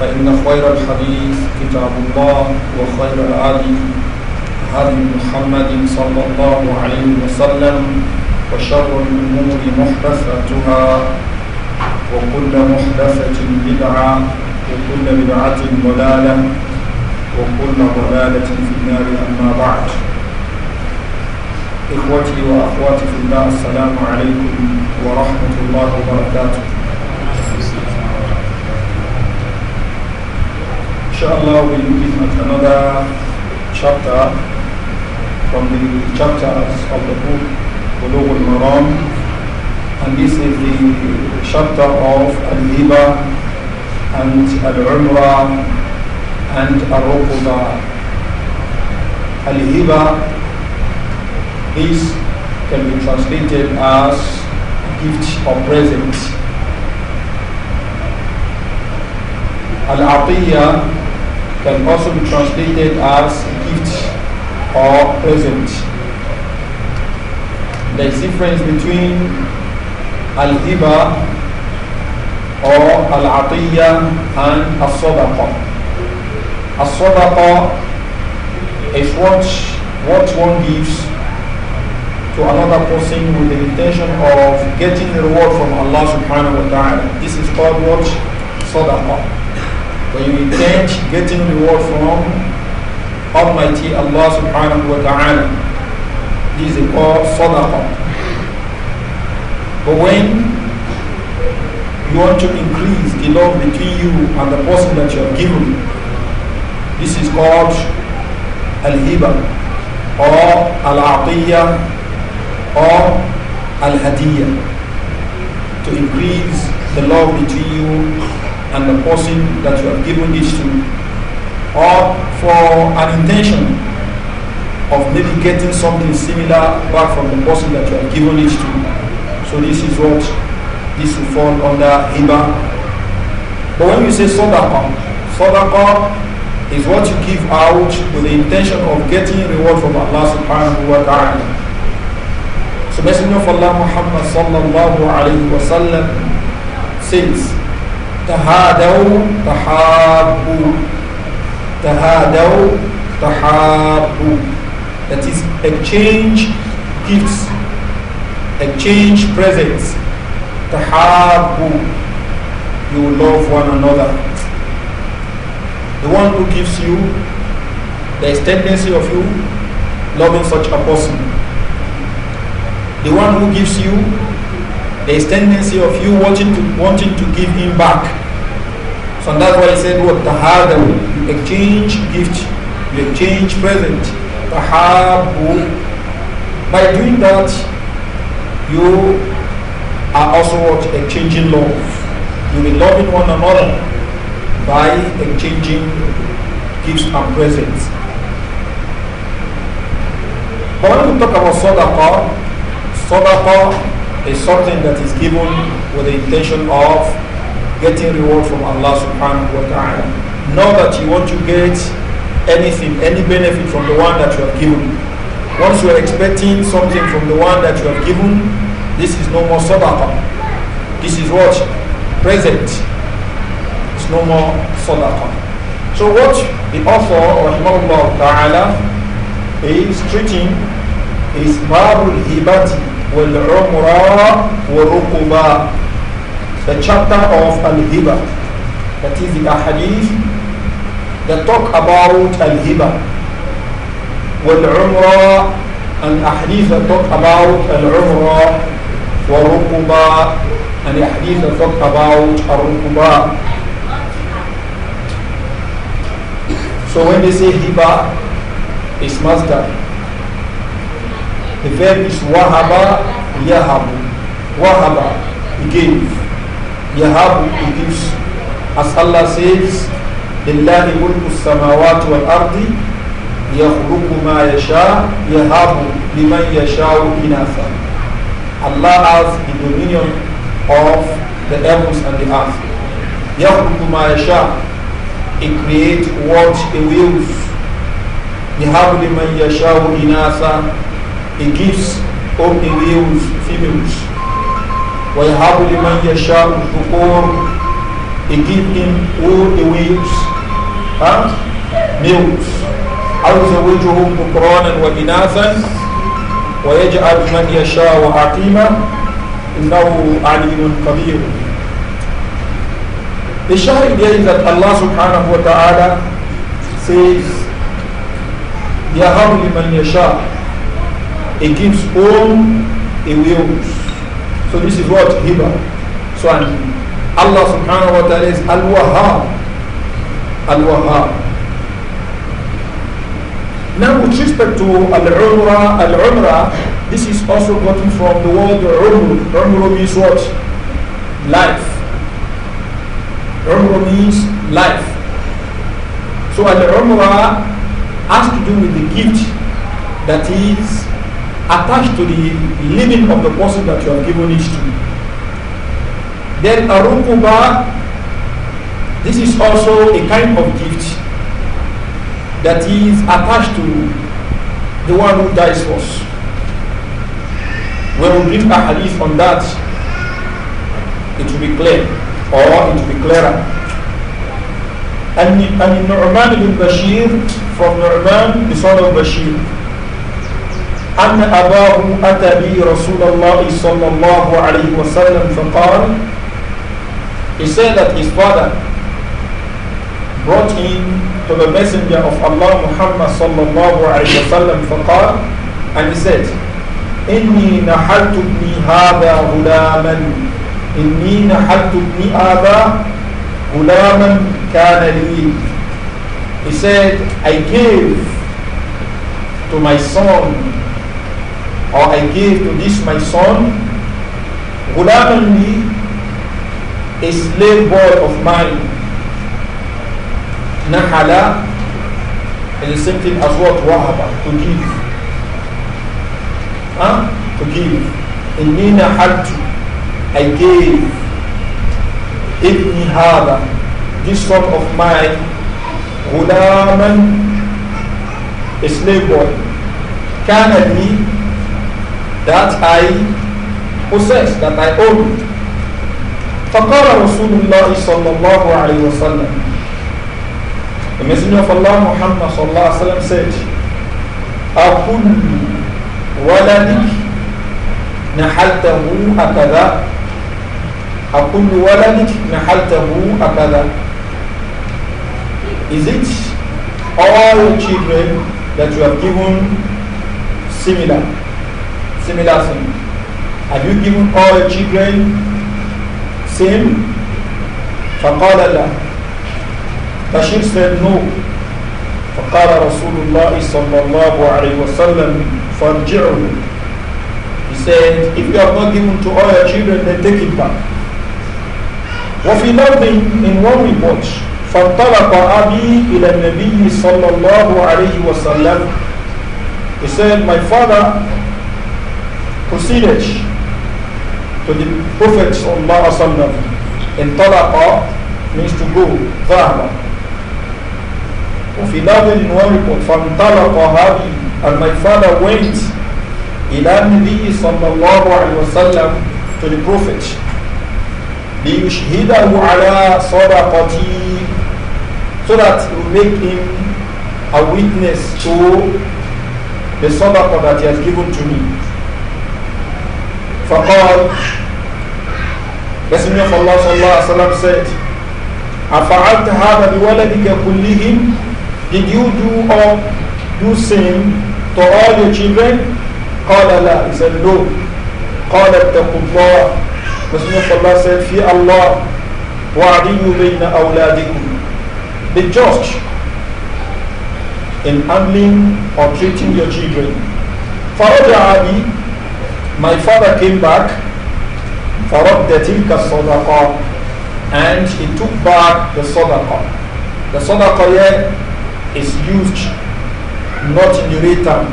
فإن خير الحديث كتاب الله وخير الهدي هدي محمد صلى الله عليه وسلم وشر الأمور محدثاتها وكل محدثة بدعة وكل بدعة ضلالة وكل ضلالة في النار أما بعد إخوتي وأخواتي في الله السلام عليكم ورحمة الله وبركاته Inshallah, we'll be looking at another chapter from the chapters of the book Bulugh al-Maram and this is the chapter of Al-Hiba and Al-Umrah and Al-Rukuba Al-Hiba this can be translated as gift or present Al-Atiyah can also be translated as gift or present. There is difference between al-hiba or al atiya and al-sadaqa. Al-sadaqa is what, what one gives to another person with the intention of getting the reward from Allah subhanahu wa ta'ala. This is called what? Sadaqah. When you intend getting reward from Almighty Allah subhanahu wa ta'ala. This is called sadaqah. But when you want to increase the love between you and the person that you are giving, this is called al-hiba or al-atiyah or al-hadiyah to increase the love between you and the person that you have given it to, or for an intention of maybe getting something similar back from the person that you have given it to. So this is what this will fall under Hiba. But when you say Sadaqa, Sadaqa is what you give out with the intention of getting reward from Allah subhanahu wa ta'ala. So Messenger of Allah Muhammad sallallahu alayhi wa sallam says, تهادوا تحابوا تهادوا تحابوا that is exchange gifts exchange presents tahabbu you love one another the one who gives you the tendency of you loving such a person the one who gives you there is tendency of you wanting to wanting to give him back so that's why he said, what the You exchange gift, you exchange present, The tahabu. By doing that, you are also what, exchanging love. You will be loving one another by exchanging gifts and presents. But when we talk about sadaqah, sadaqah is something that is given with the intention of getting reward from Allah subhanahu wa ta'ala. Know that you want to get anything, any benefit from the one that you have given. Once you are expecting something from the one that you have given, this is no more sadaqah. This is what? Present. It's no more sadaqah. So what the author, rahimahullah ta'ala, is treating is babul hibati wal the chapter of Al-Hiba, that is the Ahadith that talk about Al-Hiba, Wal-Umrah, and Ahadith that talk about Al-Umrah, Wal-Rukuba, and Ahadith that talk about Al-Rukuba. So when they say Hiba, it's master. The verb is Wahaba, Yahabu. Wahaba, he gave. Yahab he gives. As Allah says, لله ملك السماوات والأرض يخلق ما يشاء يهب لمن يشاء إناثا Allah has the dominion of the heavens and the earth. يخلق ما يشاء He creates what He wills. يهب لمن يشاء إناثا He gives whom He wills females. ويهب لمن يشاء الذكور He give him all the wheels and mules أو زوجهم وإناثا ويجعل من يشاء عقيما إنه عليم كبير. The shahid here is that Allah subhanahu wa ta'ala says يهب لمن يشاء He gives all the wheels So this is what? Hiba. So and Allah subhanahu wa ta'ala is Al-Wahhab. Al-Wahhab. Now with respect to al umra al umra this is also gotten from the word Umr. Umr means what? Life. Umr means life. So al umra, has to do with the gift that is attached to the living of the person that you have given it to. Then arukuba, this is also a kind of gift that is attached to the one who dies first. When we bring a hadith on that, it will be clear, or it will be clearer. And, and Nu'man ibn Bashir, from Nu'man, the son of Bashir, أن أباه أتى به رسول الله صلى الله عليه وسلم فقال He said that his father brought him to the messenger of Allah Muhammad صلى الله عليه وسلم فقال and he said إني نحلت ابني هذا غلاما إني نحلت ابني أبا غلاما كان لي He said I gave to my son or I gave to this my son, happen be a slave boy of mine, Nahala, is the same thing as what Wahaba, to give. Huh? To give. In Nina to, I gave Ibn Hada, this son of mine, Gulaman, a slave boy. Kana be that I possess, that I own. فقال رسول الله صلى الله عليه وسلم The Messenger of Allah Muhammad صلى الله عليه وسلم said أكل ولدك نحلته أكذا أكل ولدك نحلته أكذا Is it all children that you have given similar? similar thing. Have you given all your children same? فقال لا. Bashir said no. فقال رسول الله صلى الله عليه وسلم فارجعه. He said, if you have not given to all your children, then take it back. وفي لفظ in one report فانطلق أبي إلى النبي صلى الله عليه وسلم He said, my father proceeded to the Prophet وسلم, in talaqa means to go, ذهب وفي لفظ ورق فانطلق هذه and my father went إلى النبي صلى الله عليه وسلم to the Prophet ليشهده على صدقتي so that he will make him a witness to the sadaqah that he has given to me فقال Messenger of Allah صلى الله عليه وسلم said أفعلت هذا بولدك كلهم Did you do or do same to all your children? قال لا He said no قال اتقوا الله Messenger of Allah said في الله وعدلوا بين أولادكم Be just in handling or treating your children فرجع بي my father came back, فَرَدَّ تِلْكَ الصَّدَقَةِ And he took back the sadaqah. The sadaqah here is used, not in the return.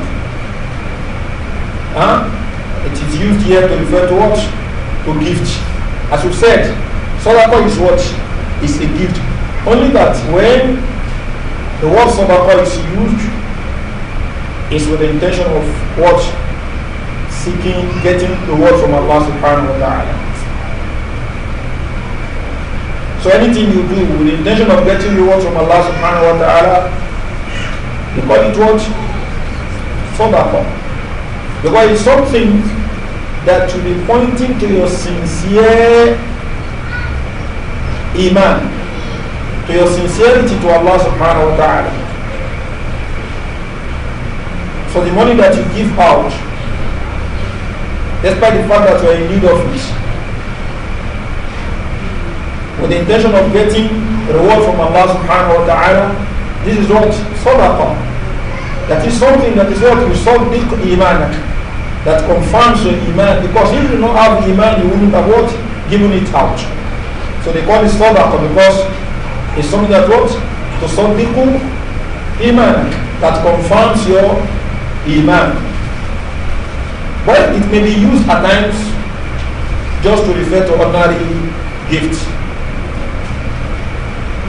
Huh? It is used here to refer to what? To gift. As we said, sadaqah is what? Is a gift. Only that when the word sadaqah is used, is with the intention of what? seeking getting the reward from Allah subhanahu wa ta'ala. So anything you do with the intention of getting reward from Allah subhanahu wa ta'ala, you call it what? Sadaqah. Because it's something that should be pointing to your sincere iman, to your sincerity to Allah subhanahu wa ta'ala. So the money that you give out despite the fact that you are in need of it. With the intention of getting reward from Allah subhanahu wa ta'ala, this is what sadaqah. That is something that is what you sadiq iman. That confirms your iman. Because if you don't have iman, you wouldn't have what? Given it out. So they call it sadaqah because it's something that what? To sadiq iman. That confirms your iman. Well, it may be used at times just to refer to ordinary gift.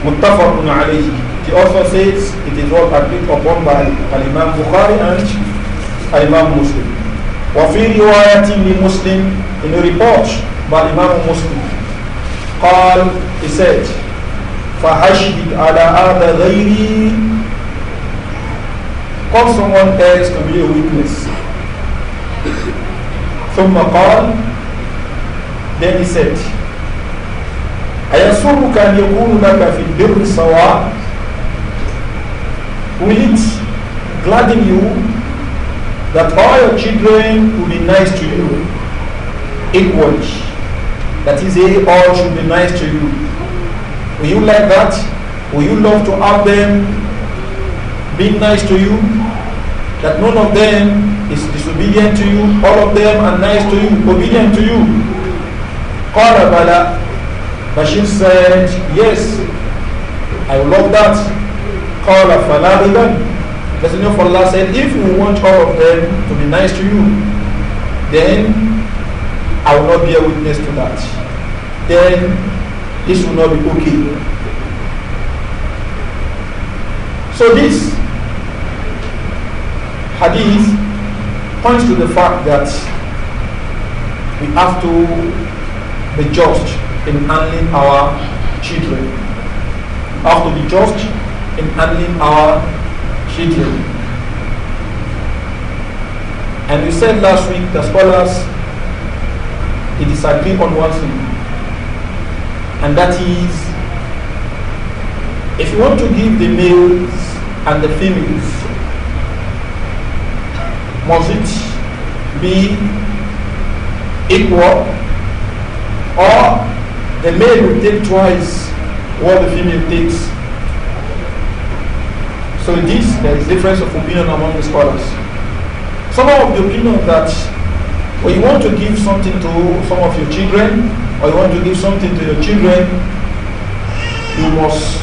Muttafaqun alayhi. He also says it is all agreed upon by Al-Imam Bukhari and Al-Imam Muslim. وفي رواية Muslim in a report by Imam Muslim قال he said فَحَشْهِدْ عَلَى هَذَا غَيْرِي Call someone else to be a witness ثم قال then he said أيسرك أن يكون لك في البر سواء Will it gladden you that all your children will be nice to you equally? That is, they all should be nice to you. Will you like that? Will you love to have them being nice to you? That none of them obedient to you? All of them are nice to you, obedient to you. Qala bala. Bashir said, yes, I love that. Qala fala idan. Messenger of Allah said, if you want all of them to be nice to you, then I will not be a witness to that. Then this will not be okay. So this hadith points to the fact that we have to be just in handling our children. We have to be just in handling our children. And we said last week the scholars they disagree on one thing, and that is if you want to give the males and the females must it be equal or the male will take twice what the female takes? So in this, there is difference of opinion among the scholars. Some of the opinion that when you want to give something to some of your children, or you want to give something to your children, you must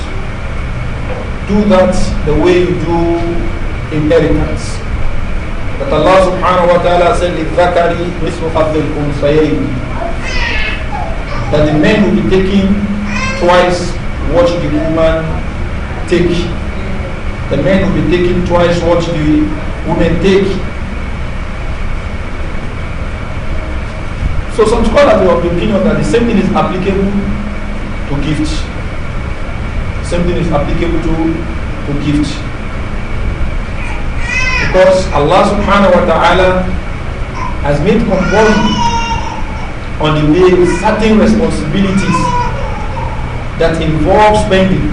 do that the way you do inheritance that Allah subhanahu wa ta'ala said, لِلذَّكَرِ مِثْلُ حَظِّ الْأُنْثَيَيْنِ That the men will be taking twice what the woman take. The men will be taking twice what the women take. So some scholars were of the opinion that the same thing is applicable to gifts. Same thing is applicable to, to gifts because Allah subhanahu wa ta'ala has made compulsory on the way certain responsibilities that involve spending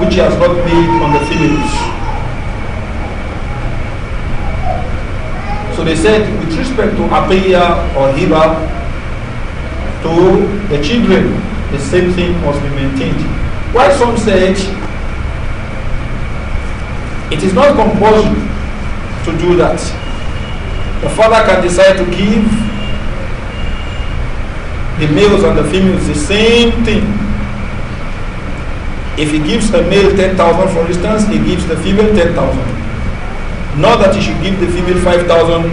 which he has not been on the females. So they said with respect to Aqiya or Hiba to the children, the same thing must be maintained. While some said it is not compulsory to do that. The father can decide to give the males and the females the same thing. If he gives a male 10,000, for instance, he gives the female 10,000. Not that he should give the female 5,000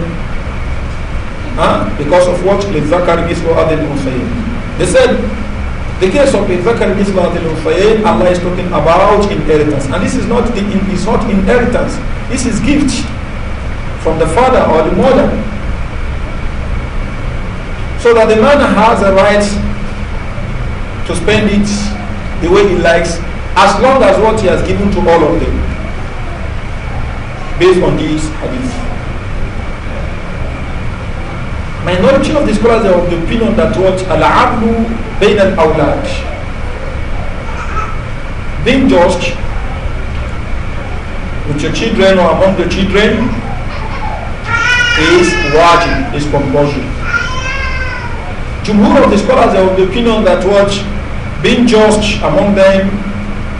huh? because of what? لِذَّكَرْ مِثْلُ أَذِلْ أُنْثَيَيْنِ They said, the case of لِذَّكَرْ مِثْلُ أَذِلْ أُنْثَيَيْنِ Allah is talking about inheritance. And this is not, the, is not inheritance. This is gift from the father or the mother. So that the man has a right to spend it the way he likes as long as what he has given to all of them based on these hadith. Minority of the scholars are of the opinion that what al-ablu bain al-awlad being just with your children or among the children is wajib, is compulsory. Jumhur of the scholars are of the opinion that what being just among them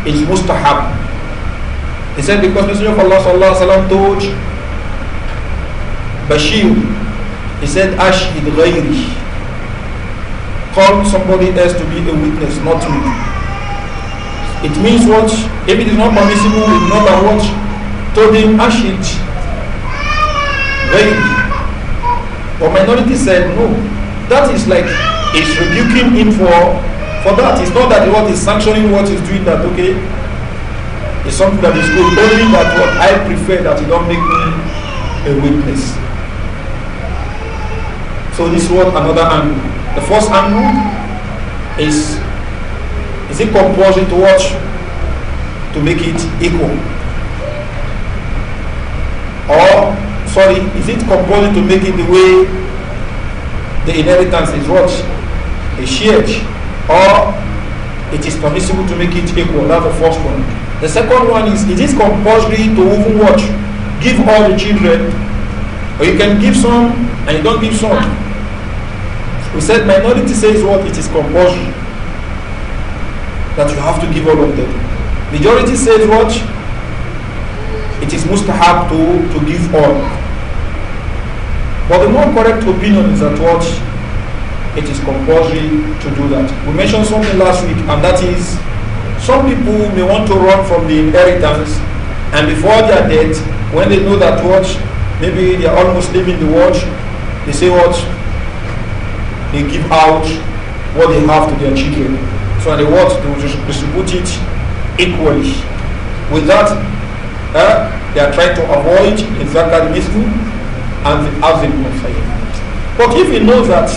is mustahab. He said because Messenger of Allah sallallahu alaihi wasallam told Bashir, he said Ashid Ghairi, call somebody else to be a witness, not me. It means what? If it is not permissible, it not a what? Told him Ashid Ghairi. But minority said, no, that is like it's rebuking him for, for that. It's not that what is sanctioning what he's doing that, okay, it's something that is good. Only that what I prefer that you don't make me a witness. So this is what another angle. The first angle is is it compulsion to watch to make it equal? Or sorry, is it compulsory to make it the way the inheritance is a shared. Or it is permissible to make it equal. That's the first one. The second one is, it is compulsory to even watch? Give all the children. Or you can give some and you don't give some. We said minority says what? It is compulsory. That you have to give all of them. Majority says what? it is mustahab to, to give all. But the more correct opinion is that what it is compulsory to do that. We mentioned something last week, and that is some people may want to run from the inheritance, and before their death, when they know that what maybe they are almost leaving the watch, they say what they give out what they have to their children. So the what they will distribute it equally. With that, they are trying to avoid Zakar Mislu and the Azim Musayyid. But if you know that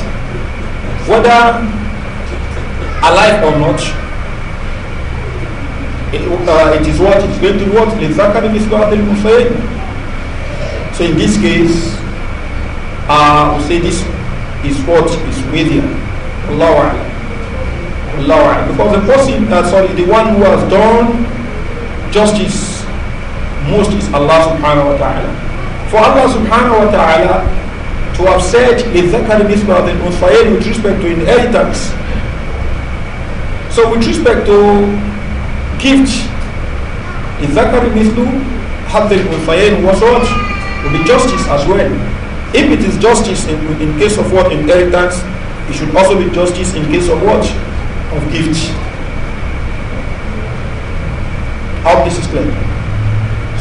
whether alive or not, it, uh, it is what it's going to be exactly Zakar Mislu Azim Musayyid. So in this case, uh, we say this is what is with you. Allah Allah Because the person, uh, sorry, the one who has done justice most is Allah subhanahu wa ta'ala. For Allah subhanahu wa ta'ala to have said لِذَكَرِ مِثْلَ أَذِنْ أُنْثَيَيْنِ with respect to inheritance. So with respect to gift, لِذَكَرِ مِثْلُ أَذِنْ أُنْثَيَيْنِ was what? Will be justice as well. If it is justice in, in case of what? Inheritance, it should also be justice in case of what? Of gift. I hope this is clear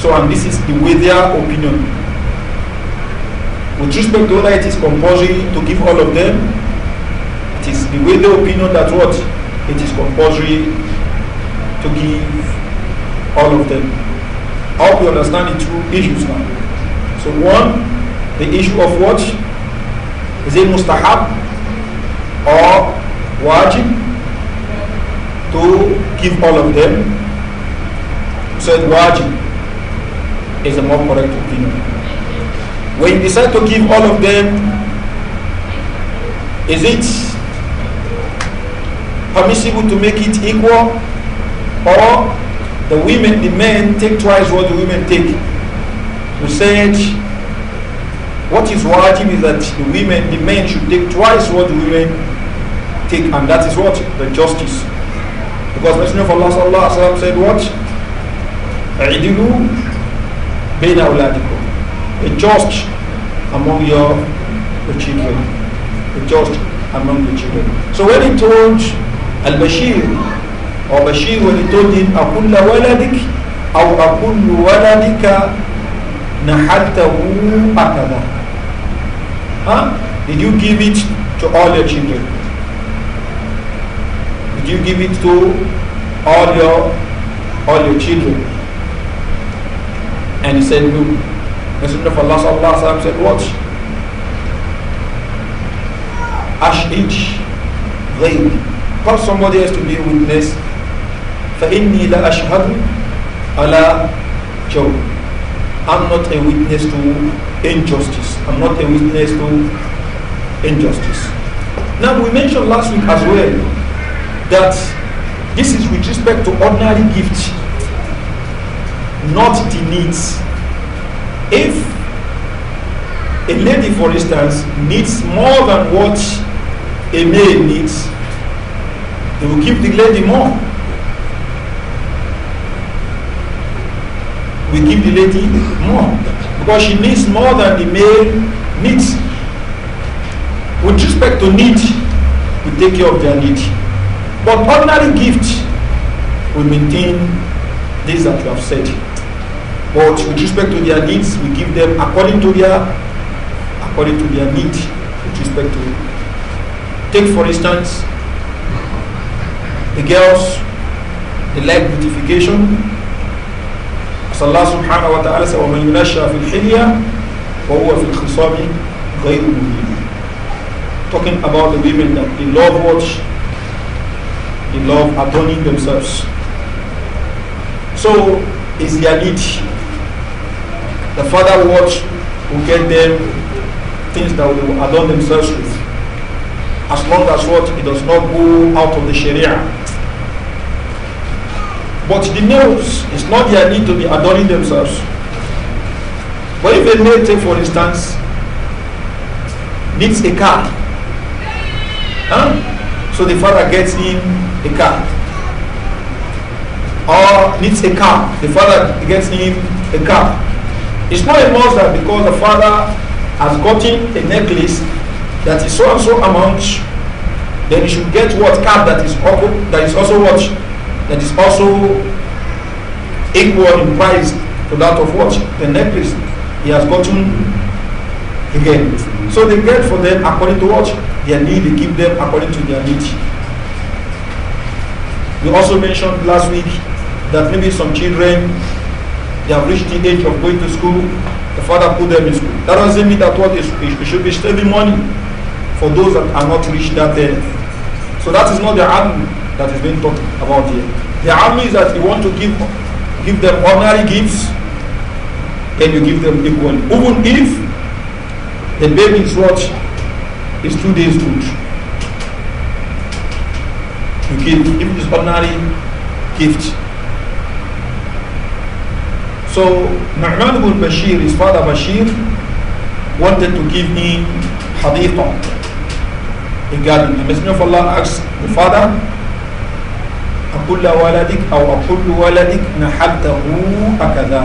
so and this is the way their opinion. With respect to whether it is compulsory to give all of them, it is the way their opinion that what? It is compulsory to give all of them. How we you understand the two issues now. So one, the issue of what? Is it mustahab or wajib to give all of them? said wajib is the more correct opinion. When you decide to give all of them, is it permissible to make it equal? Or the women, the men take twice what the women take? We said what is wajib is that the women, the men should take twice what the women take, and that is what? The justice. Because Messenger of Allah sallallahu said what? بين أولادكم a just among your the children a just among the children so when he told Al-Bashir or Bashir when he told him أكل ولدك أو أكل ولدك نحلته هكذا huh? did you give it to all your children did you give it to all your all your children and he said, Look, Messenger of Allah sallallahu alayhi wa said, Watch. Ash'id ghayb. Call somebody else to be a witness. فَإِنِّي لَأَشْهَدُ عَلَى جَوْرٍ I'm not a witness to injustice. I'm not a witness to injustice. Now, we mentioned last week as well that this is with respect to ordinary gifts not the needs. If a lady, for instance, needs more than what a male needs, they will give the lady more. We give the lady more because she needs more than the male needs. With respect to need, we take care of their need. But ordinary gift, we maintain these that you have said. But with respect to their needs, we give them according to their according to their need with respect to take for instance the girls they like beautification as Allah subhanahu wa ta'ala said وَمَنْ يُنَشَّى فِي الْحِلْيَةِ وَهُوَ فِي الْخِصَامِ غَيْرُ مُبِينٍ talking about the women that they love watch they love adorning themselves so is their need the father watch will get them things that will adorn themselves with. As long as what it does not go out of the Sharia. But the males, it's not their need to be adorning themselves. But if a male, take for instance, needs a car, huh? so the father gets him a car. Or needs a car, the father gets him a car. It's not a must that because the father has gotten a necklace that is so and so amount, then he should get what cap that is also, that is also what that is also equal in price to that of what the necklace he has gotten again. So they get for them according to what their need. They give them according to their need. We also mentioned last week that maybe some children they have reached the age of going to school. The father put them in school. That doesn't mean that what it should be saving money for those that are not reached that age. So that is not the army that is being talked about here. The army is that you want to give give them ordinary gifts, then you give them equal. Even if the baby's watch is two days old, you give if it's ordinary gift so Nu'man ibn Bashir, his father Bashir, wanted to give him Haditha, regarding the Messenger of Allah asked the father, أَقُلَّ وَلَدِكَ أَوْ أَقُلُّ وَلَدِكَ نَحَلْتَهُ أَكَذَا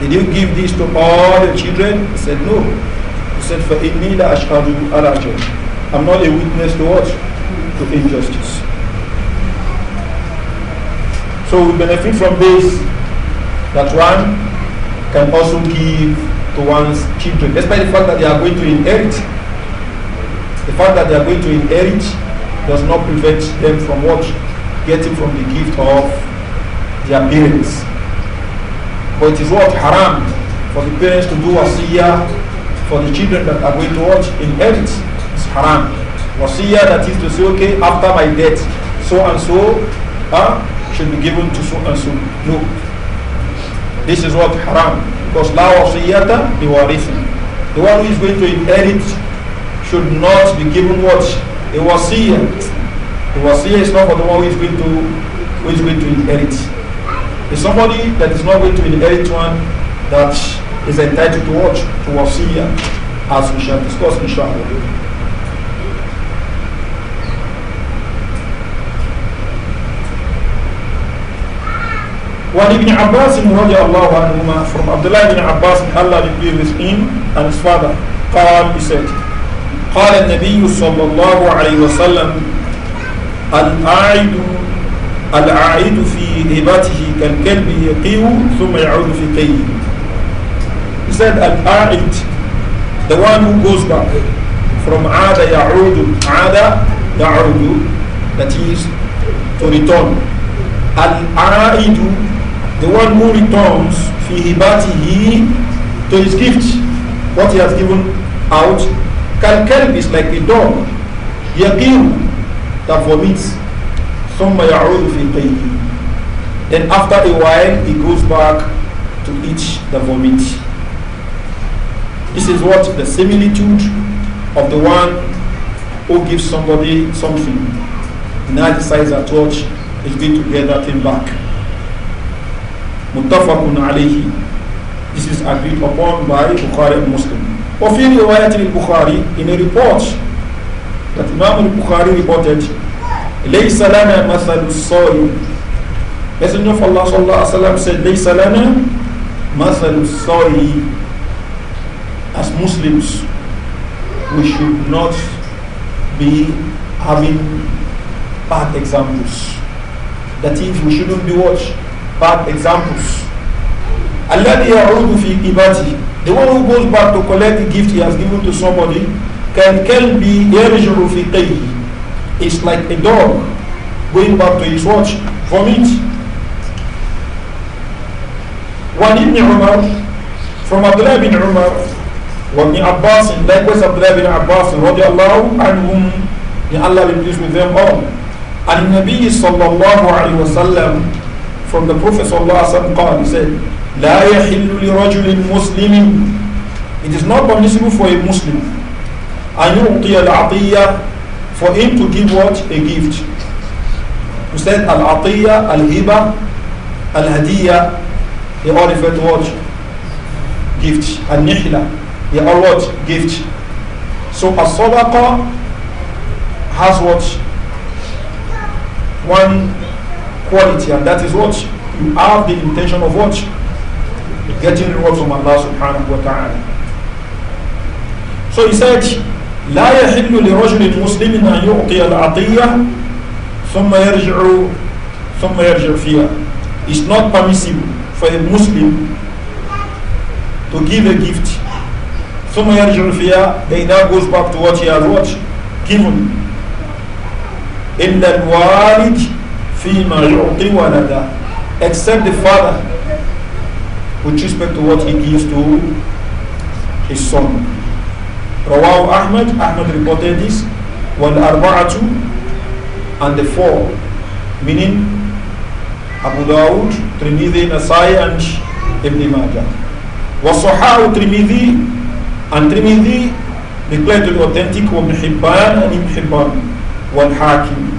Did you give this to all the children? He said, no. He said, فَإِنِّي لَأَشْهَدُ أَلَعْجَرُ I'm not a witness to what? To injustice. So we benefit from this that one can also give to one's children, despite the fact that they are going to inherit. The fact that they are going to inherit does not prevent them from what? Getting from the gift of their parents. But it is what? Haram for the parents to do wasiyah for the children that are going to watch inherit. It's haram. Wasiyah that is to say, okay, after my death, so and so ah, should be given to so and so. No. This is what haram. Because law of biwarithin. The one who is going to inherit should not be given what? A wasiyah. The wasiyah is not for the one who is going to, who is going to inherit. It's somebody that is not going to inherit one that is entitled to what? To wasiyah. As we shall discuss inshallah. وعن ابن عباس رضي الله عنهما from Abdullah ibn Abbas may Allah be pleased with him and his father قال he said قال النبي صلى الله عليه وسلم العائد العائد في هبته كالكلب يقيء ثم يعود في كيه he said العائد the one who goes back from عاد يعود عاد يعود that is to return العائد the one who returns fihibati he to his gift what he has given out kalkalb is like a dog yaqim that vomits thumma ya'udu fi qayhi then after a while he goes back to eat the vomit this is what the similitude of the one who gives somebody something and now decides that watch is going to get that thing back muttafaqun alayhi this is agreed upon by Bukhari and Muslim وفي رواية البخاري in a report that Imam al-Bukhari reported ليس لنا مثل الصائم Messenger of Allah sallallahu alaihi wasallam said ليس لنا مثل الصائم as Muslims we should not be having bad examples that is we shouldn't be watched bad examples. الذي the one who goes back to collect the gift he has given to somebody can can be يرجع في قيه it's like a dog going back to his watch vomit وعن ابن عمر from Abdullah bin Umar وابن عباس likewise Abdullah bin Abbas رضي الله عنهم may Allah be pleased with them all and النبي صلى الله عليه وسلم from the Prophet قال, he said, لا يحل لرجل مسلم It is not permissible for a Muslim أن يعطي العطية for him to give what? A gift. He said al-atiyya, al-hiba, al all to what? Gift. al He they all what? Gift. So a sadaqa has what? One quality, and that is what you have the intention of what getting reward from Allah subhanahu wa ta'ala. So he said, لا يحل لرجل مسلم أن يعطي العطية ثم يرجع ثم يرجع فيها. It's not permissible for a Muslim to give a gift. ثم يرجع فيها. They now goes back to what he has what given. إلا الوالد three one ولدا except the father with respect to what he gives to his son. Rawahu Ahmed Ahmed reported this, wal arba'atu and the four, meaning Abu Dawud, Trimidi, Nasai and Ibn Majah. Wasahahu Trimidi and Trimidi declared to be authentic Ibn Hibban and Ibn Hibban, wal Hakim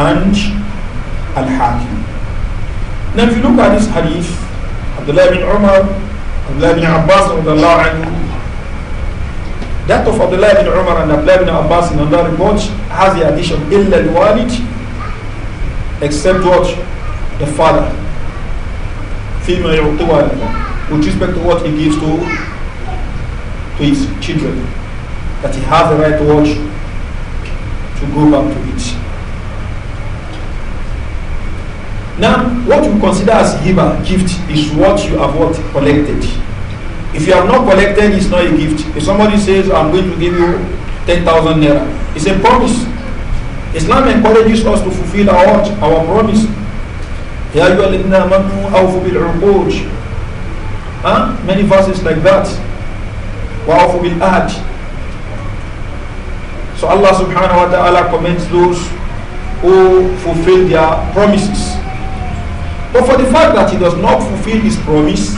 and al-Hakim. Now if you look at this hadith, Abdullah bin Umar, Abdullah bin Abbas, anhu, that of Abdullah bin Umar and Abdullah bin Abbas in another report has the addition, illa al-walid, except what? The father. With respect to what he gives to, to his children, that he has the right to watch, to go back to it. Now, what you consider as giver gift, is what you have what collected. If you have not collected, it's not a gift. If somebody says, I'm going to give you 10,000 naira, it's a promise. Islam encourages us to fulfill our, our promise. huh? many verses like that so Allah subhanahu wa ta'ala commends those who fulfill their promises But for the fact that he does not fulfill his promise,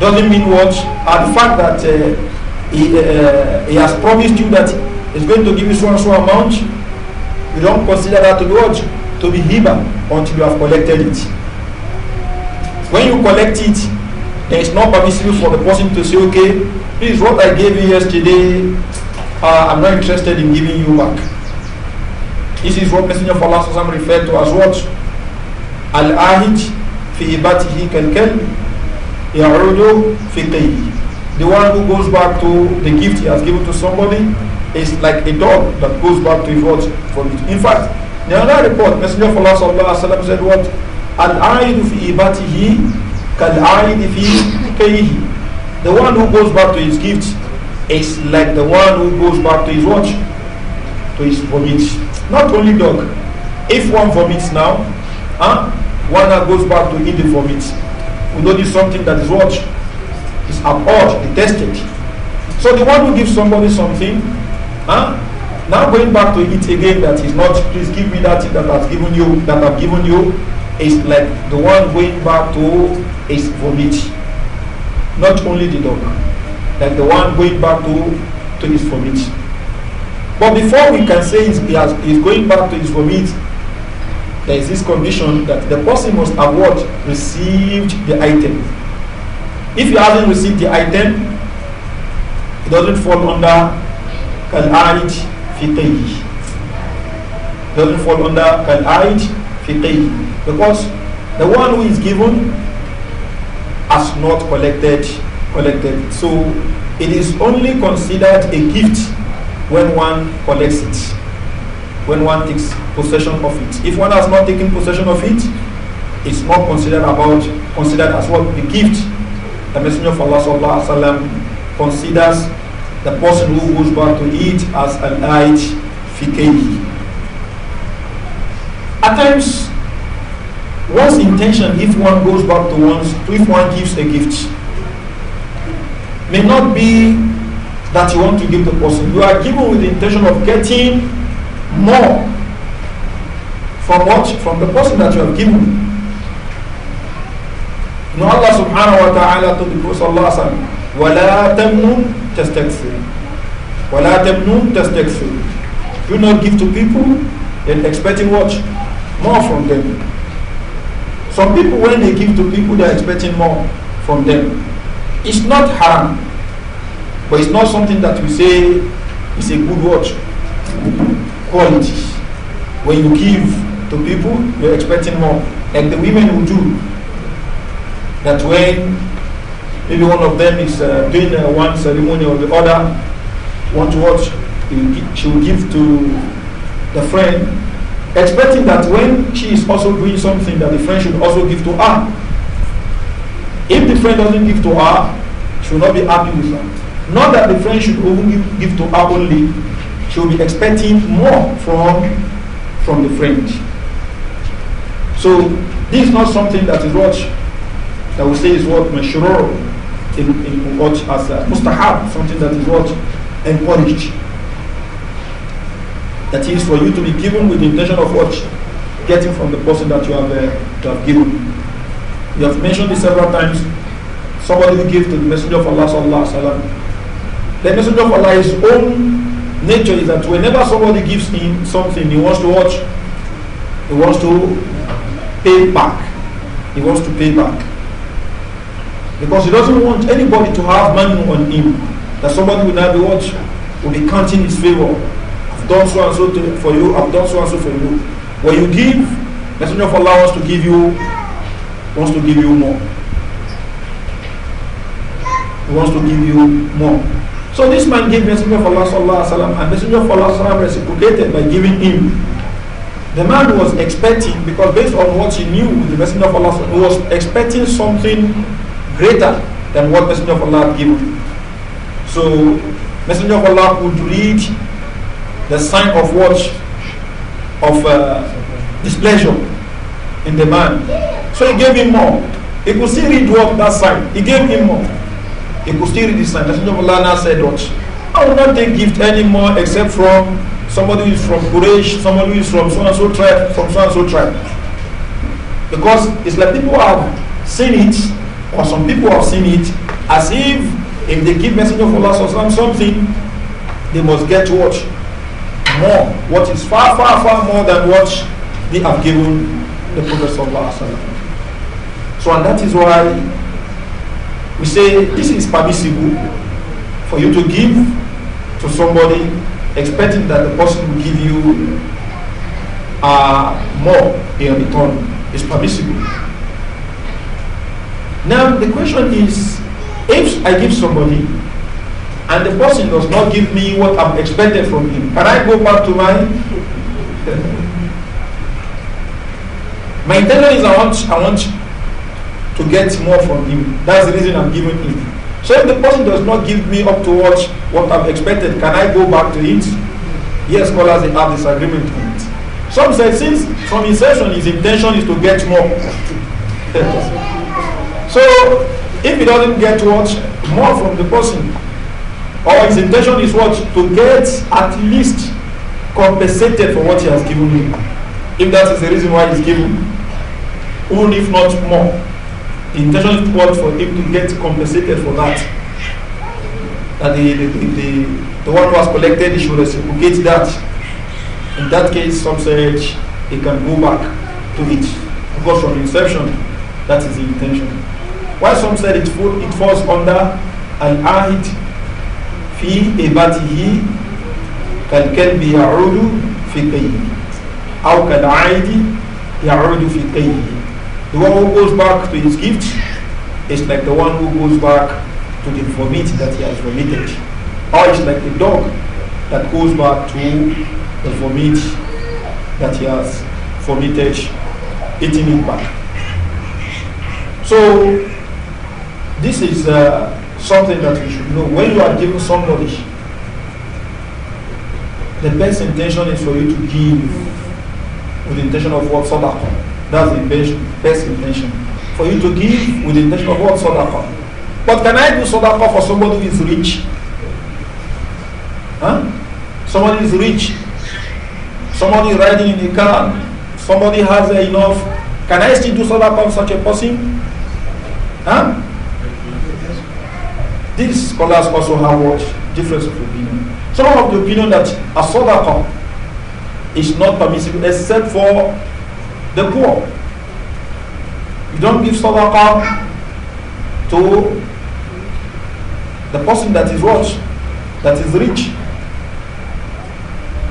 doesn't mean what? And the fact that uh, he, uh, he has promised you that he's going to give you so and so amount, you don't consider that to be what? To be Hiba until you have collected it. When you collect it, then it's not permissible for the person to say, okay, please, what I gave you yesterday, uh, I'm not interested in giving you back. This is what Messenger of Allah referred to as what? al-ahid fi ibatihi kalkal ya'udu fi qayhi the one who goes back to the gift he has given to somebody is like a dog that goes back to his watch for it in fact the other report messenger of allah sallallahu alaihi wasallam said what al-ahid fi ibatihi kal-ahid fi qayhi the one who goes back to his gift is like the one who goes back to his watch to his vomit not only dog if one vomits now huh one that goes back to eating from it. We know this something that is what is abhorred, detested. So the one who gives somebody something, huh? now going back to it again that is not, please give me that thing that I've given you, that I've given you, is like the one going back to his vomit. Not only the dog, like the one going back to, to his vomit. But before we can say he's, he has, he's going back to his vomit, there is this condition that the person must have what received the item. If you have not received the item, it doesn't fall under kal'aid fiqhi. Doesn't fall under kal'aid fiqhi because the one who is given has not collected collected. So it is only considered a gift when one collects it when one takes possession of it. If one has not taken possession of it, it's not considered about considered as what the gift. The Messenger of Allah sallallahu alaihi wasallam considers the person who goes back to it as an ait fikhi. At times, one's intention if one goes back to one's if one gives a gift may not be that you want to give the person. You are given with the intention of getting more from what? From the person that you have given me. You know Allah subhanahu wa ta'ala told the Prophet Allah alayhi wa sallam, وَلَا تَمْنُنْ تَسْتَكْثِرُ وَلَا تَمْنُنْ Do not give to people and expecting what? More from them. Some people, when they give to people, they are expecting more from them. It's not haram, but it's not something that we say is a good watch quality. When you give to people, you're expecting more. Like the women who do. That when maybe one of them is uh, doing uh, one ceremony or the other, want to watch, she will give to the friend, expecting that when she is also doing something, that the friend should also give to her. If the friend doesn't give to her, she will not be happy with that. Not that the friend should only give, give to her only, should be expecting more from, from the French. So this is not something that is what that we say is what mashrur in, in what as a mustahab, something that is what encouraged. That is for you to be given with the intention of what getting from the person that you have, uh, have given. You have mentioned this several times. Somebody who gave to the Messenger of Allah The Messenger of Allah, his own nature is that whenever somebody gives him something, he wants to watch, he wants to pay back. He wants to pay back. Because he doesn't want anybody to have money on him. That somebody will now be watching, will be counting his favor. I've done so and so to, for you, I've done so and so for you. When you give, Messenger of Allah wants to give you wants to give you more. He wants to give you more. So this man gave Messenger of Allah sallallahu alaihi wasallam, and Messenger of Allah sallam reciprocated by giving him. The man was expecting, because based on what he knew, the Messenger of Allah he was expecting something greater than what Messenger of Allah had given. So Messenger of Allah would read the sign of what of uh, displeasure in the man. So he gave him more. He could still read what that sign. He gave him more. He could still read Islam. Messenger of Allah said what? I will not take gift anymore except from somebody who is from Quraysh, somebody who is from so and so tribe, from so and so tribe. Because it's like people have seen it, or some people have seen it, as if if they give Messenger of Allah something, they must get what? More. What is far, far, far more than what they have given the Prophet. So, and that is why we say this is permissible for you to give to somebody expecting that the person will give you uh, more in return is permissible. Now the question is, if I give somebody and the person does not give me what I'm expecting from him, can I go back to my my intention is I want I want to get more from him. That's the reason I'm giving him. So if the person does not give me up to what, what I've expected, can I go back to it? Yes, scholars they have disagreement on it. Some say since from inception his intention is to get more. so if he doesn't get what more from the person, or his intention is what to get at least compensated for what he has given me. If that is the reason why he's given, even if not more. intention was for him to get compensated for that. That the, the, the, the one who has collected, he should reciprocate that. In that case, some said he can go back to it. Because from inception, that is the intention. While some said it, fall, it falls under al-ahid fi ibatihi kal-kalbi ya'udu fi qayyi. Aw kal-aidi ya'udu fi qayyi. The one who goes back to his gift is like the one who goes back to the vomit that he has vomited. Or it's like the dog that goes back to the vomit that he has vomited, eating it back. So this is uh, something that we should know. When you are giving somebody, the best intention is for you to give with the intention of what's about. That's the best, best intention. For you to give with the intention of what sadaqah. But can I do sadaqah for somebody who is rich? Huh? Somebody is rich. Somebody riding in a car. Somebody has enough. Can I still do sadaqah for such a person? Huh? These scholars also have what? Difference of opinion. Some of the opinion that a sadaqah is not permissible except for the poor. You don't give sadaqah to the person that is rich, that is rich.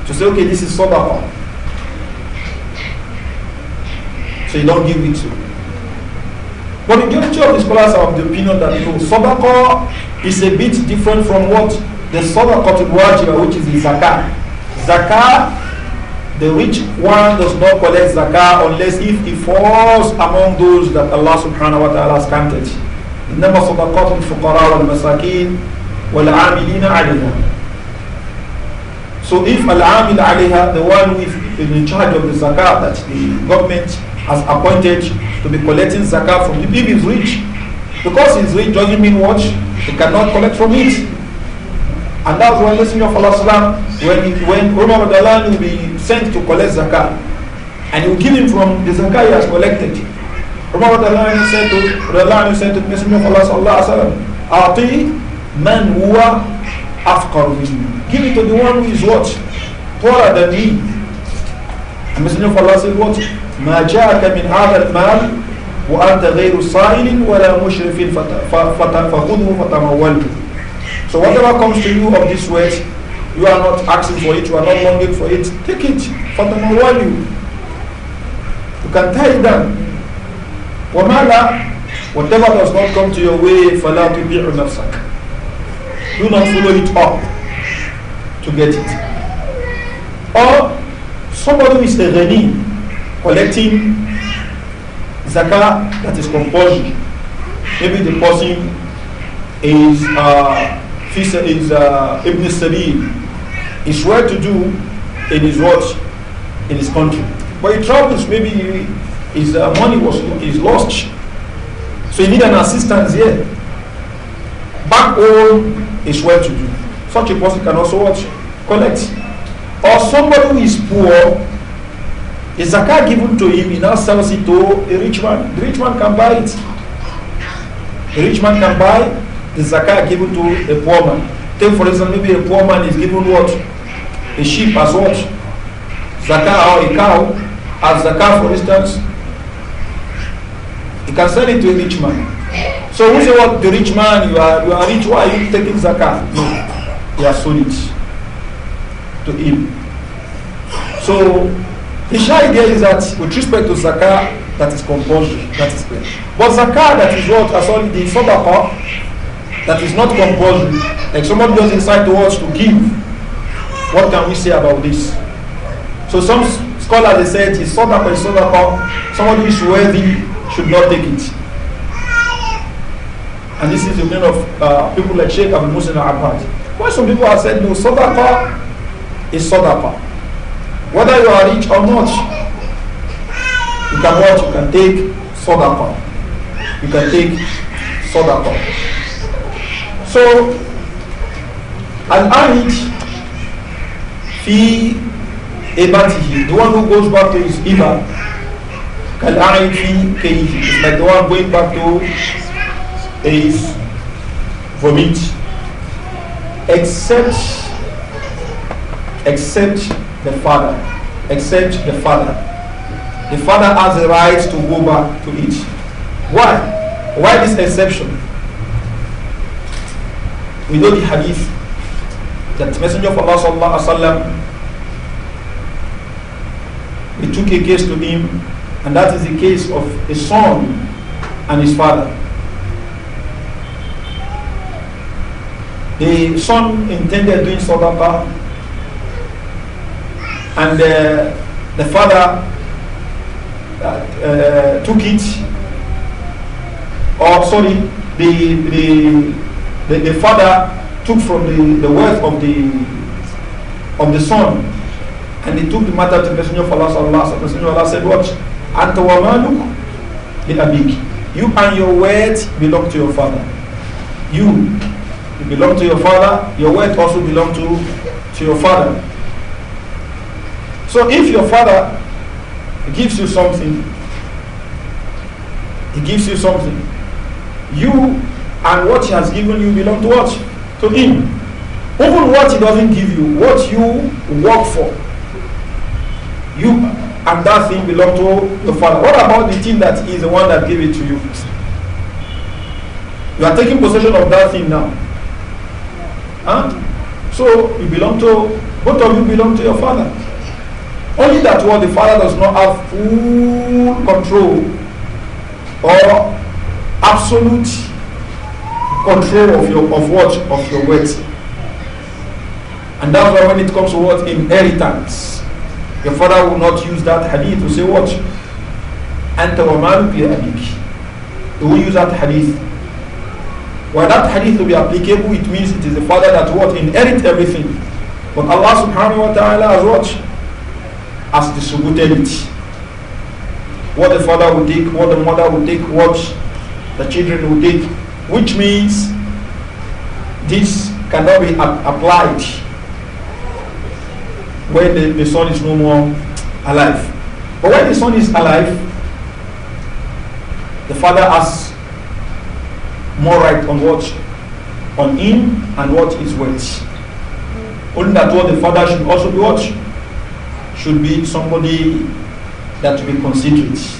To say, okay, this is sadaqah. So you don't give it to. But the majority of the scholars are of the opinion that no, sadaqah is a bit different from what the sadaqah to which is the zakah. Zakah the rich one does not collect zakah unless if he falls among those that Allah subhanahu wa ta'ala has counted. إنما صدقات الفقراء والمساكين والعاملين عليها. So if al-amil عليها, the one who is in charge of the zakah that the government has appointed to be collecting zakah from, the people is rich, because he is rich doesn't mean what? He cannot collect from it. And that's when Messenger of Allah when, he, when Umar Dalani will be sent to collect zakah, and he will give him from the zakah he has collected. Umar Dalani said to, Dalani said to Messenger of Allah sallallahu man huwa afqar minni. Give it to the one who is what? Poorer than me. And Messenger of Allah said what? ما جاءك من هذا المال وأنت غير صائل ولا مشرف فخذه فتموله So whatever comes to you of this wealth, you are not asking for it, you are not longing for it, take it for the value. You can tie it down. Wamala, whatever does not come to your way, fala to be nafsak. Do not follow it up to get it. Or somebody who is a reni collecting zakah that is compulsory. Maybe the person is uh, is uh, Ibn Salim well to do in his watch, in his country. But he travels, maybe his uh, money was is lost. So he need an assistance here. Back home is well to do. Such a person can also watch, collect. Or somebody who is poor, a zakat given to him, he now sells it to a rich man. The rich man can buy it. The rich man can buy the zakah given to a poor man. Take for instance, maybe a poor man is given what? A sheep as what? Zakah or a cow. As zakah for instance, he can sell it to a rich man. So who say what the rich man you are you are rich, why are you taking zakah? No. you are sold it to him. So the shy idea is that with respect to zakah, that is compulsory, that is clear. But zakah that is what as only the sadaqa that is not compulsory, like somebody just inside to us to give, what can we say about this? So some scholars they said it's sadaqa is sadaqa. Someone who is worthy should not take it. And this is the opinion of uh, people like Sheikh Abu Musa al-Abbad. Why some people have said no, sadaqa is sadaqa. Whether you are rich or not, you can what? You can take sadaqa. You can take sadaqa. So, an ahid fi ibatihi, the one who goes back to his iba, An ahid fi kayihi, like the one going back to his vomit. Except, except the father, except the father. The father has the right to go back to it. Why? Why this exception? We know the hadith that Messenger of Allah sallallahu alaihi wasallam he took a case to him, and that is the case of a son and his father. The son intended doing sadaqah, and uh, the father uh, uh, took it. Or sorry, the the the, the father took from the, the wealth of the of the son and he took the matter to the Messenger of Allah Messenger of Allah said, "Watch, anta wa maluk You and your wealth belong to your father. You, you belong to your father. Your wealth also belong to to your father. So if your father gives you something, he gives you something. You and what he has given you belongs to what? To him. Even what he doesn't give you, what you work for, you and that thing belong to the Father. What about the thing that is the one that gave it to you? You are taking possession of that thing now. Huh? So you belong to, both of you belong to your Father. Only that what the Father does not have full control or absolute control of your of what of your wealth. And that's why when it comes to what inheritance, your father will not use that hadith to say what? Anta wa maluk abik. He will use that hadith. While that hadith will be applicable, it means it is the father that what inherit everything. But Allah subhanahu wa ta'ala has what? Has distributed it. What the father will take, what the mother will take, what the children will take, which means this cannot be applied when the, the son is no more alive. But when the son is alive, the father has more right on what on him and what is worth. Only that what the father should also be what should be somebody that to be considerate.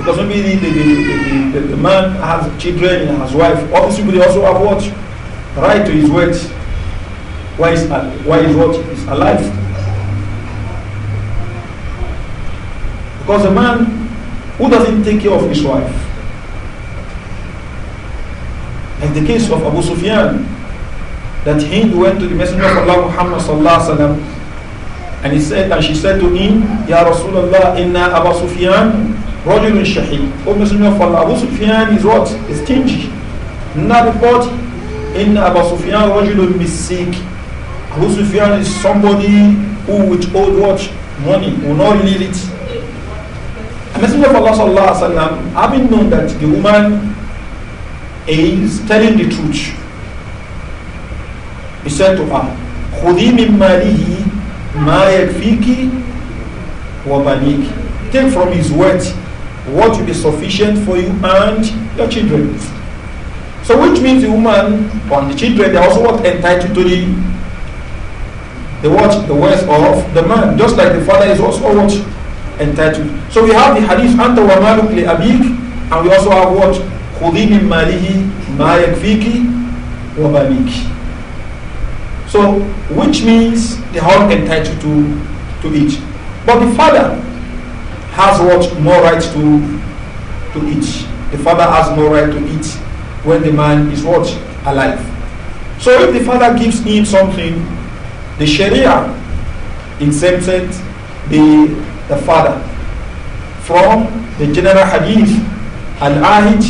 Because maybe the, the, the, the, man has children, and has wife. Obviously, they also have what? Right to his wife Why is, uh, why is what is alive? Because a man who doesn't take care of his wife, like the case of Abu Sufyan, that he went to the Messenger of Allah Muhammad sallallahu and he said, and she said to him, Ya Rasulullah, inna Abu Sufyan Rajulun Shahid. O Messenger of Allah, Abu Sufyan is what? Is stingy. In report, in Abu Sufyan, Rajulun Misik. Abu Sufyan is somebody who old watch Money, will not need it. Messenger of Allah, sallallahu alayhi wa having known that the woman is telling the truth, he said to her, خذي من ماله ما يكفيك وبنيك take from his wealth what will be sufficient for you and your children. So which means the woman and the children they are also what entitled to the the what the words of the man, just like the father is also what entitled. So we have the hadith anta wa maluk li abik, and we also have what khudhi min malihi ma yakfiki wa So which means they are all entitled to to it. But the father has what more right to to eat. The father has no right to eat when the man is what alive. So if the father gives him something, the Sharia exempted the the father from the general hadith al-ahid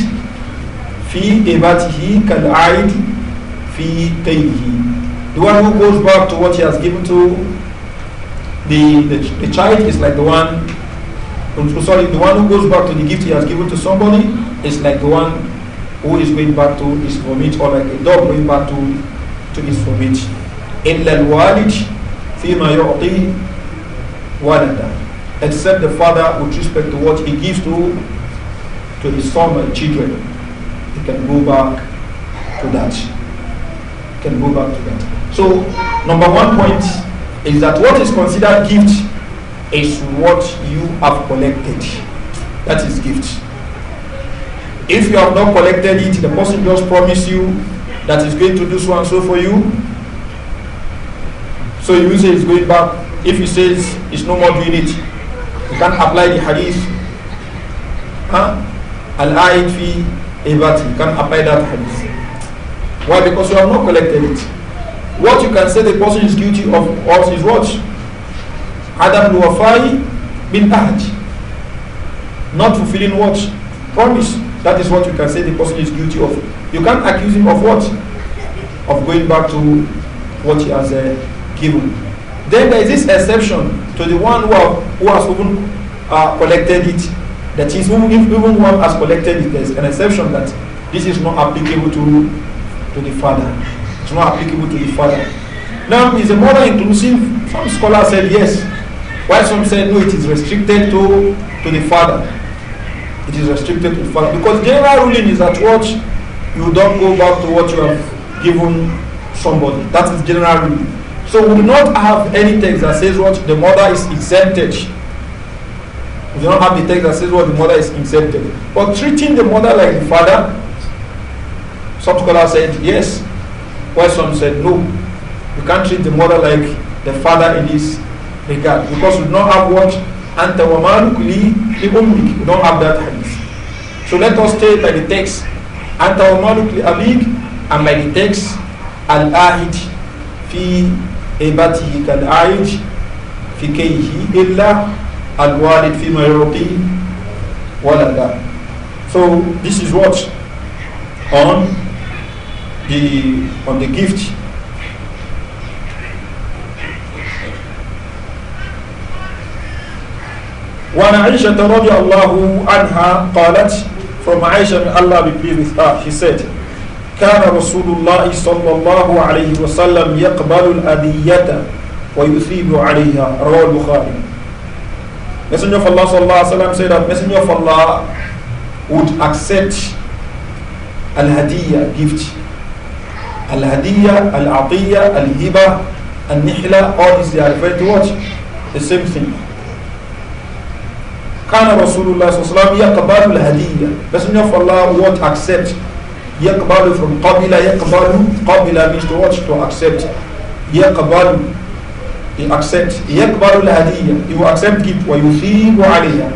fi ibatihi kal-ahid fi tayhi. The one who goes back to what he has given to the, the, the child is like the one sorry, the one who goes back to the gift he has given to somebody is like the one who is going back to his vomit or like a dog going back to, to his vomit. إِلَّا الْوَالِدِ فِيمَا يُعْطِي وَلَدًا Except the father with respect to what he gives to, to his former children. He can go back to that. He can go back to that. So, number one point is that what is considered gift is what you have collected. That is gift. If you have not collected it, the person just promise you that he's going to do so and so for you. So you say he's going back. If he says it's no more doing it, you can't apply the hadith. Huh? Al-Aid You can't apply that hadith. Why? Because you have not collected it. What you can say the person is guilty of, of is what? Adam Nuwafai bin Ahd. Not fulfilling what? Promise. That is what you can say the person is guilty of. You can't accuse him of what? Of going back to what he has uh, given. Then there is this exception to the one who, have, who has even uh, collected it. That is, even even one has collected it, there is an exception that this is not applicable to, to the father. It's not applicable to the father. Now, is the mother inclusive? Some scholars said yes. While some say, no, it is restricted to, to the father. It is restricted to the father. Because general ruling is that what you don't go back to what you have given somebody. That is general ruling. So we do not have any text that says what the mother is exempted. We do not have the text that says what the mother is exempted. But treating the mother like the father, some scholars said yes, while some said no. You can't treat the mother like the father in this regard because we do not have what anta wa maluk li li ummik we don't have that hadith so let us stay by the text anta wa maluk li abik and by the text al ahid fi ibatihi kal ahid fi kayhi illa al walid fi ma yuqi walada so this is what on the on the gift وعن عائشة رضي الله عنها قالت from Aisha may Allah be pleased with her she said كان رسول الله صلى الله عليه وسلم يقبل الأدية ويثيب عليها رواه البخاري Messenger of Allah صلى الله عليه وسلم said that Messenger of Allah would accept al gift al-hadiyya al-atiyya al-hiba al-nihla all these they are referred to what the same thing كان رسول الله صلى الله عليه وسلم يقبل الهدية بس من يفعل الله what accept يقبل from قبيلة يقبل قبيلة means to watch to accept يقبل he accept يقبل الهدية he will accept it ويثيب عليها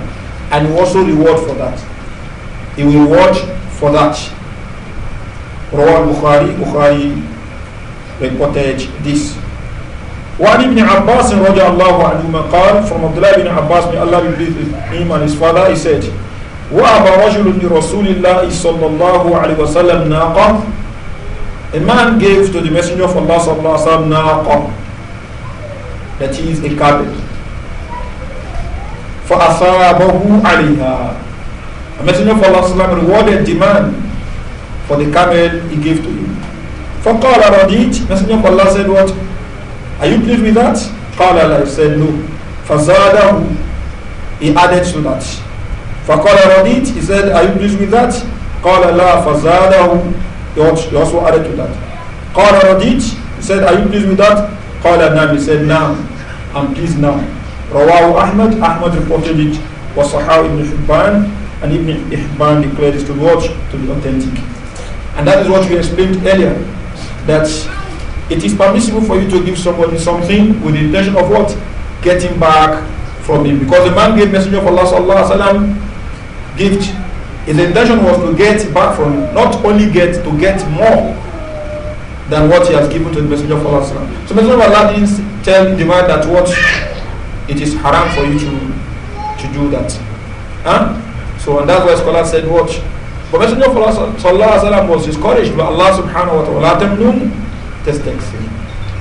and also reward for that he will watch for that رواه البخاري بخاري reported this وعن ابن عباس رضي الله عنهما قال from Abdullah ibn Abbas may Allah be pleased with him and his father he said وأبى رجل لرسول الله صلى الله عليه وسلم ناقة A man gave to the messenger of Allah صلى الله عليه وسلم ناقة that is a camel فأثابه عليها The messenger of Allah صلى الله عليه وسلم rewarded the man for the camel he gave to him فقال رضيت messenger of Allah said what Are you pleased with that? قال Allah said no. فزاده he added to that. فقال رضيت he said are you pleased with that? قال لا فزاده he also added to that. قال رضيت he said are you pleased with that? قال نعم he said نعم I'm pleased now. Rawahu أحمد أحمد reported it was وصحاو ابن حبان and Ibn Ihban declared it to be to be authentic. And that is what we explained earlier that it is permissible for you to give somebody something with the intention of what? Getting back from him. Because the man gave Messenger of Allah sallallahu alaihi wasallam gift. His intention was to get back from him, not only get to get more than what he has given to the Messenger of Allah. Sallam. So Messenger of Allah didn't tell the man that what it is haram for you to to do that. Huh? So and that's why scholars said watch. But Messenger of Allah sallallahu alaihi wasallam was discouraged by Allah subhanahu wa ta'ala. تستكثر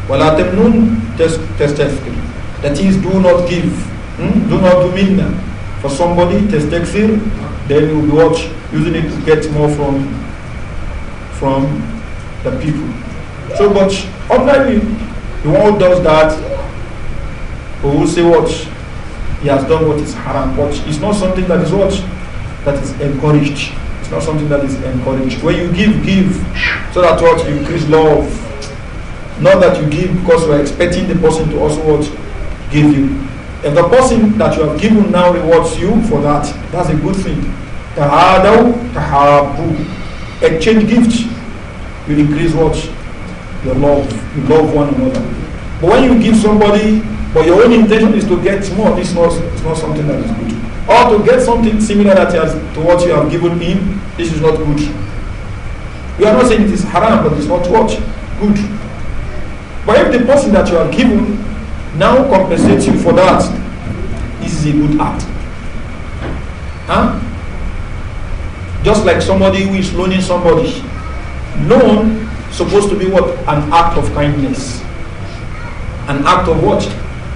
ولا تمنون تستكثر that is do not give hmm? do not do minna for somebody test تستكثر then you will watch using it to get more from from the people so but ordinarily the one who does that who will say what he has done what is haram Watch. it's not something that is watch. that is encouraged it's not something that is encouraged when you give give so that what you increase love not that you give because you are expecting the person to also what give you. If the person that you have given now rewards you for that, that's a good thing. Tahadaw, tahabu. Exchange gifts. You increase what? Your love. You love one another. But when you give somebody, but your own intention is to get more, this is not, it's not something that is good. Or to get something similar that has, to what you have given him, this is not good. We are not saying it is haram, but it's not what? Good. But if the person that you have given now compensates you for that, this is a good act. Huh? Just like somebody who is loaning somebody. Loan supposed to be what? An act of kindness. An act of what?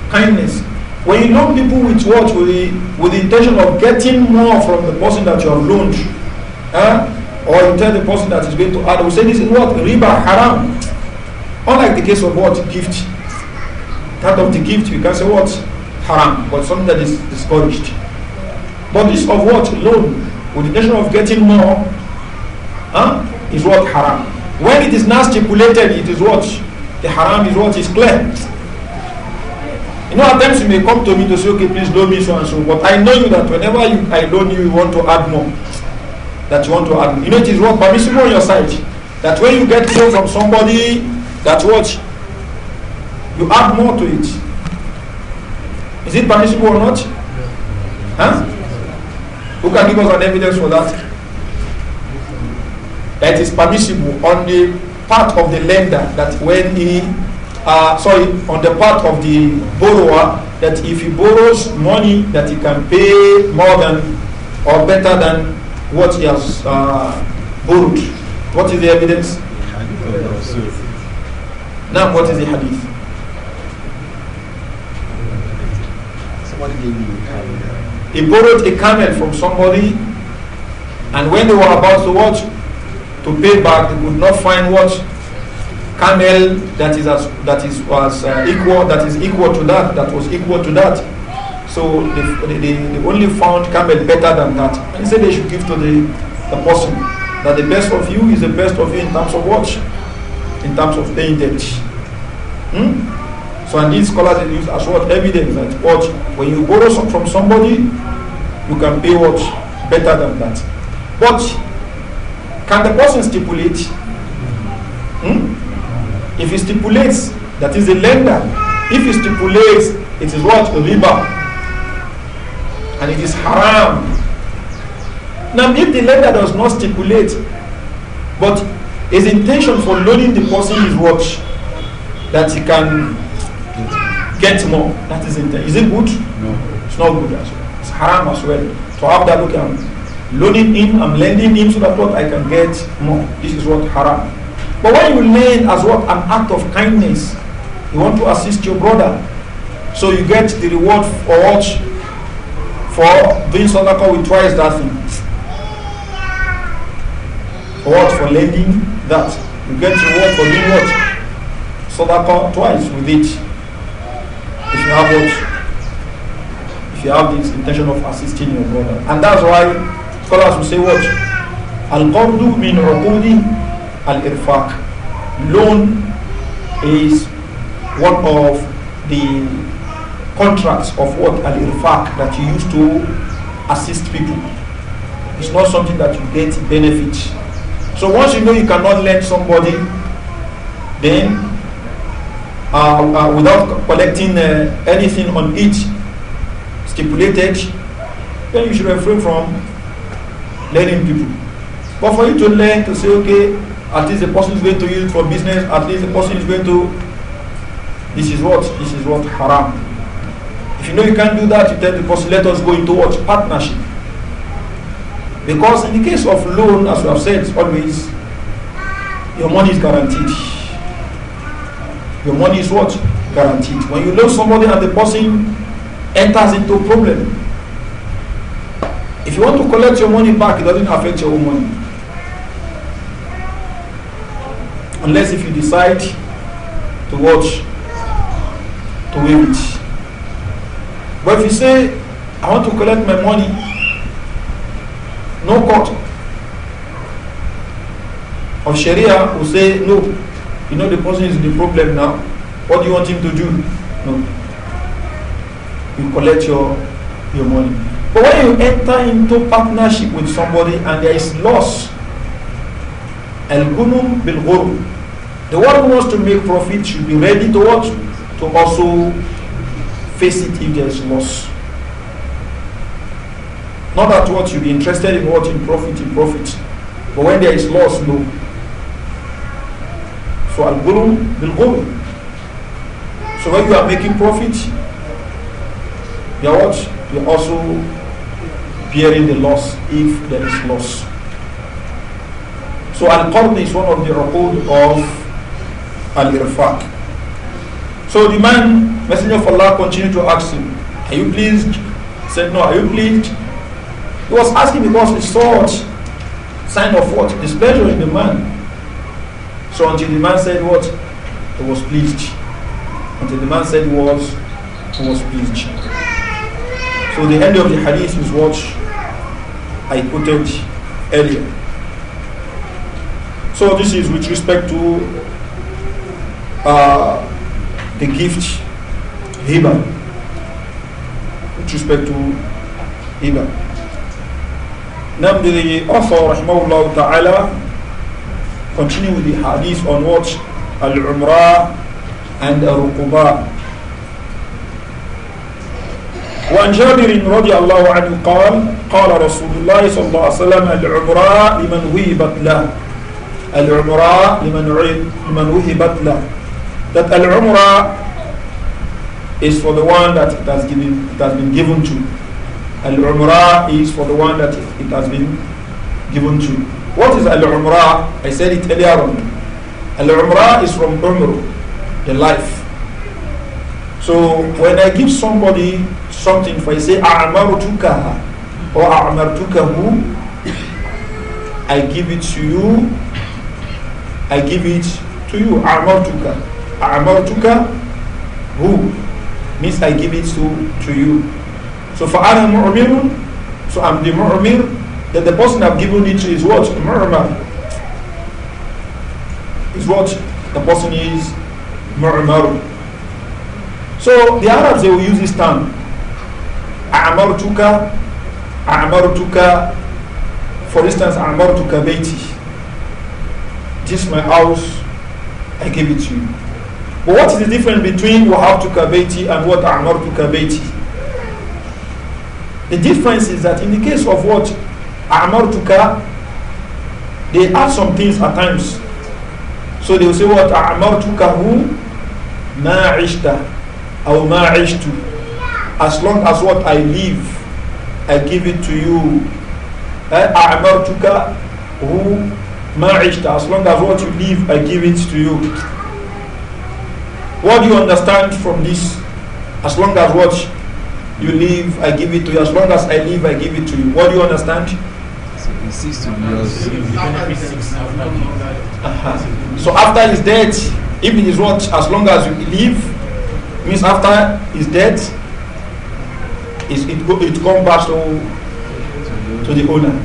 Kindness. When you loan people with what? With the, with the intention of getting more from the person that you have loaned. Huh? Or you tell the person that is going to add, we say this is what? Riba haram. Unlike the case of what? Gift. That of the gift, we can say what? Haram, but something that is discouraged. But this of what? Loan, with the intention of getting more, huh, is what? Haram. When it is not stipulated, it is what? The haram is what is clear. You know, at times you may come to me to say, okay, please loan me so and so, but I know you that whenever you, I loan you, you want to add more. That you want to add. You know, it is what permissible on your side. That when you get loan from somebody, that what you add more to it. Is it permissible or not? Huh? Who can give us an evidence for that? That is permissible on the part of the lender that when he, uh, sorry, on the part of the borrower that if he borrows money that he can pay more than or better than what he has uh, borrowed. What is the evidence? Now, what is the hadith? Somebody gave me a camel. He borrowed a camel from somebody, and when they were about to watch, to pay back, they could not find what camel that is as, that is was uh, equal that is equal to that that was equal to that. So they, they, they only found camel better than that, and he said they should give to the the person that the best of you is the best of you in terms of watch in terms of paying Hmm? So, and these scholars they use as what evidence that what when you borrow some, from somebody, you can pay what better than that. But can the person stipulate? Hmm? If he stipulates, that is a lender. If he stipulates, it is what riba, and it is haram. Now, if the lender does not stipulate, but his intention for loading the person is watch That he can get more. That is intent. Is it good? No. It's not good as well. It's haram as well. To have that look I'm loading him, I'm lending him so that what I can get more. This is what haram. But when you lend as what an act of kindness, you want to assist your brother. So you get the reward for what? For doing sadaqah with twice that thing. For what? For lending that. You get reward for doing what? Sadaqah twice with it. If you have what? If you have this intention of assisting your brother. And that's why scholars will say what? Al-Qardu min Rukudi al-Irfaq. Loan is one of the contracts of what al-Irfaq that you use to assist people. It's not something that you get benefit So once you know you cannot lend somebody, then uh, uh, without collecting uh, anything on each stipulated, then you should refrain from lending people. But for you to learn to say, okay, at least the person is going to use it for business, at least the person is going to, this is what, this is what haram. If you know you can't do that, you tell the person, let us go into what? Partnership. Because in the case of loan, as we have said always, your money is guaranteed. Your money is what? Guaranteed. When you loan somebody and the person enters into problem, if you want to collect your money back, it doesn't affect your own money. Unless if you decide to watch, to wait. But if you say, I want to collect my money, no court of Sharia will say, no, you know the person is the problem now. What do you want him to do? No. You collect your, your money. But when you enter into partnership with somebody and there is loss, al-gunum bil -ghurm. the one who wants to make profit should be ready to what? To also face it if there is loss. Not at what you be interested in what in profit, in profit. But when there is loss, no. So al gulum bil So when you are making profit, you are what? You are also bearing the loss if there is loss. So al qarn is one of the uqud of al irfaq. So the man, messenger of Allah, continued to ask him, "Are you pleased?" He said, "No." Are you pleased? He was asking because he saw sign of what? Displeasure in the man. So until the man said what? He was pleased. Until the man said what he was pleased. So the end of the hadith is what I quoted earlier. So this is with respect to uh, the gift, Hiba. With respect to Hiba. Now the author, rahimahullah ta'ala, continue with the hadith on what? Al-Umrah and Al-Ruqubah. وعن جابر رضي الله عنه قال قال رسول الله صلى الله عليه وسلم العمراء لمن وهبت له العمراء لمن لمن وهبت له that العمرة is for the one that it has, given, that has been given to Al-Umrah is for the one that it has been given to. What is Al-Umrah? I said it earlier on. Al-Umrah is from Umr, the life. So when I give somebody something, if I say A'martukaha or A'martukahu, I give it to you, I give it to you, A'martuka. A'martuka who means I give it to, to you. So for ana mu'mirun, so I'm the that the person I've given it to is what? Mu'mar. Is what? The person is mu'mar. So the Arabs, they will use this term. Amarutuka, amarutuka. for instance, a'martuka bayti. This my house, I give it to you. But what is the difference between wahab to kabeti and what amar to the difference is that in the case of what Amartuka, they add some things at times. So they will say what Amartukahu ma'ishta or ma'ishtu. As long as what I live, I give it to you. who eh, ma'ishta. As long as what you live, I give it to you. What do you understand from this? As long as what you live, I give it to you. As long as I live, I give it to you. What do you understand? So he to be So after his death, even his what? As long as you live, means after his death, it, it, go, it comes back to, to the owner.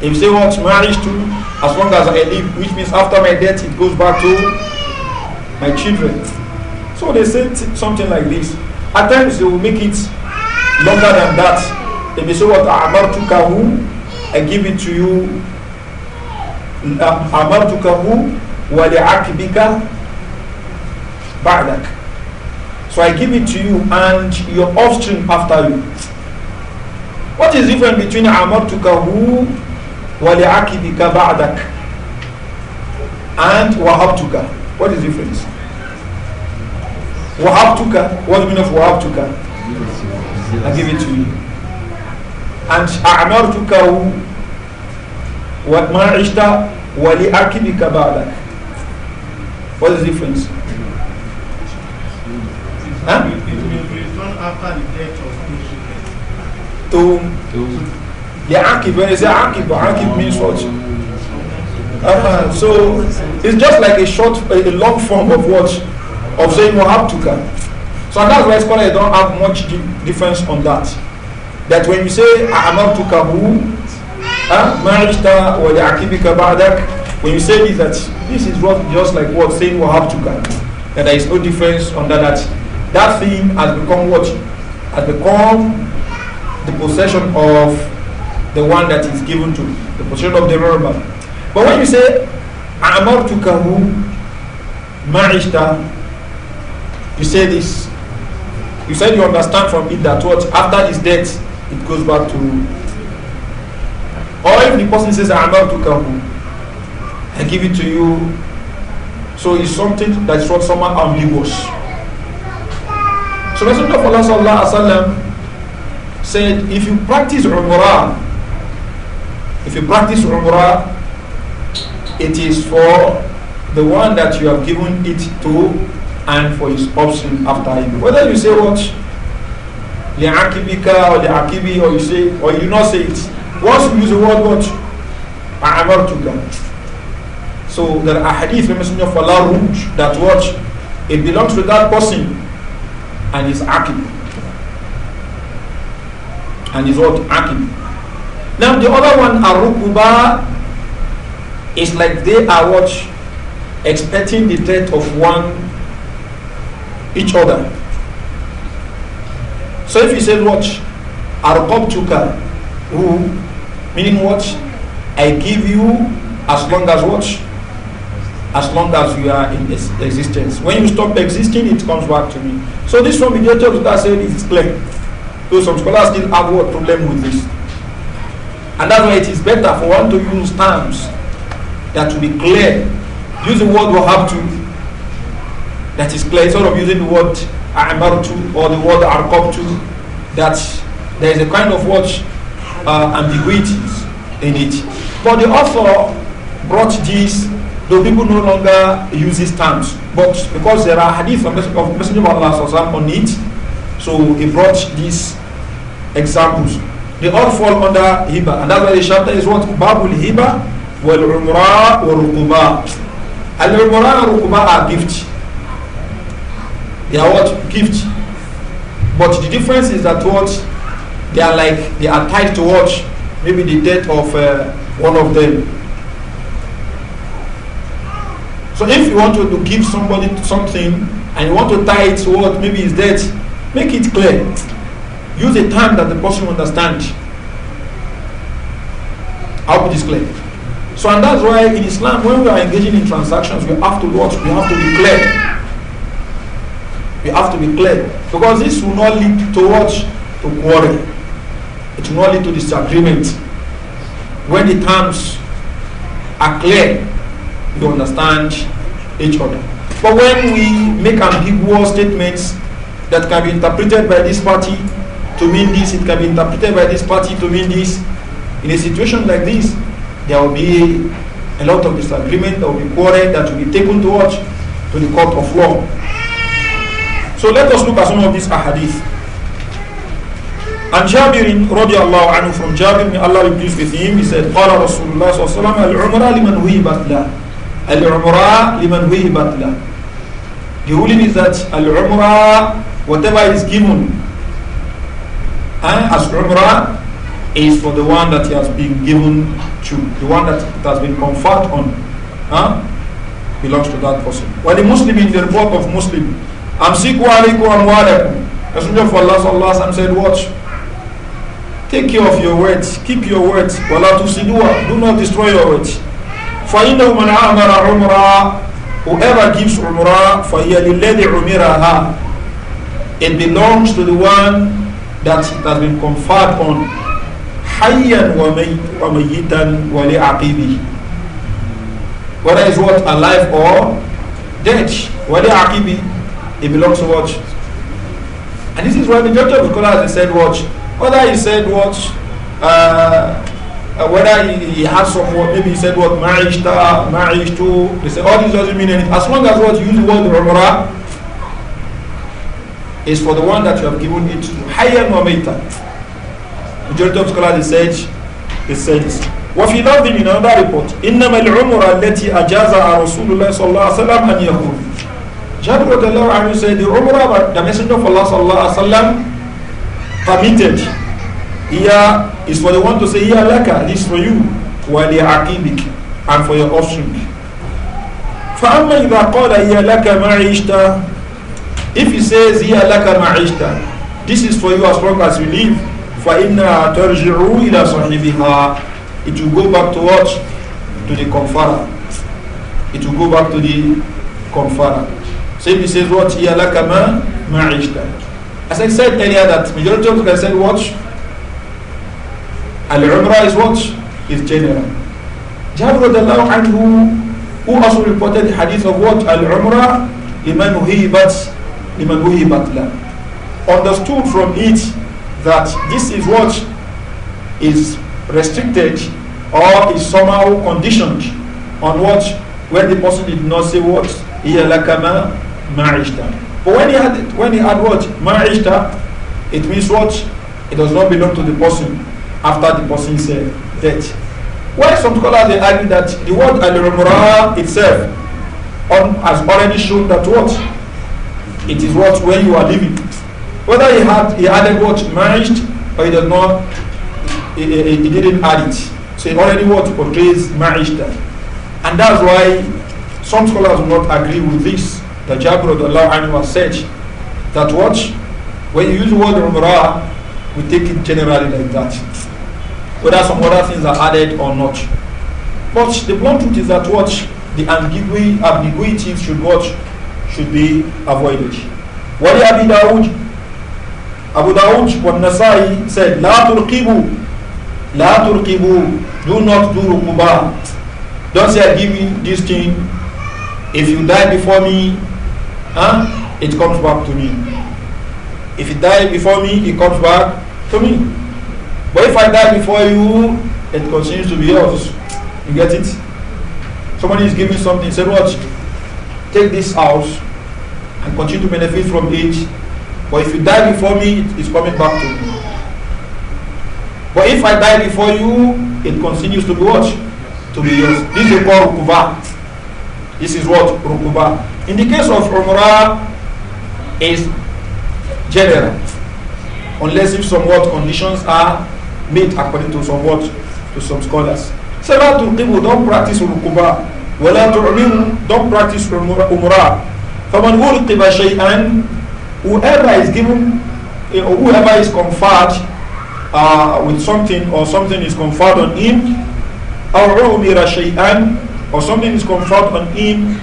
If you say what marriage to, as long as I live, which means after my death, it goes back to my children. So they said something like this. At times they will make it longer than that. They may say, What Amartukahu, I give it to you. Amartukahu wa li'akibika ba'dak. So I give it to you and your offspring after you. What is difference between Amartukahu wa li'akibika ba'dak and Wahabtuka? What is the difference? What have you do Wahabtuka, what's the have of Wahabtuka? I give it to you. And A'martuka wa ma'ishta wa li'akibika ba'dak. What is the difference? Huh? It will return after the death of the To when you say Akib, Akib means what? Uh, so it's just like a short, a long form of what? of saying have to come, So that's why scholars don't have much difference on that. That when you say Amartukahu, Marishta wa akibika ba'dak, when you say this, that this is what just like what saying have Muhabtuka. That there is no difference on that. That, that thing has become what? Has become the possession of the one that is given to, the possession of the robber. But when you say I am Amartukahu, Marishta, You say this. You said you understand from it that what after his death it goes back to. Or if the person says I am about to come, I give it to you. So it's something that's what someone ambiguous. So Messenger of Allah sallallahu alaihi wasallam said, if you practice umrah, if you practice umrah, it is for the one that you have given it to and for his offspring after him. Whether you say what li'akibika or li'akibi or you say or you not say it. Once you use the word what a'amartuka. So there are hadith the messenger of Allah ruj that what it belongs to that person and his akib. And his what akib. Now the other one arukuba is like they are what expecting the death of one each other. So if you said, Watch, Arqabtuka, who, meaning what? I give you as long as what? As long as you are in existence. When you stop existing, it comes back to me. So this one mediator that said it is clear. Though some scholars still have what problem with this. And that's why it is better for one to use terms that to be clear. Use the word will have to That is clear. sort of using the word a'martu or the word arqabtu, that there is a kind of watch uh, ambiguity in it. But the author brought this, though people no longer use these terms. But because there are hadith of Messenger of Allah on it, so he brought these examples. They all fall under hiba, and that's why the chapter is what babul hiba wal umrah wal rukuba. Al umrah and rukuba are gifts. They are what? Gift. But the difference is that what? They are like, they are tied to what? Maybe the death of uh, one of them. So if you want to, to give somebody something and you want to tie it to what maybe is death, make it clear. Use a time that the person understand. I hope this clear. So and that's why in Islam, when we are engaging in transactions, we have to watch, we have to be clear. You have to be clear. Because this will not lead to To quarrel. It will not lead to disagreement. When the terms are clear, you understand each other. But when we make ambiguous statements that can be interpreted by this party to mean this, it can be interpreted by this party to mean this, in a situation like this, there will be a lot of disagreement, there will be quarrel that will be taken to watch to the court of law. So let us look at some of these ahadith. And Jabir radiallahu anhu from Jabir, may Allah be pleased with him, he said, قال رسول الله صلى الله عليه وسلم العمراء لمن وهبت له العمراء لمن وهبت له The ruling is that al umra whatever is given, and eh, as Umra is for the one that he has been given to, the one that it has been conferred on, huh? belongs to that person. While the Muslim in the report of Muslim, Amsiku alaikum amwalakum. Messenger of Allah sallallahu alaihi wasallam said, watch. Take care of your words. Keep your words. Wala tusidua. Do not destroy your words. فَإِنَّهُ مَنْ عَمَرَ عُمْرًا Whoever gives umrah, فَهِيَ لِلَّذِي عُمِرَهَا It belongs to the one that has been conferred on. حَيًّا وَمَيِّتًا وَلِعَقِبِهِ Whether it's what, alive or dead. وَلِعَقِبِهِ it belongs to watch, And this is why the majority of scholars they said watch. Whether he said watch, Uh, uh, whether he, he has some word, maybe he said what marriage ta, they say all this doesn't mean anything. As long as what you use the word umrah is for the one that you have given it to hayyan wa Majority of scholars they said they said this. وفي لفظ من another report إنما العمر التي أجازها رسول الله صلى الله عليه وسلم أن يكون Jabir anhu said the Umrah the Messenger of Allah sallallahu alaihi wasallam permitted here is for the one to say here laka this for you while they are aqibik and for your offspring. فأما إذا قال هي لك معيشتا if he says هي لك this is for you as long as you live فإنها ترجع إلى صاحبها it will go back to what to the conferrer it will go back to the conferrer so he says what here lakama ma'ishta. As I said earlier that majority of the said what? Al Umrah is what? Is general. Jabir anhu who also reported the hadith of what? Al Umrah Iman uhibat Iman uhibat la. Understood from it that this is what is restricted or is somehow conditioned on what when the person did not say what? Iyalakama ma'ishta. But when he had when he had what? Ma'ishta, it means what? It does not belong to the person after the person said uh, death. Why some scholars they argue that the word al itself on, has already shown that what? It is what when you are living. Whether he had he added what married or he does not he, he, he, didn't add it. So he already what portrays marriage And that's why some scholars will not agree with this. that Jabir anhu said that watch when you use the word umrah we take it generally like that whether some other things are added or not but the blunt truth is that watch the ambiguity, ambiguity should watch should be avoided wali abi daud abu daud wa nasai said la turqibu la turqibu do not do rukuba don't say i give you this thing if you die before me huh? it comes back to me. If it died before me, it comes back to me. But if I die before you, it continues to be yours. You get it? Somebody is giving something, Say, Watch, take this house and continue to benefit from it. But if you die before me, it's coming back to me. But if I die before you, it continues to be what? To be yours. This is called Rukuba. This is what? Rukuba. In the case of Umrah, is general, unless if somewhat conditions are met according to somewhat to some scholars. Salah to people don't practice rukuba. Wala tu'mimu don't practice umrah. فَمَنْ أُلْقِبَ شَيْئًا Whoever is given, eh, or whoever is conferred uh, with something or something is conferred on him, أَوْ عُمِرَ or something is conferred on him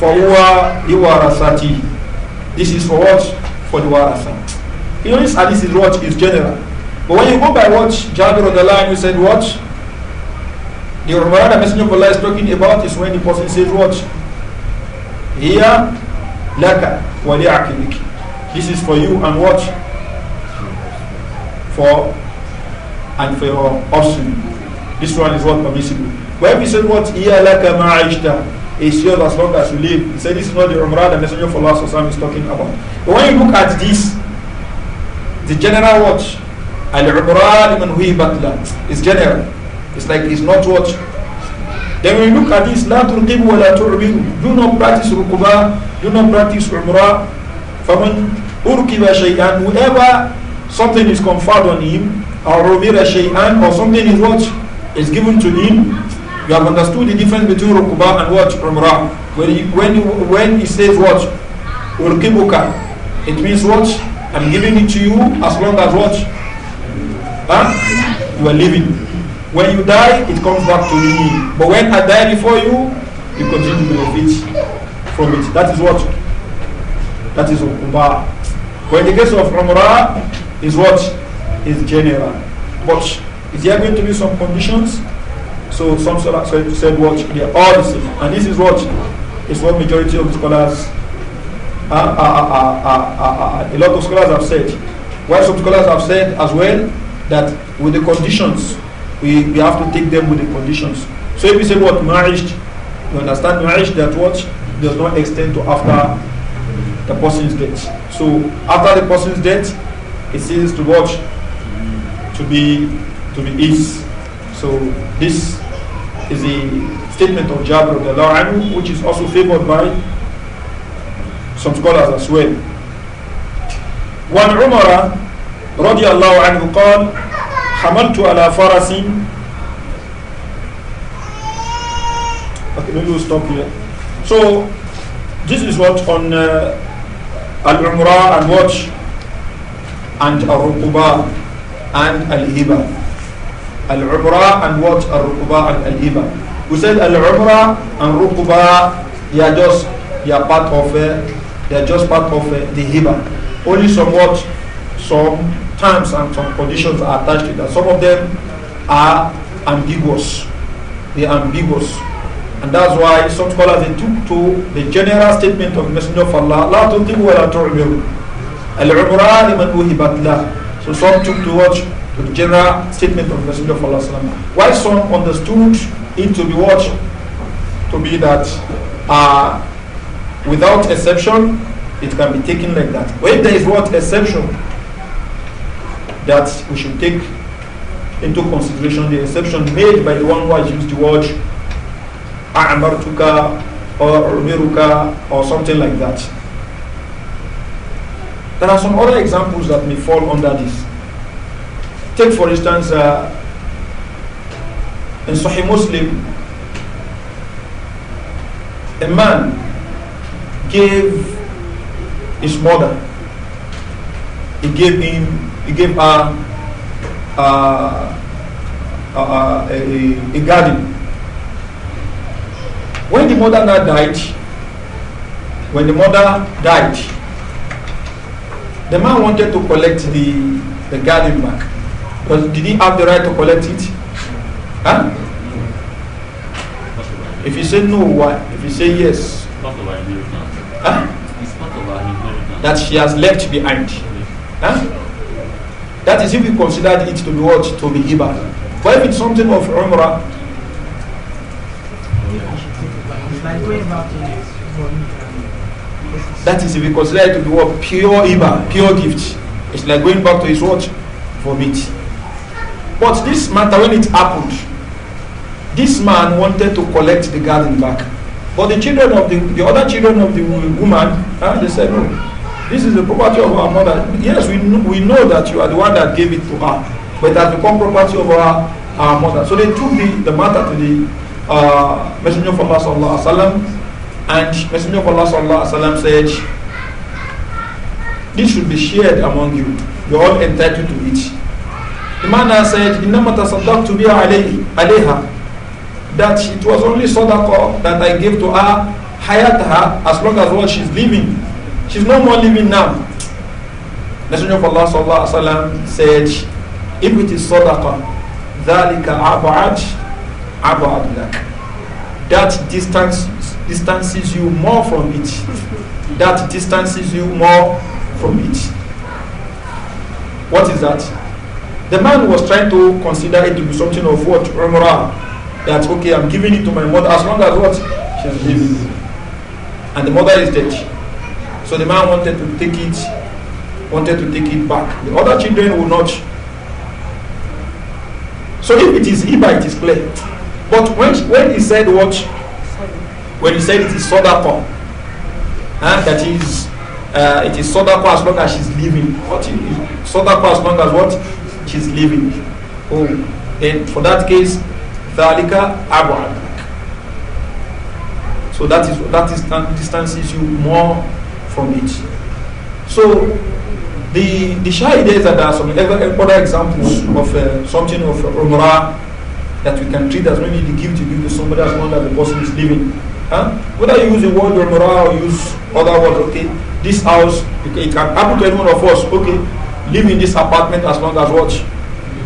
For who are فَهُوَ لِوَرَثَتِهِ This is for what? For the warasa. You know, this hadith is what? Is general. But when you go by what Jabir on the line, you said what? The Ramadan Messenger of Allah is talking about is when the person says what? Here, laka, wali akibiki. This is for you and what? For and for your offspring. This one is what permissible. When we say what? Here, laka ma'ishta. is yours as long as you live. He said this is not the Umrah the Messenger of Allah is talking about. But when you look at this, the general watch, Al-Umrah liman batla, is general. It's like it's not watch. Then when you look at this, لا ترقب ولا تعبر Do not practice rukuba, do not practice Umrah. فمن أركب شيئا Whoever something is conferred on him, or رمير شيئا, or something is what is given to him, you have understood the difference between Rukuba and watch Umrah. When he, when he, when he says what? Urkibuka. It means watch. I'm giving it to you as long as watch. Huh? You are living. When you die, it comes back to me. But when I die before you, you continue to benefit from it. That is what? That is Rukuba. But in the case of Umrah, is what? Is general. But is there going to be some conditions? So some sort of said, "Watch they are all the same. And this is what is what majority of the scholars are, are, are, a lot of scholars have said. Why some scholars have said as well that with the conditions, we, we have to take them with the conditions. So if we say what marriage, you understand marriage that what does not extend to after the person's death. So after the person's death, it seems to watch to be to be ease. So this is a statement of Jabir anhu, which is also favored by some scholars as well. وعن عمر رضي الله عنه قال حملت على فرس Okay, maybe we'll stop here. So, this is what on uh, Al-Umrah and what? And al rukuba and Al-Hibah. Al-Umrah and what? Al-Ruqba and Al-Iba. We said Al-Umrah and Ruqba, they are just, they are part of, uh, they are just part of uh, the Hiba. Only somewhat, Some terms and some conditions are attached to that. Some of them are ambiguous. They are ambiguous. And that's why some scholars they took to the general statement of Messenger of Allah, لا تطيب ولا تعمر. العمران لمن وهبت له. So some took to watch to the general statement of the Messenger of Allah. Why some understood it to be what? To be that uh, without exception, it can be taken like that. When there is what exception that we should take into consideration the exception made by the one who has used the word A'martuka or Umiruka or something like that. There are some other examples that may fall under this. Take for instance, uh, in Sahih Muslim, a man gave his mother, he gave him, he gave her uh, uh, uh a, a garden. When the mother now died, when the mother died, the man wanted to collect the, the garden back. But did he have the right to collect it? Huh? If you say no, why? If you say yes. Huh? That she has left behind. Huh? That is if you considered it to be what? To be given. But if it's something of Umrah, that is if you consider it to be what? Pure Iba, pure gift. It's like going back to his watch, vomit. But this matter, when it happened, this man wanted to collect the garden back. But the children of the, the other children of the woman, they said, no, this is the property of our mother. Yes, we know, we know that you are the one that gave it to her, but that's the become property of our, our mother. So they took the, the matter to the uh, Messenger of Allah sallallahu alaihi wasallam, and Messenger of Allah sallallahu alaihi wasallam said, this should be shared among you. You're all entitled to it. The man has said, be تَصَدَّقْتُ بِهَا Aleha. That it was only sadaqah that I gave to her, hired her, as long as what she's living. She's no more living now. Messenger of Allah sallallahu alaihi wasallam said, if it is sadaqah, ذَلِكَ أَبْعَدْ أَبْعَدْ لَكَ That distance, distances you more from it. that distances you more from it. What is that? The man was trying to consider it to be something of what? Umrah. That, okay, I'm giving it to my mother as long as what? She's living. And the mother is dead. So the man wanted to take it, wanted to take it back. The other children will not. So if it is Iba, it is clear. But when, when he said what? When he said it is Sodapa, huh? that is, uh, it is Sodapa as long as she's living. What is Sodapa as long as what? she's leaving home. Then for that case, Thalika Abu So that is that is that distances you more from it. So the the shy is that there are some other examples of uh, something of Umrah that we can treat as maybe the gift you give to somebody as long as the person is living. Huh? Whether you use the word Umrah or use other words, okay, this house, okay, it can happen to any one of us, okay, live in this apartment as long as what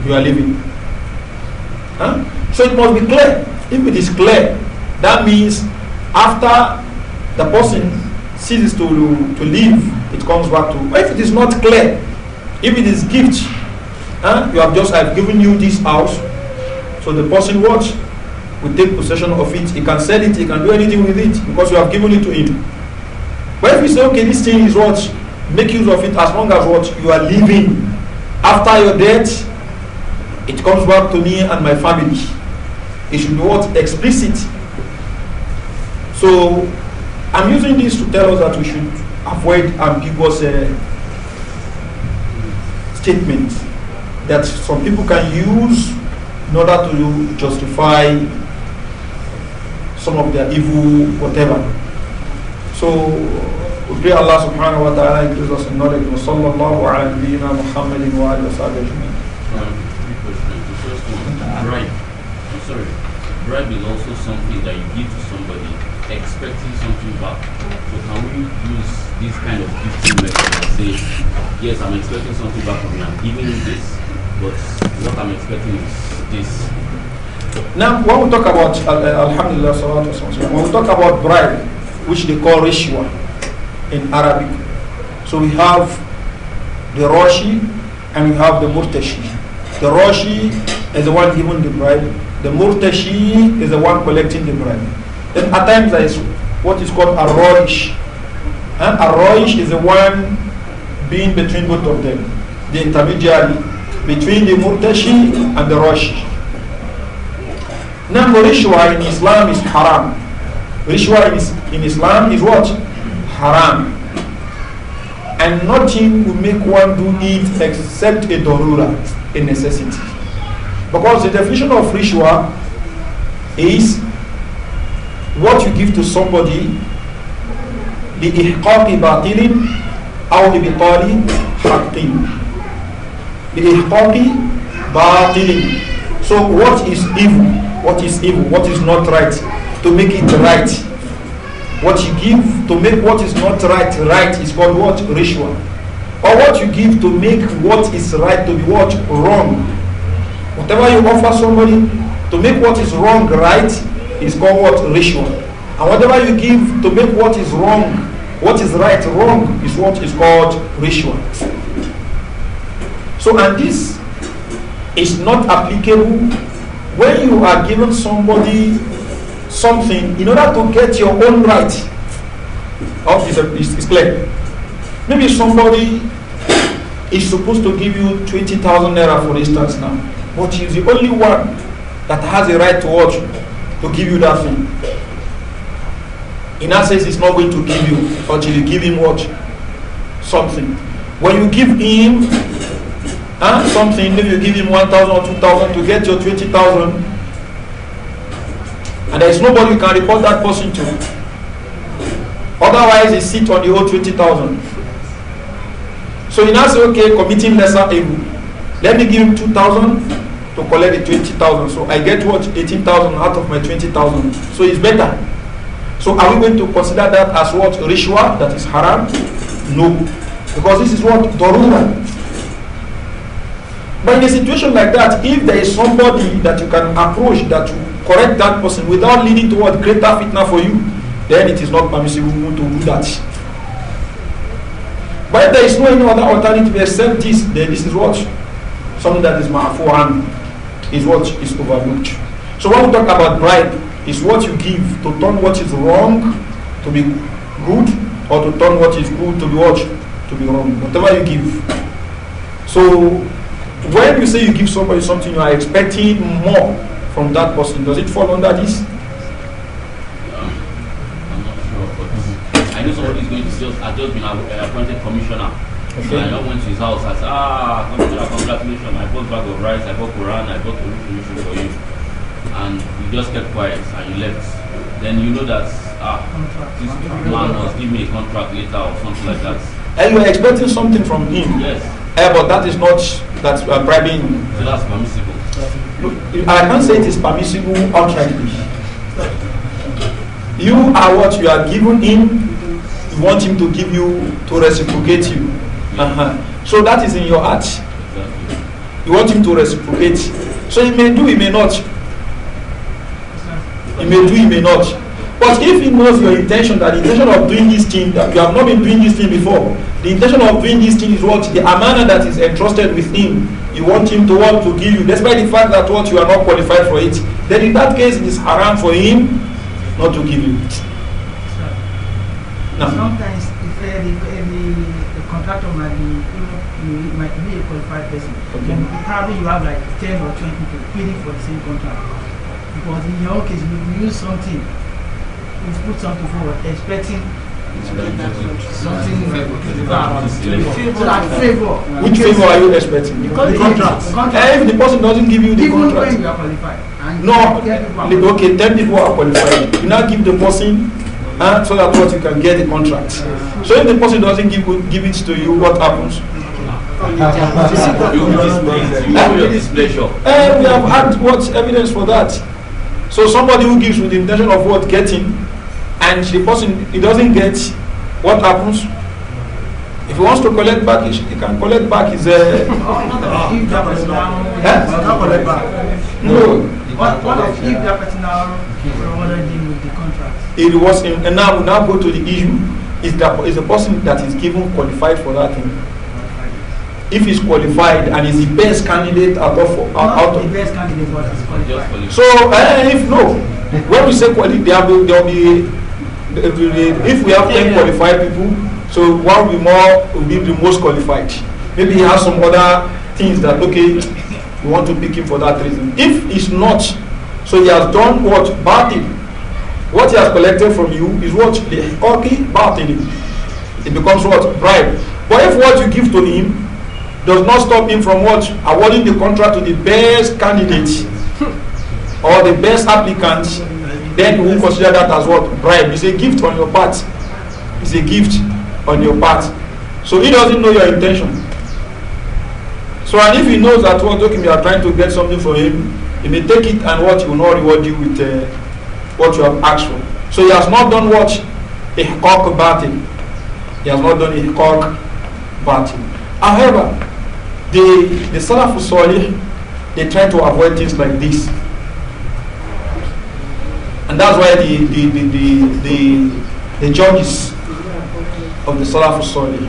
you are living. Huh? So it must be clear. If it is clear, that means after the person ceases to, to live, it comes back to. If it is not clear, if it is gift, huh? you have just I've given you this house, so the person what will take possession of it. He can sell it. He can do anything with it because you have given it to him. But if you say okay, this thing is what make use of it as long as what you are living. After your death, it comes back to me and my family. It should be what? Explicit. So I'm using this to tell us that we should avoid ambiguous uh, statements that some people can use in order to justify some of their evil, whatever. So we us in knowledge. Um, bribe. is also something that you give to somebody expecting something back. So can we use this kind of gifting method and say, yes, I'm expecting something back from you. I'm giving you this, but what I'm expecting is this. Now, when we talk about, uh, alhamdulillah, when we talk about bribe, which they call rishwa, in Arabic. So we have the Roshi and we have the Murtashi. The Roshi is the one giving the bribe. The Murtashi is the one collecting the bribe. Then at times there is what is called a Roish. And a Roish is the one being between both of them, the intermediary between the Murtashi and the Roshi. Now, Rishwa in Islam is haram. Rishwa in Islam is what? haram. And nothing will make one do it except a dorura, a necessity. Because the definition of rishwa is what you give to somebody aw bi أو لبطال The لإحقاق باطل So what is evil? What is evil? What is not right? To make it right What you give to make what is not right right is called what? Ritual. Or what you give to make what is right to be what? Wrong. Whatever you offer somebody to make what is wrong right is called what? Ritual. And whatever you give to make what is wrong, what is right wrong is what is called ritual. So, and this is not applicable when you are given somebody something in order to get your own right. Oh, this it's, clear. Maybe somebody is supposed to give you twenty thousand naira, for instance, now, but he's the only one that has the right to watch to give you that thing. In that sense, he's not going to give you until you give him what? Something. When you give him huh, something, maybe you give him one thousand or two thousand to get your twenty thousand. And there is nobody you can report that person to. Otherwise, he sit on the whole twenty thousand. So you now say, okay, committing lesser evil. Let me give him two thousand to collect the twenty thousand. So I get what? eighteen thousand out of my twenty thousand. So it's better. So are we going to consider that as what? rishwa that is haram? No. Because this is what? Dorura. But in a situation like that, if there is somebody that you can approach that you correct that person without leading toward greater fitna for you, then it is not permissible to do that. But if there is no any other alternative except this, then this is what? Something that is ma'afu and is what is overlooked. So when we talk about bribe, it's what you give to turn what is wrong to be good or to turn what is good to be what? To be wrong. Whatever you give. So when you say you give somebody something, you are expecting more from that person. Does it fall under this? I'm not sure, but I know somebody is going to say, I've just been uh, appointed commissioner. Okay. And I went to his house. I said, ah, commissioner, congratulations. I bought bag of rice, I bought Quran, I bought a commission for you. And you just kept quiet and you left. Then you know that, ah, this man must give me a contract later or something like that. And you were expecting something from him. Yes. Eh, but that is not, that's uh, bribing. So that's permissible. I can't say it is permissible outrightly. You are what you are given him. You want him to give you to reciprocate you. Uh-huh. So that is in your heart. You want him to reciprocate. So he may do, he may not. He may do, he may not. But if he knows your intention, that the intention of doing this thing, that you have not been doing this thing before, the intention of doing this thing is what? The amana that is entrusted with him you want him to want to give you, despite the fact that what you are not qualified for it, then in that case it is haram for him not to give you. No. Sometimes if uh, uh the, uh, the, contractor might be, you know, you might be a qualified person, okay. probably you have like 10 or 20 people bidding for the same contract. Because in your case, you use something, you put something forward, expecting Which favor are you expecting? The contract. The contract. Eh, if the person doesn't give you the Even contract. when you are qualified. No, okay, 10 people are qualified. You now give the person uh, so that what you can get the contract. So if the person doesn't give, give it to you, what happens? you will displeasure. And we have had what evidence for that. So somebody who gives with the intention of what getting and the person he doesn't get what happens if he wants to collect back he, he can collect back his uh, oh, no what, what if that person now provided him with the contract it was in, and now now go to the issue is that is the person that is given qualified for that thing if he's qualified and is the best candidate out of Not out, of the best candidate but is qualified so uh, if no when we say qualified there will, there will be if we have ten qualified people, so one will be more will be the most qualified. Maybe he has some other things that okay, we want to pick him for that reason. If it's not, so he has done what batil. What he has collected from you is what the hikaki batil. It becomes what bribe. But if what you give to him does not stop him from what awarding the contract to the best candidate or the best applicant then we will consider that as what? Bribe. It's a gift on your part. It's a gift on your part. So he doesn't know your intention. So and if he knows that what okay, you are trying to get something from him, he may take it and what he will not reward you with uh, what you have asked for. So he has not done what? a Ihqaq batin. He has not done a ihqaq batin. However, the, the Salafus Salih, they try to avoid things like this. And that's why the, the, the, the, the, the judges of the Salaf Soli,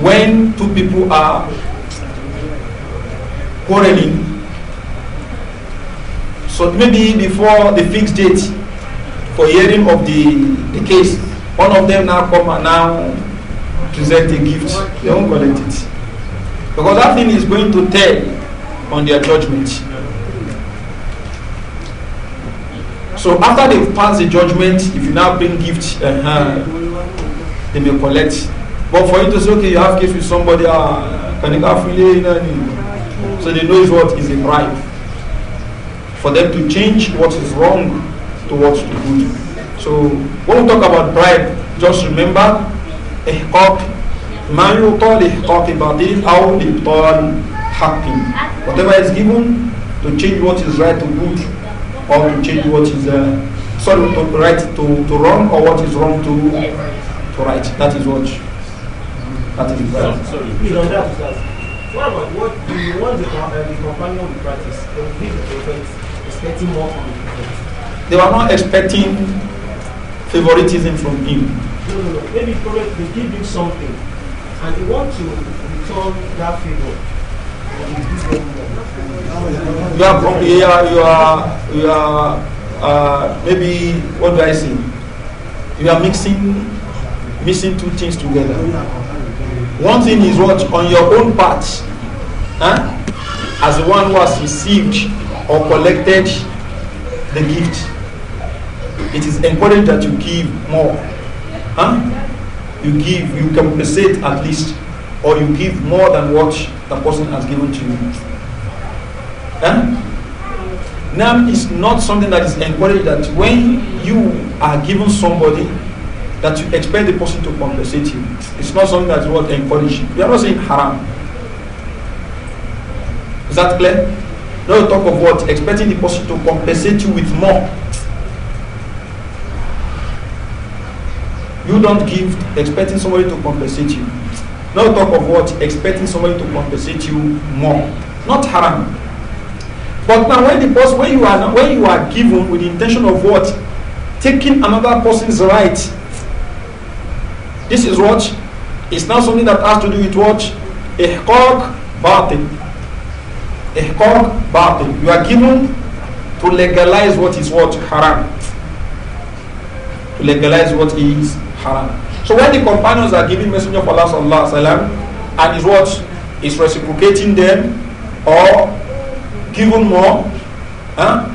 when two people are quarreling, so maybe before the fixed date for hearing of the, the case, one of them now come and now present a gift. They won't collect it. Because that thing is going to tell on their judgment. So after they pass the judgment, if you now bring gift, uh -huh, they may collect. But for you to say, okay, you have gift with somebody, ah, can you affiliate? Eh, so they know what is a bribe. For them to change what is wrong to what is good. So when we talk about bribe, just remember, إحقاق ما يعطى لإحقاق باطل أو لإبطال حق. Whatever is given to change what is right to good or to change what is uh, sorry to right to, to wrong or what is wrong to to right. That is what that is right. Sorry, sorry. What about what do you want the, uh, the companion to practice? the prophet, expecting more from the prophet. They were not expecting favoritism from him. No, no, no. Maybe prophet will give him something, and they want to return that favor. You are, from here. you are, you are uh, maybe, what do I say? You are mixing, mixing two things together. One thing is what on your own part, huh? as the one who has received or collected the gift. It is important that you give more. Huh? You give, you compensate at least or you give more than what the person has given to you. Huh? Now, it's not something that is encouraged that when you are given somebody, that you expect the person to compensate you. It's not something that's what encouraged. You are not saying haram. Is that clear? Now talk of what? Expecting the person to compensate you with more. You don't give expecting somebody to compensate you. Not talk of what? Expecting somebody to compensate you more. Not haram. But now when the person, when you are when you are given with the intention of what? Taking another person's right. This is what? is now something that has to do with what? Ihqaq batil. Ihqaq batil. You are given to legalize what is what? Haram. To legalize what is haram. So when the companions are giving Messenger of Allah sallallahu alaihi wasallam, and is what is reciprocating them or giving more, huh?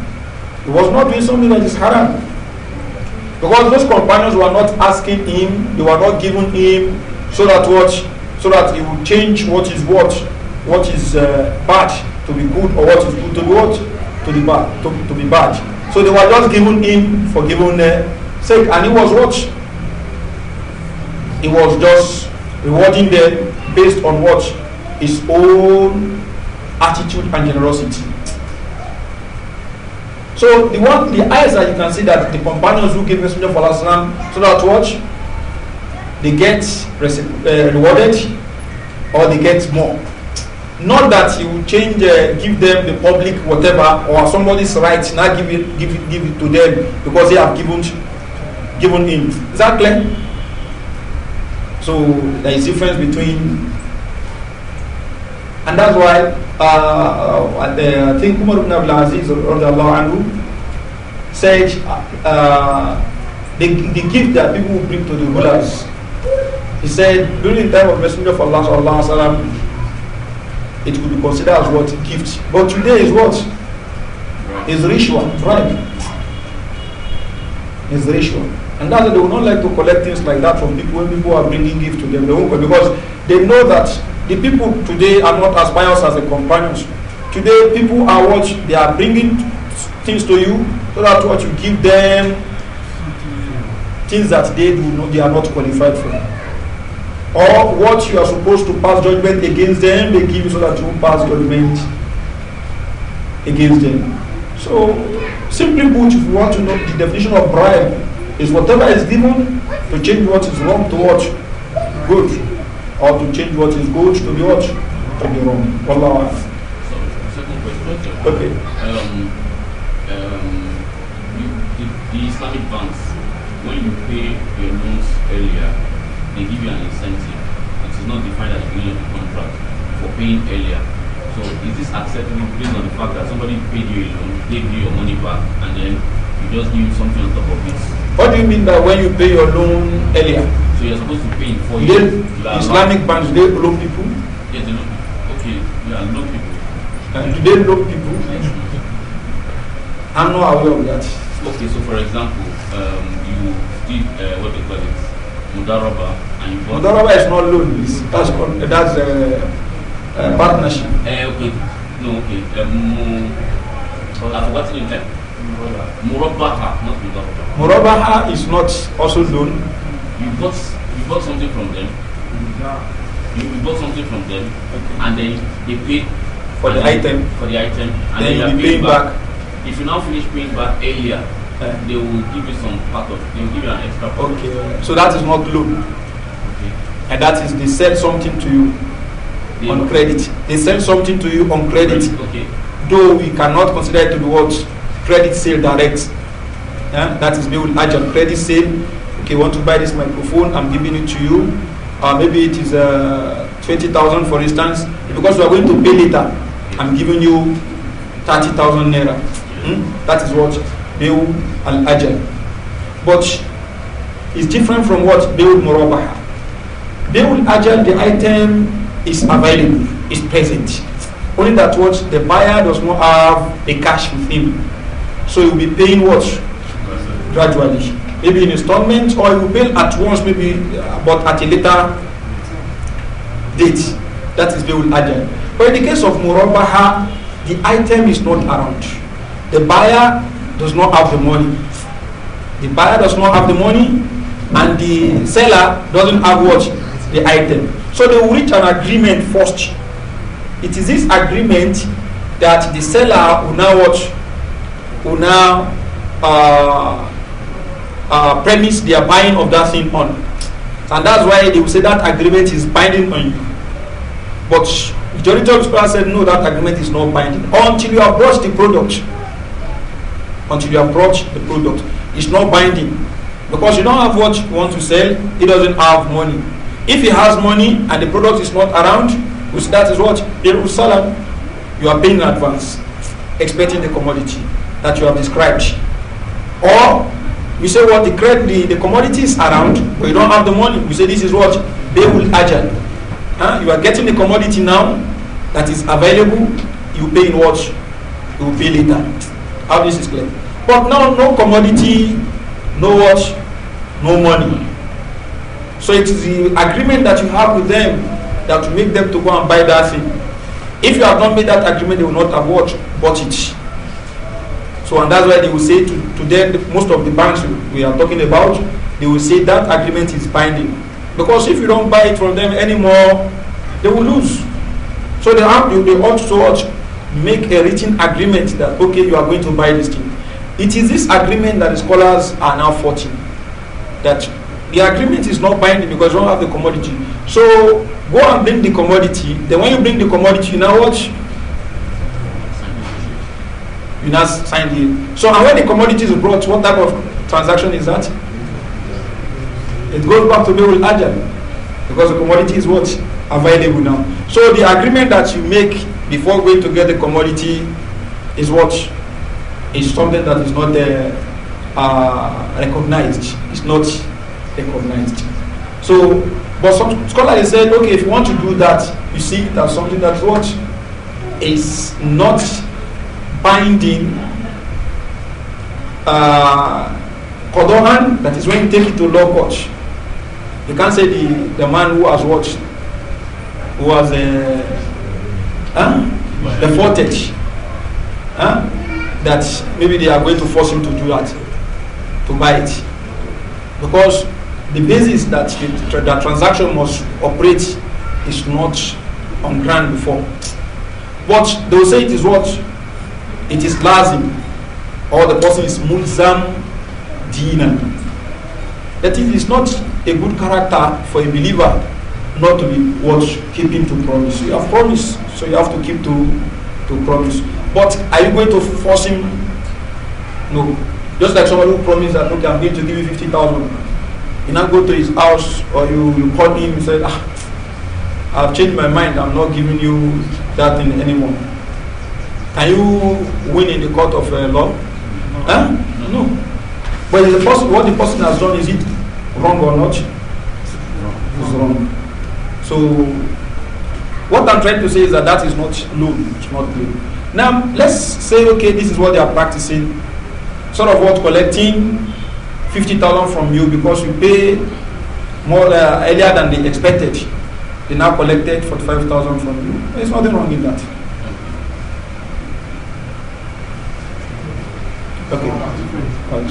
he was not doing something that is haram. Because those companions were not asking him, they were not giving him so that what so that he would change what is what, what is uh, bad to be good or what is good to be what to be bad to, to be bad. So they were just giving him for giving uh, sake, and he was what he was just rewarding them based on what his own attitude and generosity. So the one, the eyes that you can see that the companions who gave Messenger of Allah so that watch they get uh, rewarded or they get more. Not that he will change, uh, give them the public whatever or somebody's right now give it, give it, give it to them because they have given given him. Is that clear? So there is difference between, and that's why uh, uh, I think Umar ibn Abdul Aziz anhu, said uh, the, the gift that people will bring to the rulers. He said during the time of Messenger of Allah sallallahu alaihi wasallam, it could be considered as what gift. But today is what is ritual, right? Is ritual. And that's why they will not like to collect things like that from people when people are bringing gifts to them. They won't, because they know that the people today are not as pious as the companions. Today, people are what they are bringing things to you so that what you give them things that they do not, they are not qualified for. Or what you are supposed to pass judgment against them, they give you so that you pass judgment against them. So, simply put, if you want to know the definition of bribe, is whatever is given to change what is wrong to what good, or to change what is good to be what to be wrong. Wallah. Okay. Um, um, you, the, the Islamic banks, when you pay your loans earlier, they give you an incentive. It is not defined as a beginning of the contract for paying earlier. So is this acceptable based on the fact that somebody paid you a loan, gave you your money back, and then you just give something on top of it? What do you mean by when you pay your loan earlier? So you're supposed to pay in four years. Islamic banks, do they loan people? Yeah, they loan. Okay, we are loan people. do they loan people? I'm not aware of that. Okay, so for example, um, you did uh, what they call it, Mudaraba, and you bought. Mudaraba is not loan. It's, uh, that's called, that's a, uh, partnership. Uh, okay, no, okay. Um, I've forgotten the time. Murabaha, not Mudabaha. Murabaha is not also loan. You got you got something from them. You, you bought something from them, okay. and then they paid for the item. For the item, and then, then you pay back. back. If you now finish paying back earlier, yeah. they will give you some part of. They will give you an extra. Part okay. So that is not loan. Okay. And that is they sell something to you they on credit. They sell something to you on credit. Okay. Though we cannot consider it to be what credit sale direct. Yeah? That is Bill Ajam credit sale. Okay, want to buy this microphone? I'm giving it to you. Uh, maybe it is uh, 20,000 for instance. Because you are going to pay later, I'm giving you 30,000 naira. Hmm? That is what Bill Al ajal. But it's different from what Bill Murabaha. Bill ajal, the item is available, is present. Only that what the buyer does not have the cash with him So you'll be paying what? Gradually. Maybe in installment or you pay at once, maybe uh, but at a later date. That is Beul Adyan. But in the case of Murabaha, the item is not around. The buyer does not have the money. The buyer does not have the money and the seller doesn't have what? The item. So they will reach an agreement first. It is this agreement that the seller will now watch who now uh, uh, premise their buying of that thing on. And that's why they will say that agreement is binding on you. But majority Jones said no, that agreement is not binding until you approach the product. Until you approach the product, it's not binding because you don't have what you want to sell. He doesn't have money. If he has money and the product is not around, which that is what Jerusalem, you are paying in advance, expecting the commodity that you have described. Or you say what well, the credit the, the commodity is around, but you don't have the money. You say this is what they will agent. Huh? You are getting the commodity now that is available, you pay in what you will pay later. How this is clear. But now no commodity, no what, no money. So it is the agreement that you have with them that will make them to go and buy that thing. If you have not made that agreement, they will not have what bought it. So and that's why they will say to, to them, most of the banks we are talking about, they will say that agreement is binding. Because if you don't buy it from them anymore, they will lose. So they have they also make a written agreement that okay, you are going to buy this thing. It is this agreement that the scholars are now fighting. That the agreement is not binding because you don't have the commodity. So go and bring the commodity. Then when you bring the commodity, you now watch you now sign So, and when the commodity is brought, what type of transaction is that? It goes back to the old agent because the commodity is what? Available now. So, the agreement that you make before going to get the commodity is what? Is something that is not uh, uh, recognized. It's not recognized. So, but some scholars said, okay, if you want to do that, you see that something that what is not binding uh, Kodohan, that is when you take it to law court. You can't say the, the man who has watched, who has uh, huh? the footage, huh? that maybe they are going to force him to do that, to buy it. Because the basis that the, the transaction must operate is not on ground before. But they will say it is what it is lazim or the person is mulzam dinan. That is, it's not a good character for a believer not to be watch keeping to promise. You have promise, so you have to keep to to promise. But are you going to force him? No. Just like somebody who promised that okay, I'm going to give you fifty thousand. You now go to his house or you, you call him and say, ah, I've changed my mind, I'm not giving you that thing anymore. Can you win in the court of uh, law? No. Huh? No. no. But the person, what the person has done, is it wrong or not? It's wrong. So, what I'm trying to say is that that is not known. It's not loan. Now, let's say, okay, this is what they are practicing. Sort of what collecting 50,000 from you because you pay more uh, earlier than they expected. They now collected 45,000 from you. There's nothing wrong in that. Okay. Um,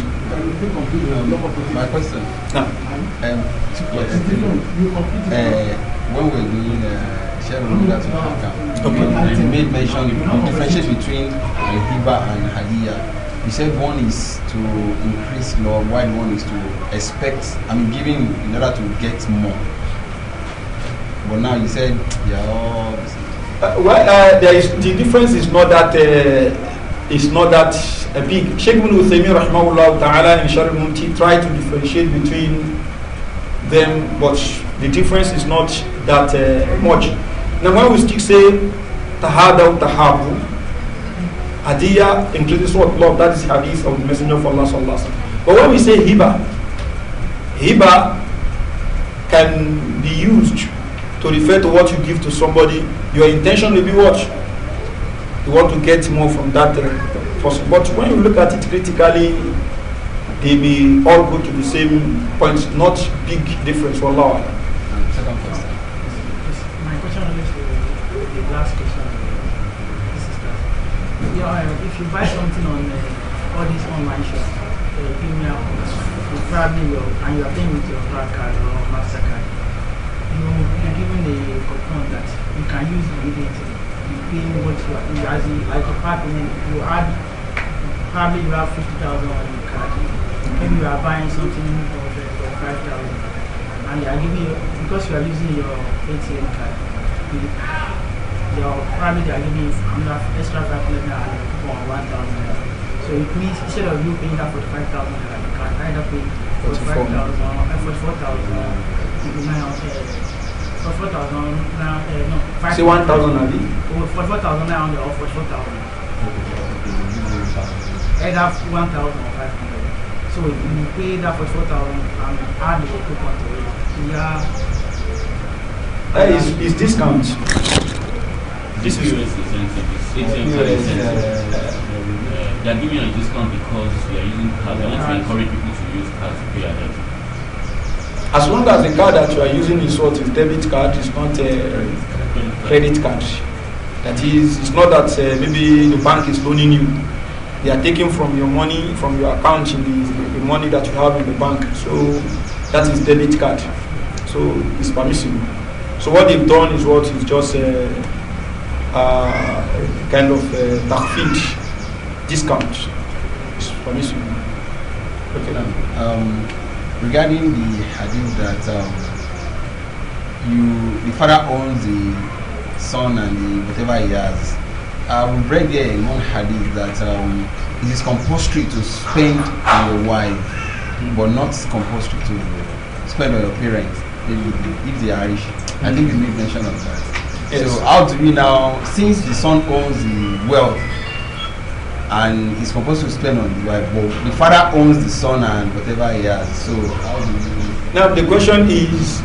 my question. No. Ah. Um, two Uh, when we we're doing uh, sharing that to Africa, okay. you made mention the differentiate between Hiba and Hadia. you said one is to increase love while one is to expect i mean giving in order to get more but now you said yeah all uh, well uh, there is the difference is not that uh, is not that a big. Sheikh Ibn Uthaymeen rahmahullah ta'ala in Sharif Mumti tried to differentiate between them, but the difference is not that uh, much. Now when we still say tahadaw tahabu, hadiya includes what love, that is hadith of the Messenger of Allah sallallahu alaihi But when we say hiba, hiba can be used to refer to what you give to somebody. Your intention will be what? you want to get more from that uh, person. But when you look at it critically, they may all go to the same point, not big difference for law. Second question. My question relates uh, the last question. Uh, yeah, uh, if you buy something on uh, all these online shops, uh, premium, you probably will, and you are paying with your black card or MasterCard, you, are given a coupon that you can use immediately. being what you as a, as a complement, you had probably you have 50,000 on your card. Maybe you are buying something for, for 5,000 and you are giving you because you are using your ATM card, you, are probably they are giving you extra 500 for 1,000 So it means instead of you paying that 45,000 naira, you can end up paying 45,000 or uh, 44,000 44,000 now, uh, no. Five Say 1,000 Abi? 44,000 now or 44,000. Either 1,000 or 500. So you pay that 44,000 and um, add the coupon to it. Yeah. Uh, is, is discount. This is US They are giving a discount because we are using cards. We want to encourage people to use cards to pay as long as the card that you are using is what is debit card, it's not a uh, credit card. That is, it's not that uh, maybe the bank is loaning you. They are taking from your money, from your account, in the, the money that you have in the bank. So that is debit card. So it's permissible. So what they've done is what is just a, uh, a uh, kind of a tafid discount. It's permissible. Okay. Um, regarding the hadith that um, you the father owns the son and the whatever he has. I've read there in one hadith that um, it is compulsory to spend on your wife, but not compulsory to spend on your parents if they are rich. I think you mm. made mention of that. Yes. So how do we now, since the son owns the wealth, and he's supposed to spend on the wife, but the father owns the son and whatever he has. So how do you? Now the question is,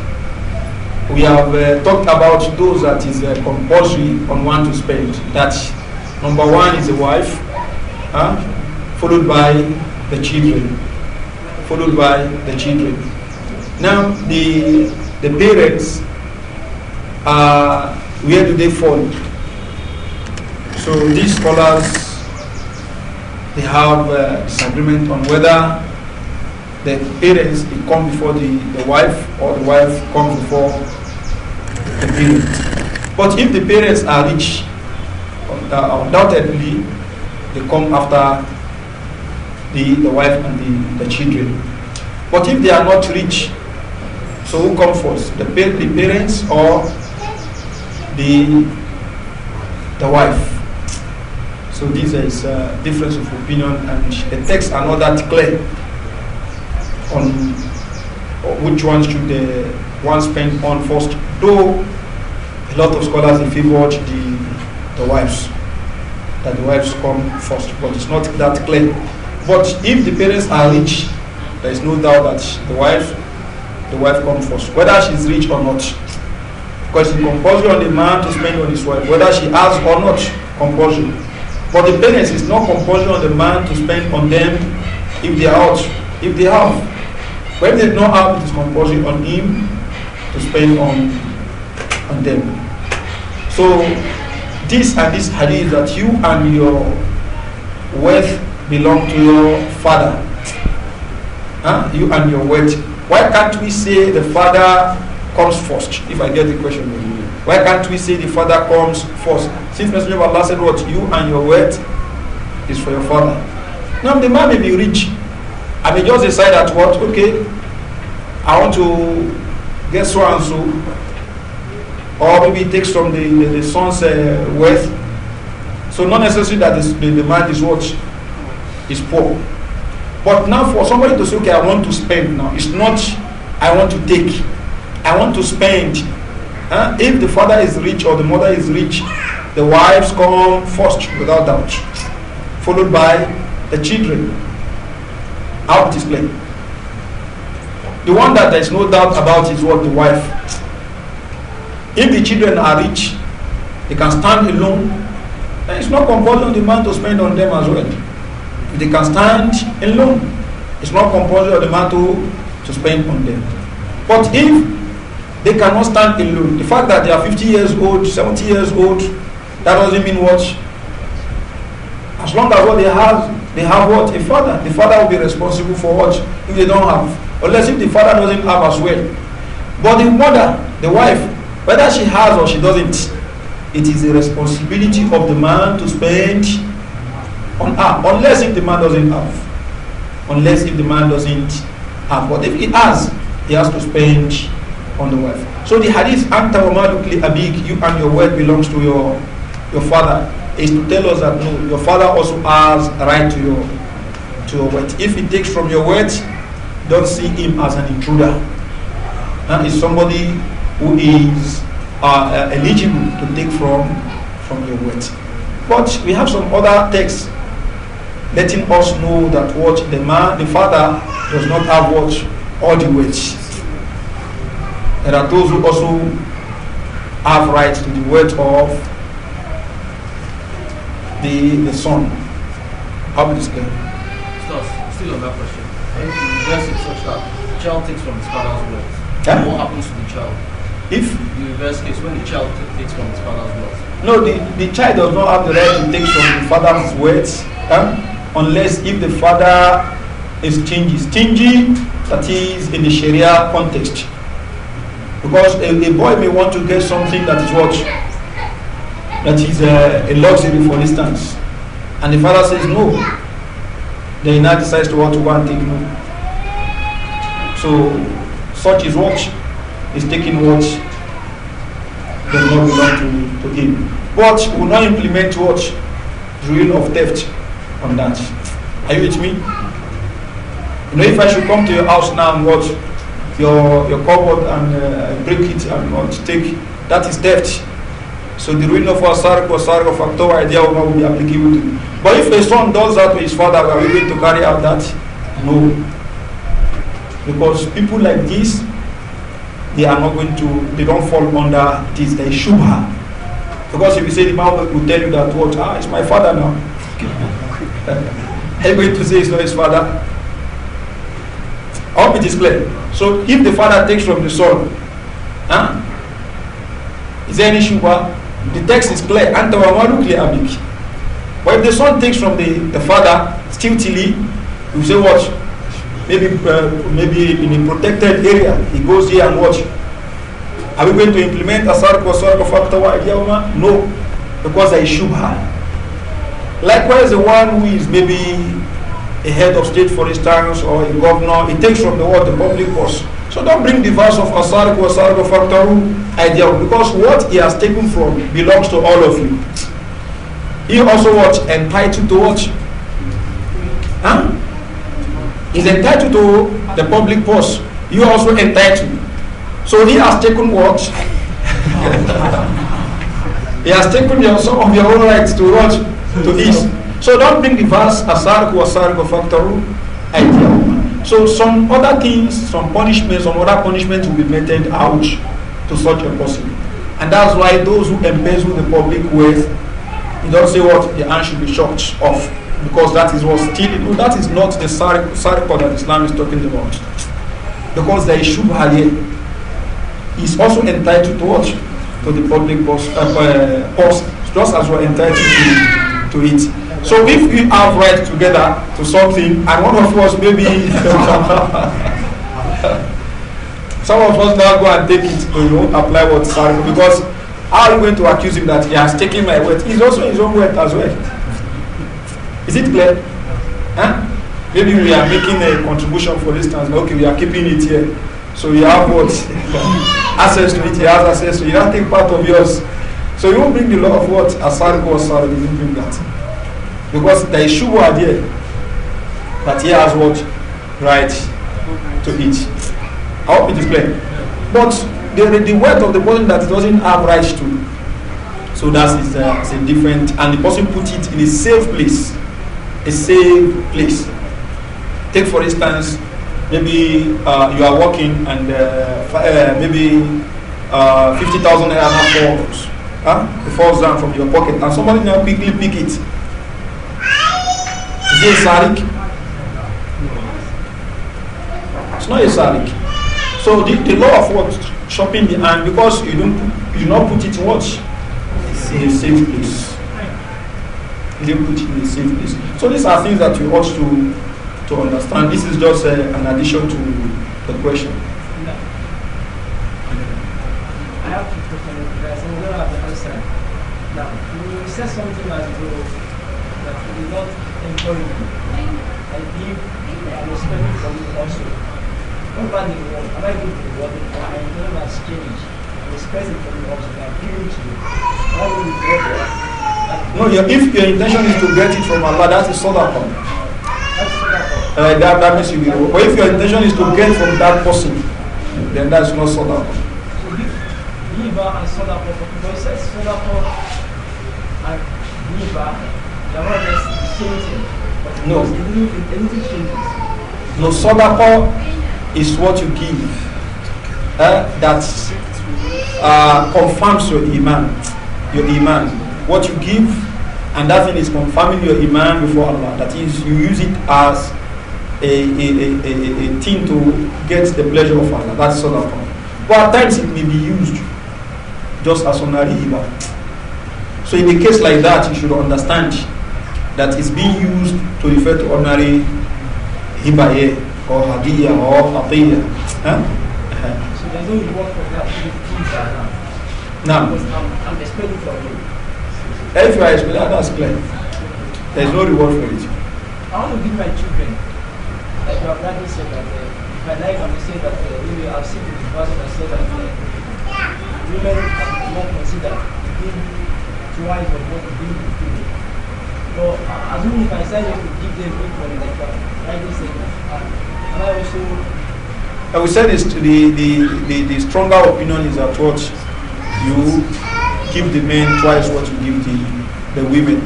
we have uh, talked about those that is uh, compulsory on one to spend. That number one is the wife, huh? followed by the children, followed by the children. Now the the parents, uh, where do they fall? So these scholars they have disagreement on whether the parents come before the, the wife or the wife comes before the parent. But if the parents are rich, uh, undoubtedly they come after the, the wife and the, the children. But if they are not rich, so who comes first? The, the parents or the, the wife? So this is a uh, difference of opinion, and the texts are not that clear on which one should the one spend on first. Though a lot of scholars in favored the the wives, that the wives come first, but it's not that clear. But if the parents are rich, there is no doubt that the wife the wife comes first, whether she's rich or not. Because it's compulsory on the man to spend on his wife, whether she has or not, compulsory. But the parents is not compulsion on the man to spend on them if they are out, if they have. But if they do not have, it is compulsion on him to spend on on them. So this and this hadith that you and your wealth belong to your father. Huh? You and your wealth. Why can't we say the father comes first? If I get the question Why can't we say the father comes first? Since Messenger of Allah said what you and your wealth is for your father. Now the man may be rich. I may just decide that what, okay, I want to get so and so. Or maybe it takes from the, the, the son's uh, wealth. So not necessarily that this, the, the man is what is poor. But now for somebody to say, okay, I want to spend now. It's not I want to take. I want to spend Huh? If the father is rich or the mother is rich, the wives come first without doubt, followed by the children. Out display. The one that there is no doubt about is what the wife. If the children are rich, they can stand alone. And it's not compulsory on the man to spend on them as well. If they can stand alone, it's not compulsory on the man to, to spend on them. But if They cannot stand alone. The fact that they are 50 years old, 70 years old, that doesn't mean much. As long as what they have, they have what? A father. The father will be responsible for what? If they don't have. Unless if the father doesn't have as well. But the mother, the wife, whether she has or she doesn't, it is the responsibility of the man to spend on her. Unless if the man doesn't have. Unless if the man doesn't have. But if he has, he has to spend on the wealth. So the hadith, Anta wamadukli abik, you and your wealth belongs to your, your father, is to tell us that no, your father also has a right to your, to your wealth. If he takes from your wealth, don't see him as an intruder. that is somebody who is uh, uh, eligible to take from, from your wealth. But we have some other texts letting us know that what the man, the father does not have what all the wealth And that those who also have rights to the wealth of the the son. How would this go? Still on that question. If you reverse it such that the child takes from his father's wealth, yeah? what happens to the child? If the reverse case when the child takes from his father's wealth. No, the, the child does not have the right to take from the father's wealth eh? unless if the father is stingy. Stingy, that is in the Sharia context Because a, a, boy may want to get something that is what? That is a, uh, a luxury, for instance. And the father says no. Then he decides to want to go and take no. So, such is what is taking what does not belong to, to him. But will not implement what? The rule of theft on that. Are you with me? You know, if I should come to your house now and watch your, your cupboard and uh, break it and take. That is theft. So the ruin of Asarq was Sarq of Aktowa idea will not be applicable to But if a son does that to his father, are we going to carry out that? No. Because people like this, they are not going to, they don't fall under this, they have. Because if you say the Bible will tell you that what, ah, it's my father now. Are you going to say it's not his father? I hope it is clear. So if the father takes from the son, huh? is there any shubha? The text is clear. Anta clear But if the son takes from the, the father, still till he, you say watch. Maybe uh, maybe in a protected area, he goes here and watch. Are we going to implement a sarko sarko faktawa idiyama? No, because I shubha. Likewise, the one who is maybe a head of state, for instance, or a governor. It takes from the world the public purse. So don't bring the verse of Asarku, Asarku, factoru idea because what he has taken from belongs to all of you. He also what? Entitled to what? Huh? He's entitled to the public purse. You also entitled. So he has taken what? he has taken your, some of your own rights to what? To this. So don't bring the verse asarku asarku factoru idea. So some other things, some punishments, some other punishments will be meted out to such a person. And that's why those who embezzle the public wealth, you don't say what the hand should be shot off. Because that is what stealing. that is not the sarikah that Islam is talking about. Because there is shubha here. is also entitled to what? To the public boss, uh, uh, just as we're entitled to, to it. So if we have right together to something, and one of us maybe some of us now go and take it, you know, apply what sorry, because how are you going to accuse him that he has taken my word? He's also his own word as well. Is it clear? Huh? Maybe we are making a contribution, for instance. Okay, we are keeping it here. So you have what? access to it, he has access to it. You don't take part of yours. So you won't bring the law of what? Asarigo or Sarah, you will not bring that. Because issue shubha there that he has what right to eat. I hope it is clear. But the, the weight of the person that doesn't have right to, so that is a, uh, is a different, and the person put it in a safe place, a safe place. Take for instance, maybe uh, you are working and uh, uh, maybe uh, 50,000 naira falls, huh? falls down from your pocket, and somebody now quickly pick it a Sadiq. It's not a Sadiq. So the, the law of what shopping the hand because you don't put, you not put it in what in a safe place. You don't put it in a safe place. So these are things that you ought to to understand. This is just uh, an addition to the question. I have to question. I'm going to have to answer. Now, you said something as to showing you. I give and respect from you also. Not bad in word, am I good word? I am known change. Respect it from you also. I give it to you. Why would you get it? No, your, if your intention is to get it from Allah, that is sadaqah. That's sadaqah. Uh, that, that makes you be But if your intention is to get from that person, then that's not sadaqah. So give riba and sadaqah, because sadaqah and riba, they are not the same thing. No. No, sadaqah is what you give uh, that uh, confirms your iman. Your iman. What you give and that thing is confirming your iman before Allah. That is, you use it as a, a, a, a, a thing to get the pleasure of Allah. That's sadaqah. But at times it may be used just as honorary iman. So in a case like that, you should understand that is being used to refer to ordinary hibaye or hadiya or atiyah. Huh? So there's no reward for that. Now, I'm explaining for you. If you are explaining, ah, that's clear. There's no reward for it. I want to give my children, like you have rightly said that uh, my life, I'm saying that uh, maybe I've seen the and I said that uh, women are not considered being twice or more to female. So I sign to give them said, I also. I would say this, the, the, the, the stronger opinion is that what you give the men twice what you give the, the women.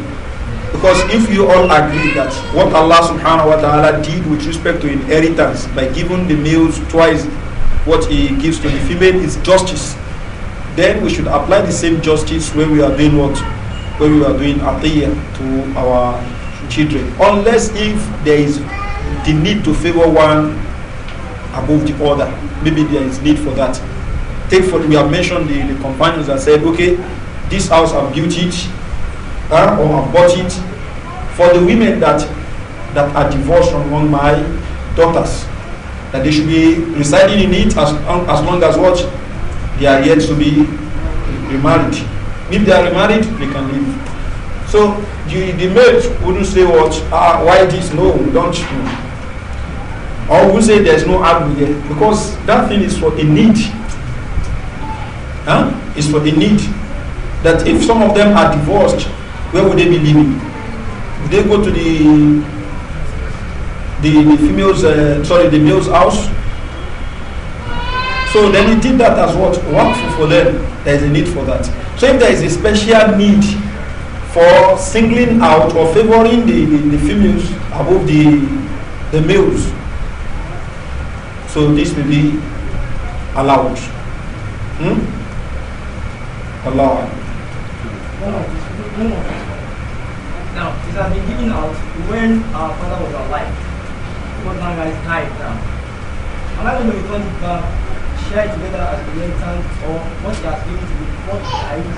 Because if you all agree that what Allah subhanahu wa ta'ala did with respect to inheritance by giving the males twice what he gives to the female is justice, then we should apply the same justice when we are doing what? when we are doing atiyah to our children. Unless if there is the need to favor one above the other. Maybe there is need for that. Take for we have mentioned the, the companions that said, okay, this house I've built it or I've bought it. For the women that that are divorced from among my daughters, that they should be residing in it as, as long as what they are yet to be remarried. If they are remarried, they can leave. So the, the mate wouldn't say what, ah, why this? No, don't you? Or would say there's no argument there because that thing is for a need. Huh? It's for a need. That if some of them are divorced, where would they be living? Would they go to the the, the females, uh, sorry, the male's house? So then he did that as what? Work for them. There's a need for that. So if there is a special need for singling out or favoring the, the, the females above the, the males, so this will be allowed. Hmm? Allowed. Now, it has been given out when our father was alive. But now is died now. I'm not going to return it share together as inheritance or what he has given to you, what are you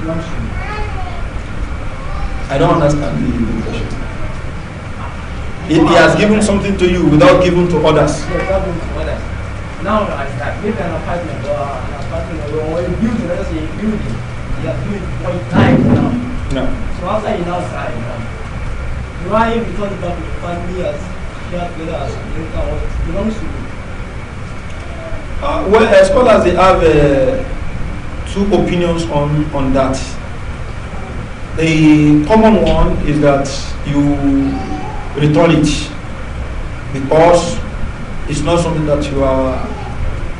belongs to you? I don't understand the question. He, he has given something to you without giving to others. Yes, without giving to others. Now, I have made an apartment or an apartment or a building, let's say a building. He has given one time now. No. So after you now sign, um, do I return back to the family as shared together as inheritance or belongs to you? Uh, well, uh, scholars they have uh, two opinions on on that. The common one is that you return it because it's not something that you are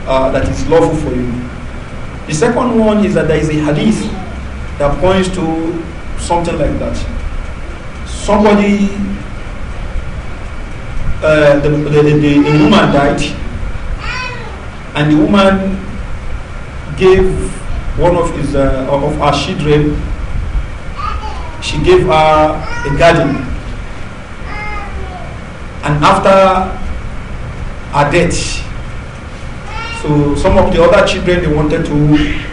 uh, that is lawful for you. The second one is that there is a hadith that points to something like that. Somebody, uh, the, the, the, the woman died and the woman gave one of his uh, of her children she gave her a garden and after her death so some of the other children they wanted to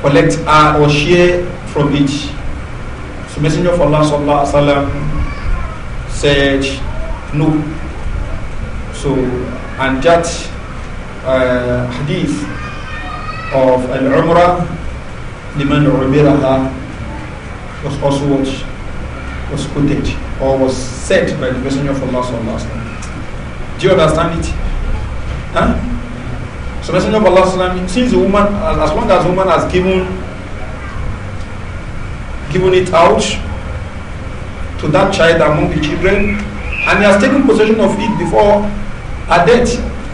collect her or share from it so messenger of allah sallallahu alaihi wasallam said no so and that uh, hadith of Al-Umrah لمن عبرها was also what was quoted or was said by the Messenger of Allah sallallahu alaihi Do you understand it? Huh? So Messenger of Allah sallallahu since the woman, as long as woman has given given it out to that child among the children, and he has taken possession of it before her death.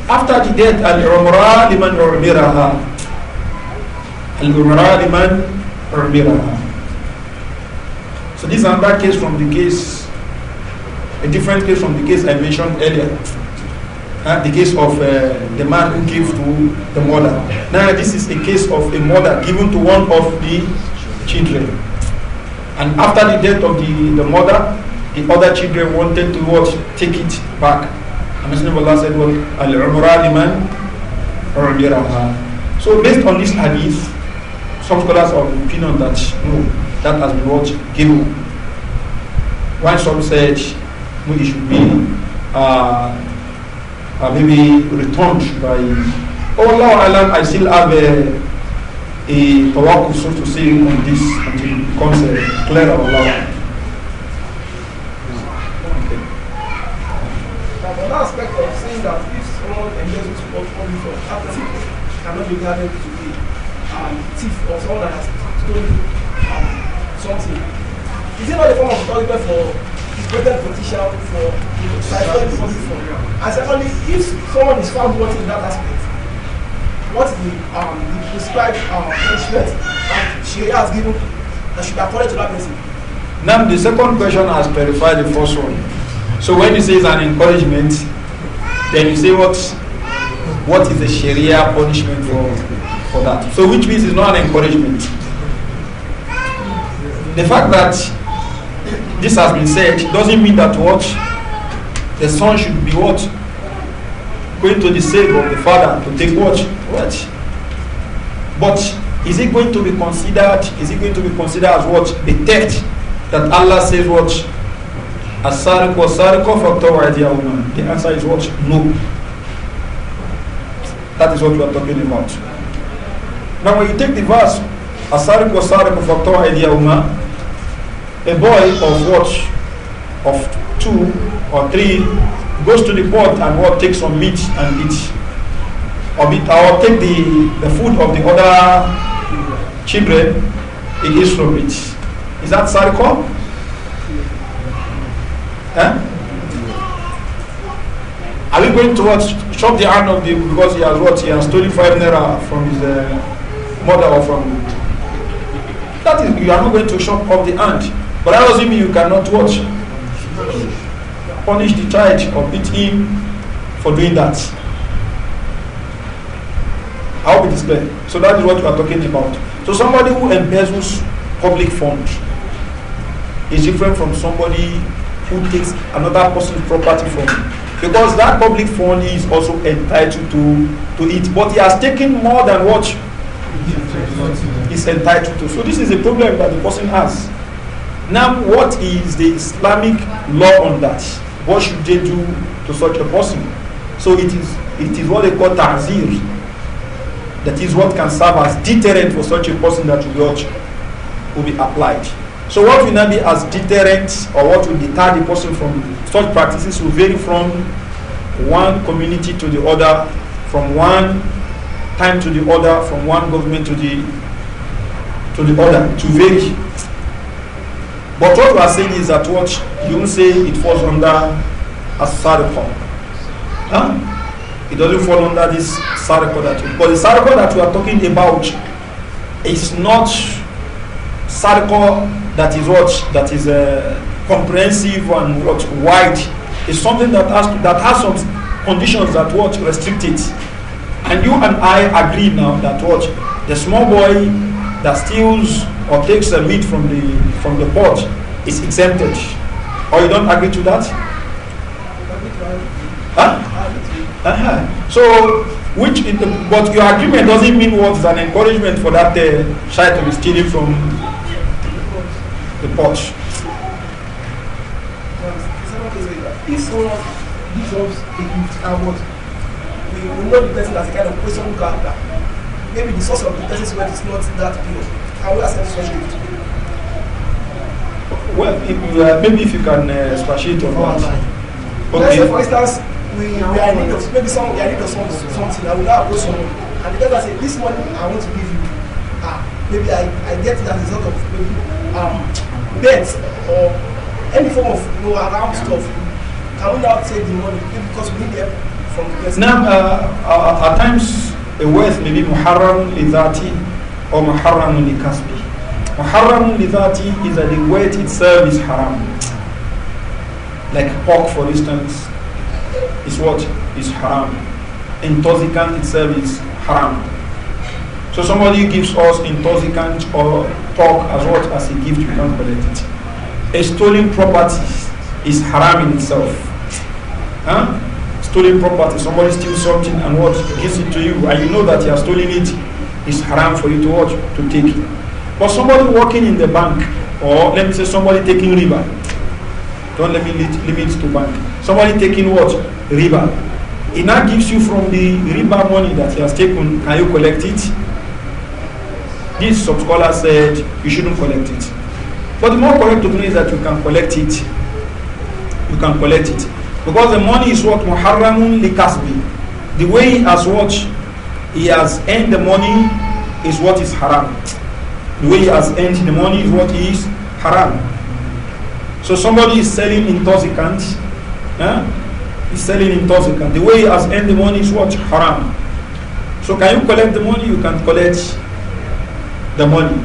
After the death, Al-Umrah liman umiraha. Al-Umrah liman umiraha. So this is another case from the case, a different case from the case I mentioned earlier. Uh, the case of uh, the man who gave to the mother. Now this is a case of a mother given to one of the children. And after the death of the, the mother, the other children wanted to what? Take it back. And Messenger of Allah said, Well, Al Umrah liman Urdiraha. So, based on this hadith, some scholars are of the opinion that no, that has been what given. While some said no, it should be uh, uh, maybe returned by. Oh, Allah, Alam, I still have a, a tawakuf, so to say, on this until it becomes uh, clear of Allah. something that if someone engages with portfolio for captive cannot be gathered to be um, thief or someone that has stolen um, something. Is it not a form of authority for is greater potential for psychological public for and secondly if someone is found wanting in that aspect what is the um the prescribed um punishment that sharia has given that should be according to that person. now the second question has clarified the first one so when you say it's an encouragement Then you say what? What is the Sharia punishment for, for that? So which means it's not an encouragement. The fact that this has been said doesn't mean that what the son should be what going to the save of the father to take what what but is it going to be considered is it going to be considered as what the theft that allah says what Asariq was Sariko Faktor Idiyahuma? The answer is what? No. That is what we are talking about. Now, when you take the verse, Asariq was Sariko Faktor Idiyahuma, a boy of what? Of two or three goes to the pot and what takes some meat and eats. Or, be, or take the, the food of the other children, it is from it. Is that Sariko? Huh? Are we going to what? Chop the hand of the because he has what? He has stolen five naira from his uh, mother or from. That is, you are not going to chop off the hand, but that doesn't mean you cannot watch. Punish the child or beat him for doing that. I hope it is clear. So that is what we are talking about. So somebody who embezzles public funds is different from somebody who takes another person's property from him. Because that public fund is also entitled to, to it, but he has taken more than what is entitled to. So this is a problem that the person has. Now, what is the Islamic law on that? What should they do to such a person? So it is it is what they call ta'zir. That is what can serve as deterrent for such a person that would will be applied. So what will now be as deterrent or what will deter the person from such practices will vary from one community to the other, from one time to the other, from one government to the to the other, to vary. But what we are saying is that what you will say it falls under a sarcom. Huh? It doesn't fall under this sarcom that you, but the sarcom that we are talking about is not sarcom that is what that is uh, comprehensive and what wide is something that has that has some conditions that what restrict it. And you and I agree now that what the small boy that steals or takes the meat from the from the pot is exempted. Or you don't agree to that? Huh? Uh-huh. So which but your agreement doesn't mean what is an encouragement for that uh, child to be stealing from the porch. If someone gives us a gift and what we will not be person as a kind of person who character, maybe the source of the person's wealth is not that pure. Can we accept such a gift? Well, if, uh, maybe if you can uh, expatiate on that. Okay. Let's say, for instance, we, we are in need of maybe some we are in need of some, something. I will now approach someone, and the person say, "This money I want to give you." Ah, maybe I, I get it as a result of maybe um bets or any form of you know, around stuff, can we now take the money because we need help from the person? Now, uh, uh, at times, a word may be muharram lidati or muharram likasbi. Muharram lidati is that the word itself is haram. Like pork, for instance, is what is haram. Intoxicant itself is haram. So somebody gives us intoxicant or talk as what as a gift, you can't collect it. A stolen property is haram in itself. Huh? Stolen property, somebody steals something and what gives it to you, and you know that you are stolen it, it's haram for you to watch, to take it. But somebody working in the bank, or let me say somebody taking riba, don't let me limit to bank. Somebody taking what? Riba. It now gives you from the riba money that he has taken, can you collect it? This, some scholars said, you shouldn't collect it. But the more correct opinion is that you can collect it. You can collect it. Because the money is what Muharramun likasbi. The way he has what he has earned the money is what is haram. The way he has earned the money is what is haram. So somebody is selling intoxicant. Huh? He's selling intoxicant. The way he has earned the money is what? Haram. So can you collect the money? You can collect the money.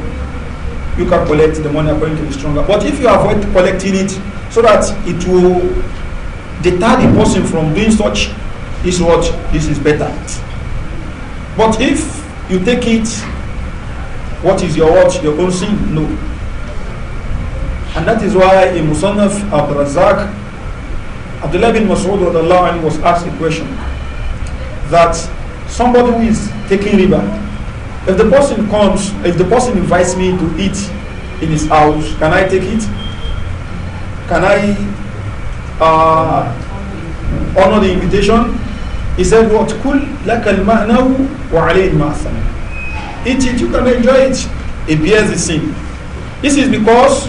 You can collect the money according to the stronger. But if you avoid collecting it so that it will deter the person from doing such, is what this is better. But if you take it, what is your what? Your own sin? No. And that is why in Musannaf Abdul Razak, Abdullah bin Mas'ud was asked a question that somebody who is taking riba if the person comes, if the person invites me to eat in his house, can I take it? Can I uh, honor the invitation? He said, What cool لَكَ الْمَأْنَوُ وَعَلَيْهِ الْمَأْثَمَ Eat it, you can enjoy it. It bears the sin. This is because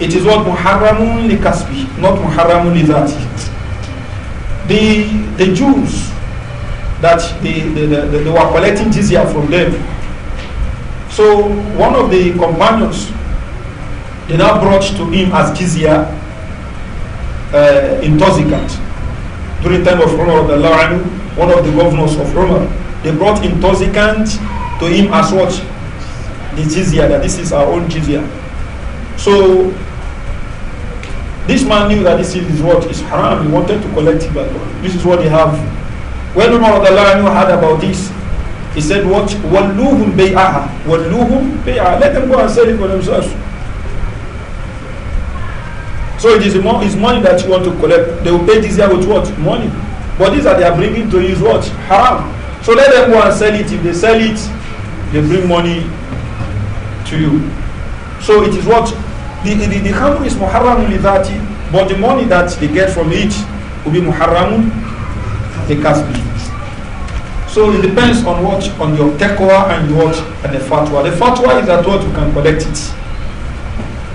it is what muharramun li kasbi, not muharramun li The, the Jews, that they, they, they, they were collecting jizya from them. So one of the companions, they now brought to him as jizya uh, intoxicant. During the time of Umar, one of the governors of Umar, they brought intoxicant to him as what? The jizya, that this is our own jizya. So this man knew that this is what is haram. He wanted to collect it, but this is what they have when Umar had about this, he said, What? Walluhum bay'aha. Walluhum bay'aha. Let them go and sell it for themselves. So it is it's money that you want to collect. They will pay this year with what? Money. But these are they are bringing to is what? Haram. So let them go and sell it. If they sell it, they bring money to you. So it is what? The, the, the, haram is muharram lidati, but the money that they get from it will be muharramun so it depends on what on your taqwa and what and the fatwa. The fatwa is that what you can collect it,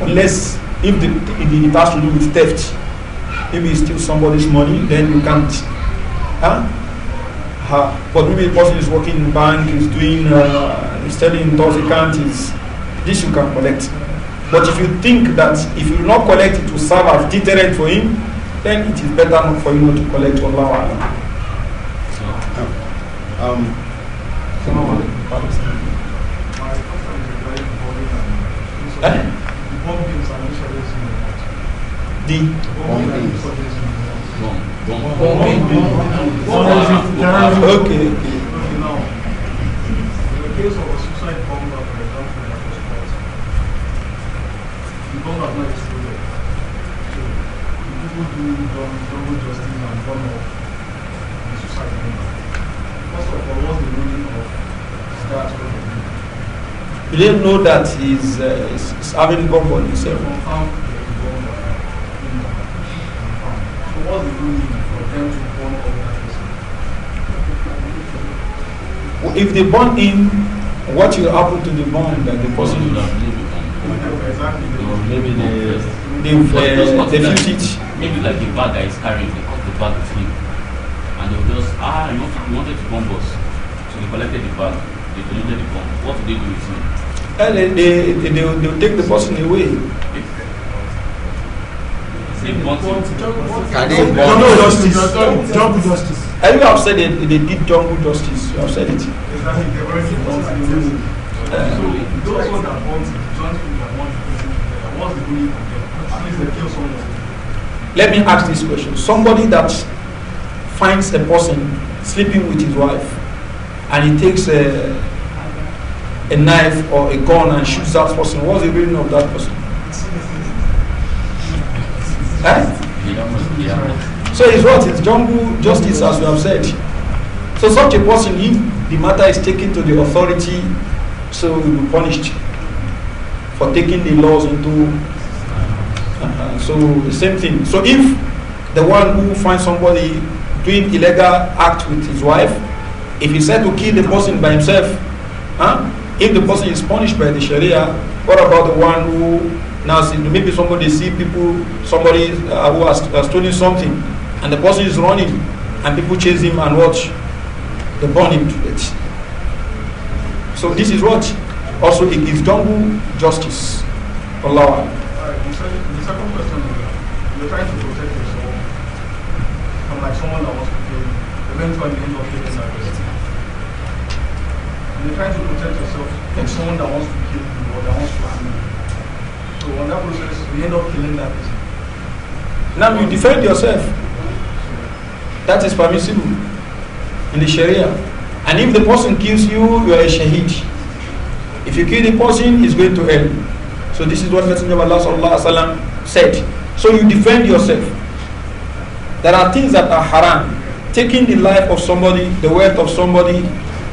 unless if the, it has to do with theft. Maybe you steal somebody's money, then you can't. Huh? Uh, but maybe the person is working in bank, is doing, uh, is selling accounts, is this you can collect. But if you think that if you not collect it to serve as deterrent for him, then it is better for you not to collect. Wallahu alam. Um, the okay. okay. in the case of a suicide bomber, for example, that was the bomb has not exploded. So, people do double justice and burn off he didn't know that he's, uh, he's, he's having bomb on himself. So what's the meaning for them to burn on well, If they burn him, what will happen to the bomb that the person will have maybe the, they've, uh, they've it. Maybe like the guy is carrying, the bag with him. And they'll just ah, you, want, wanted to bomb us. So they collected the bag, they detonated the bomb. What did they do with him? And they, they, they, they, they will take the person away. They burnt him. jungle justice. Jungle justice. Have you have said they, they did jungle justice. You have said it. Exactly. They already burnt So those ones that burnt him, jungle that burnt him, what's the bullying on kill someone. Let me ask this question. Somebody that finds a person sleeping with his wife and he takes a, a knife or a gun and shoots that person, what's the meaning of that person? eh? yeah. So it's what? It's jungle justice as we have said. So such a person, if the matter is taken to the authority, so will be punished for taking the laws into uh, so the same thing. So if the one who finds somebody doing illegal act with his wife, if he said to kill the person by himself, huh? if the person is punished by the Sharia, what about the one who now see, maybe somebody see people, somebody uh, who has uh, stolen something, and the person is running, and people chase him and watch, they burn him to death. So this is what also it gives double justice. Allah. Right, the second question, you're trying to protect yourself from like someone else eventually end up getting arrested. And you're trying to protect yourself from someone that wants to kill you or that wants to harm you. So on that process, you end up killing that person. Now you defend yourself. That is permissible in the Sharia. And if the person kills you, you are a shaheed. If you kill the person, he's going to hell. So this is what Messenger of Allah sallallahu alaihi said. So you defend yourself. There are things that are haram taking the life of somebody, the wealth of somebody,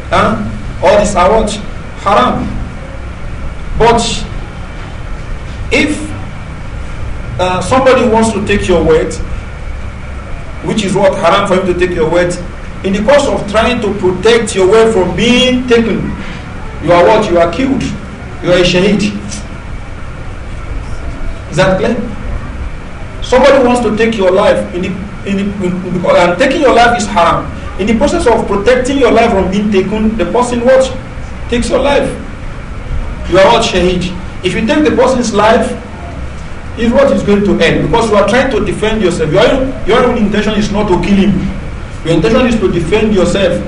huh? all this are what? Haram. But if uh, somebody wants to take your wealth, which is what haram for him to take your wealth, in the course of trying to protect your wealth from being taken, you are what? You are killed. You are a shait. Is that clear? Somebody wants to take your life in the in the, in, because and uh, taking your life is haram. In the process of protecting your life from being taken, the person what takes your life. You are what shaheed. If you take the person's life, is what is going to end because you are trying to defend yourself. Your your own intention is not to kill him. Your intention is to defend yourself.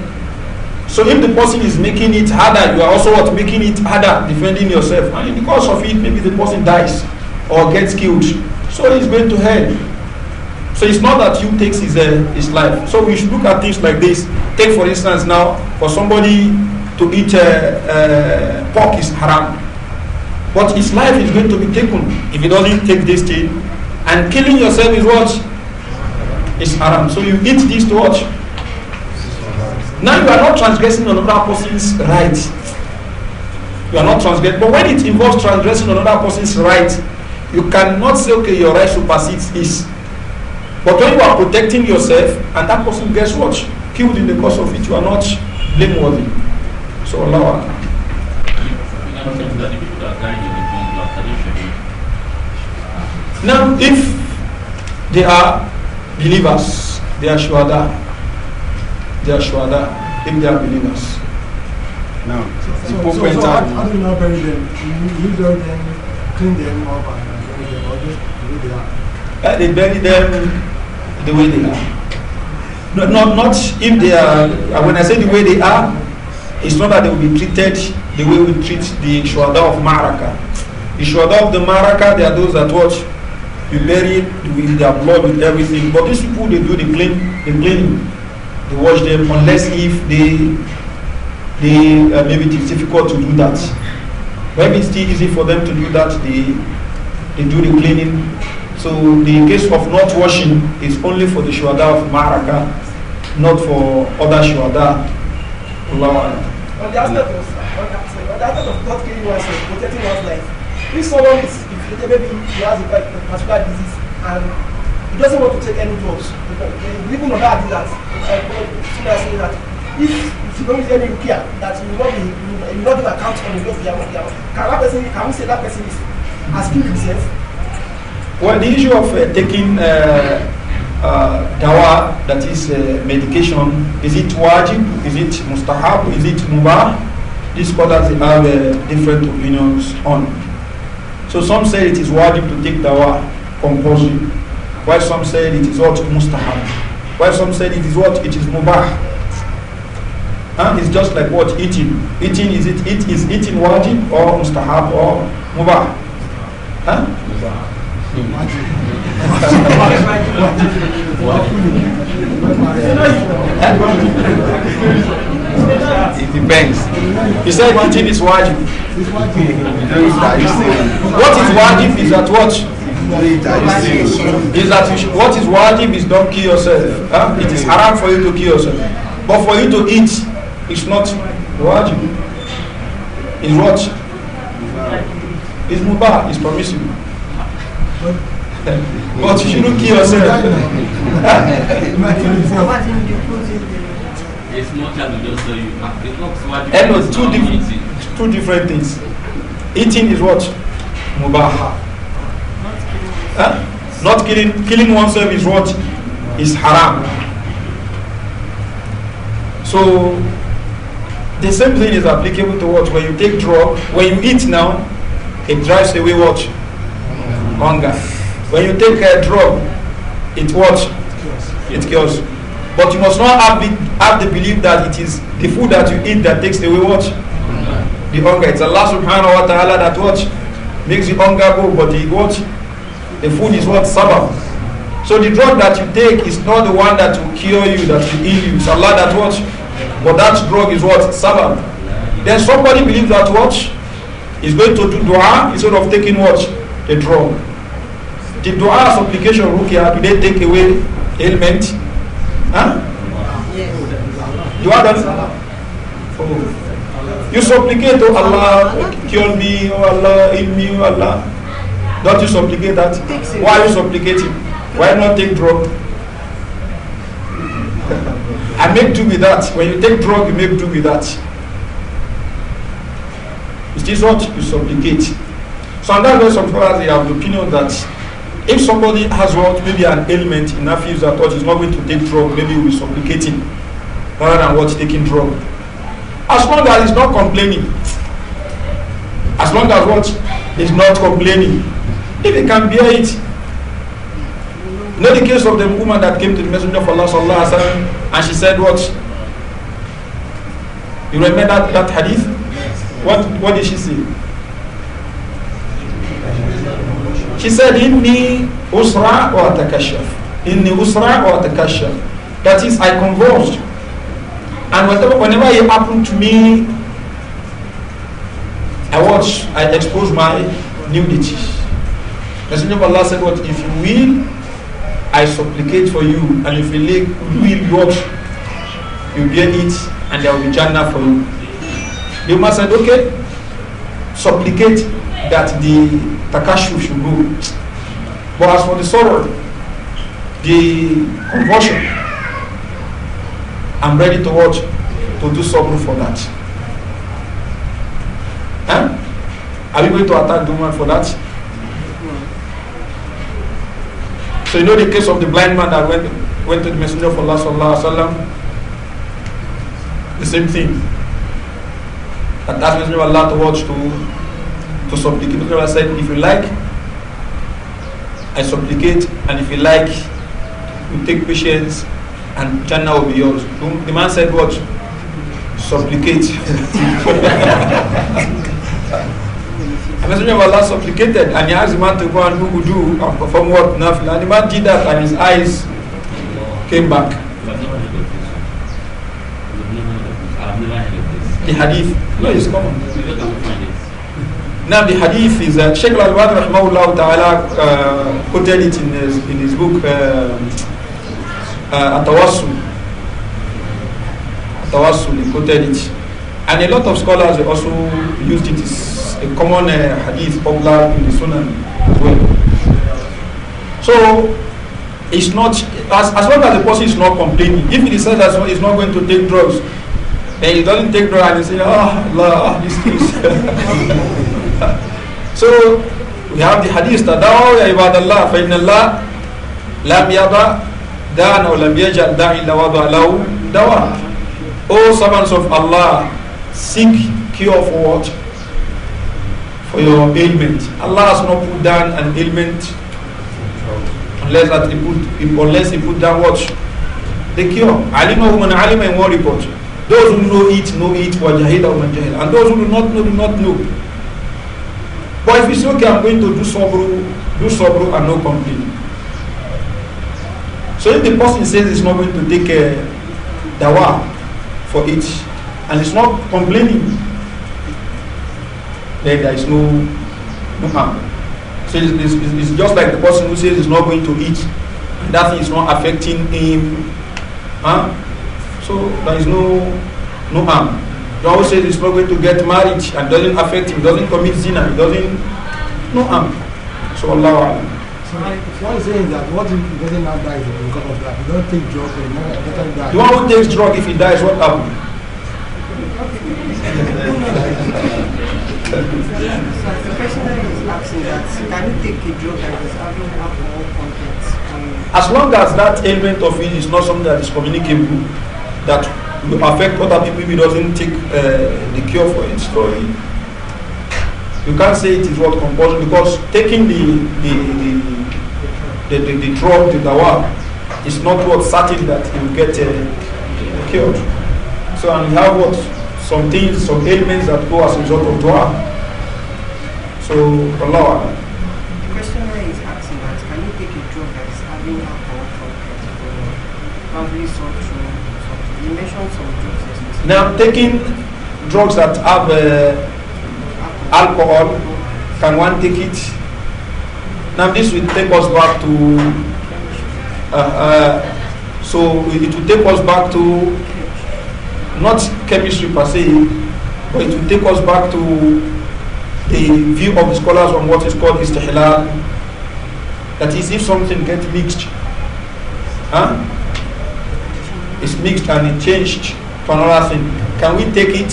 So if the person is making it harder, you are also what making it harder, defending yourself. And because of it, maybe the person dies or gets killed. So he's going to end. So it's not that you takes his, uh, his life. So we should look at things like this. Take for instance now, for somebody to eat uh, uh, pork is haram. But his life is going to be taken if he doesn't take this thing. And killing yourself is what? It's haram. So you eat this to watch. Now you are not transgressing another person's right. You are not transgressing. But when it involves transgressing another person's right, you cannot say, okay, your right supersedes his. But when you are protecting yourself and that person gets what? Killed in the course of it, you are not blame-worthy. So Allah. Now, if they are believers, they are shuhada, they are shuhada, if they are believers. Now, so, so, so, so how, how do you now bury them? You, you them, clean them up, and bury them, or just leave them out? Uh, they bury them the way they are. No, not, not if they are, uh, when I say the way they are, it's not that they will be treated the way we treat the Shuhada of Maraka. The Shuhada of the Maraka, they are those that watch, we bury with their blood, with everything. But these people, they do the clean, the cleaning. They wash them unless if they, they uh, maybe it's difficult to do that. Maybe it's still easy for them to do that. They, they do the cleaning So the case of not washing is only for the shuhada of Maraka, not for other shuhada. Allah. On the aspect of, on the aspect, on the aspect of not killing oneself, protecting one's life, if someone is, maybe he has a particular disease and he doesn't want to take any drugs, even on that, that, uh, saying that if if you don't use any rukia that you will not be you will not give account on the law of your can that person can we say that person is asking himself Well, the issue of uh, taking uh, uh, dawa, that is uh, medication, is it wajib, is it mustahab, is it mubah? These scholars have uh, different opinions on. So some say it is wajib to take dawa compulsory, while some say it is what mustahab, while some say it is what it is mubah. Huh? It's just like what eating. Eating is it, it is eating wajib or mustahab or mubah? Huh? Mubah. It depends. You said one thing is wajib. What is wajib is that what? Is that you should, what is wajib is don't kill yourself. Huh? It is haram for you to kill yourself. But for you to eat, it's not wajib. It's what? It's mubah, it's permissible. But you shouldn't kill yourself. It's not just so you. It's two different, two different things. Eating is what mubaha. Huh? Not killing. Killing oneself is what is haram. So the same thing is applicable to what when you take drug, when you eat now, it drives away what hunger. When you take a drug, it what? It kills. But you must not have, be, have the belief that it is the food that you eat that takes away what? The hunger. It's Allah subhanahu wa ta'ala that what? Makes the hunger go, but the what? The food is what? Sabbath. So the drug that you take is not the one that will cure you, that will heal you. It's Allah that what? But that drug is what? Sabbath. Then somebody believes that what? Is going to do dua instead of taking what? the drug. The dua supplication rukia, do they take away ailment? Huh? Dua doesn't. Oh. You supplicate, oh Allah, cure me, oh Allah, heal me, oh Allah. Don't you supplicate that? Why are you supplicating? Why not take drug? I make do with that. When you take drug, you make do with that. It is what you supplicate. So and that why some scholars they have the opinion that if somebody has what maybe an ailment in that feels that what is not going to take drug, maybe we supplicate him rather than what taking drug. As long as he's not complaining, as long as what is not complaining, if he can bear it. You know the case of the woman that came to the messenger of Allah sallallahu alaihi wasallam and she said what? You remember that, that hadith? What what did she say? she said inni usra wa takashaf inni usra wa takashaf that is i convulsed and whatever, whenever it happened to me i watch i expose my nudity messenger of allah said what if you will i supplicate for you and if you will watch, you bear it and there will be jannah for you the woman said okay supplicate that the takashu should go. But as for the sorrow, the conversion, I'm ready to watch, to do something for that. Huh? Are we going to attack the woman for that? So you know the case of the blind man that went went to the messenger of Allah sallallahu alaihi wasallam. The same thing. And That that messenger of Allah to watch to to supplicate. The Prophet said, if you like, I supplicate, and if you like, you take patience, and China will be yours. The man said, what? Supplicate. the Messenger of Allah supplicated, and he asked the man to go and who would do and perform what? Nafil. And the man did that, and his eyes came back. The hadith. No, it's common. Now the hadith is that uh, Sheikh Al-Albani rahmahullah ta'ala uh, quoted it in his, in his book um, uh, uh, Atawassul. he quoted it. And a lot of scholars also used it as a common uh, hadith popular in the Sunan as well. So it's not, as, as long as the person is not complaining, if he decides that he's not going to take drugs, then he doesn't take drugs and he says, oh, ah, Allah, ah, this things. so we have the hadith تدعوا dawah, عباد الله فإن الله لم يضع دعنا lam يجعل dawah. إلا وضع O servants of Allah seek cure for what? For your ailment. Allah has not put down an ailment unless that he put unless he put down what? The cure. Alimahu man alima in report. Those who know it, know it, wa jahila man jahil. And those who do not know, do not know. But if you say, okay, I'm going to do sabru, do sabru and no complaining. So if the person says he's not going to take uh, eh, dawa for it, and he's not complaining, then there is no, no harm. So it's, it's, it's just like the person who says he's not going to eat, and that thing is not affecting him. Huh? So there is no, no harm. The one who says he's not going to get married and doesn't affect him, doesn't commit zina, he doesn't no harm. So Allah. So what is saying that what if he doesn't now die because of that? He don't take drugs and he doesn't die. The one who takes drug if he dies, what happened? so the question is asking that can you take a drug that is having alcohol content? As long as that element of it is not something that is communicable, that you affect other people if he doesn't take uh, the cure for it. So you can't say it is what compulsion because taking the the the, the, the, the drug, the dawa, is not what certain that you will get uh, cured. So and you have what some things, some ailments that go as a result of dua. So Allah. The question I is asking that can you take a drug that is having alcohol content for probably some now, taking drugs that have uh, alcohol, can one take it? Now, this will take us back to. Uh, uh, so, it will take us back to not chemistry per se, but it will take us back to the view of the scholars on what is called istihlal. That is, if something gets mixed, huh? it's mixed and it changed for another thing. Can we take it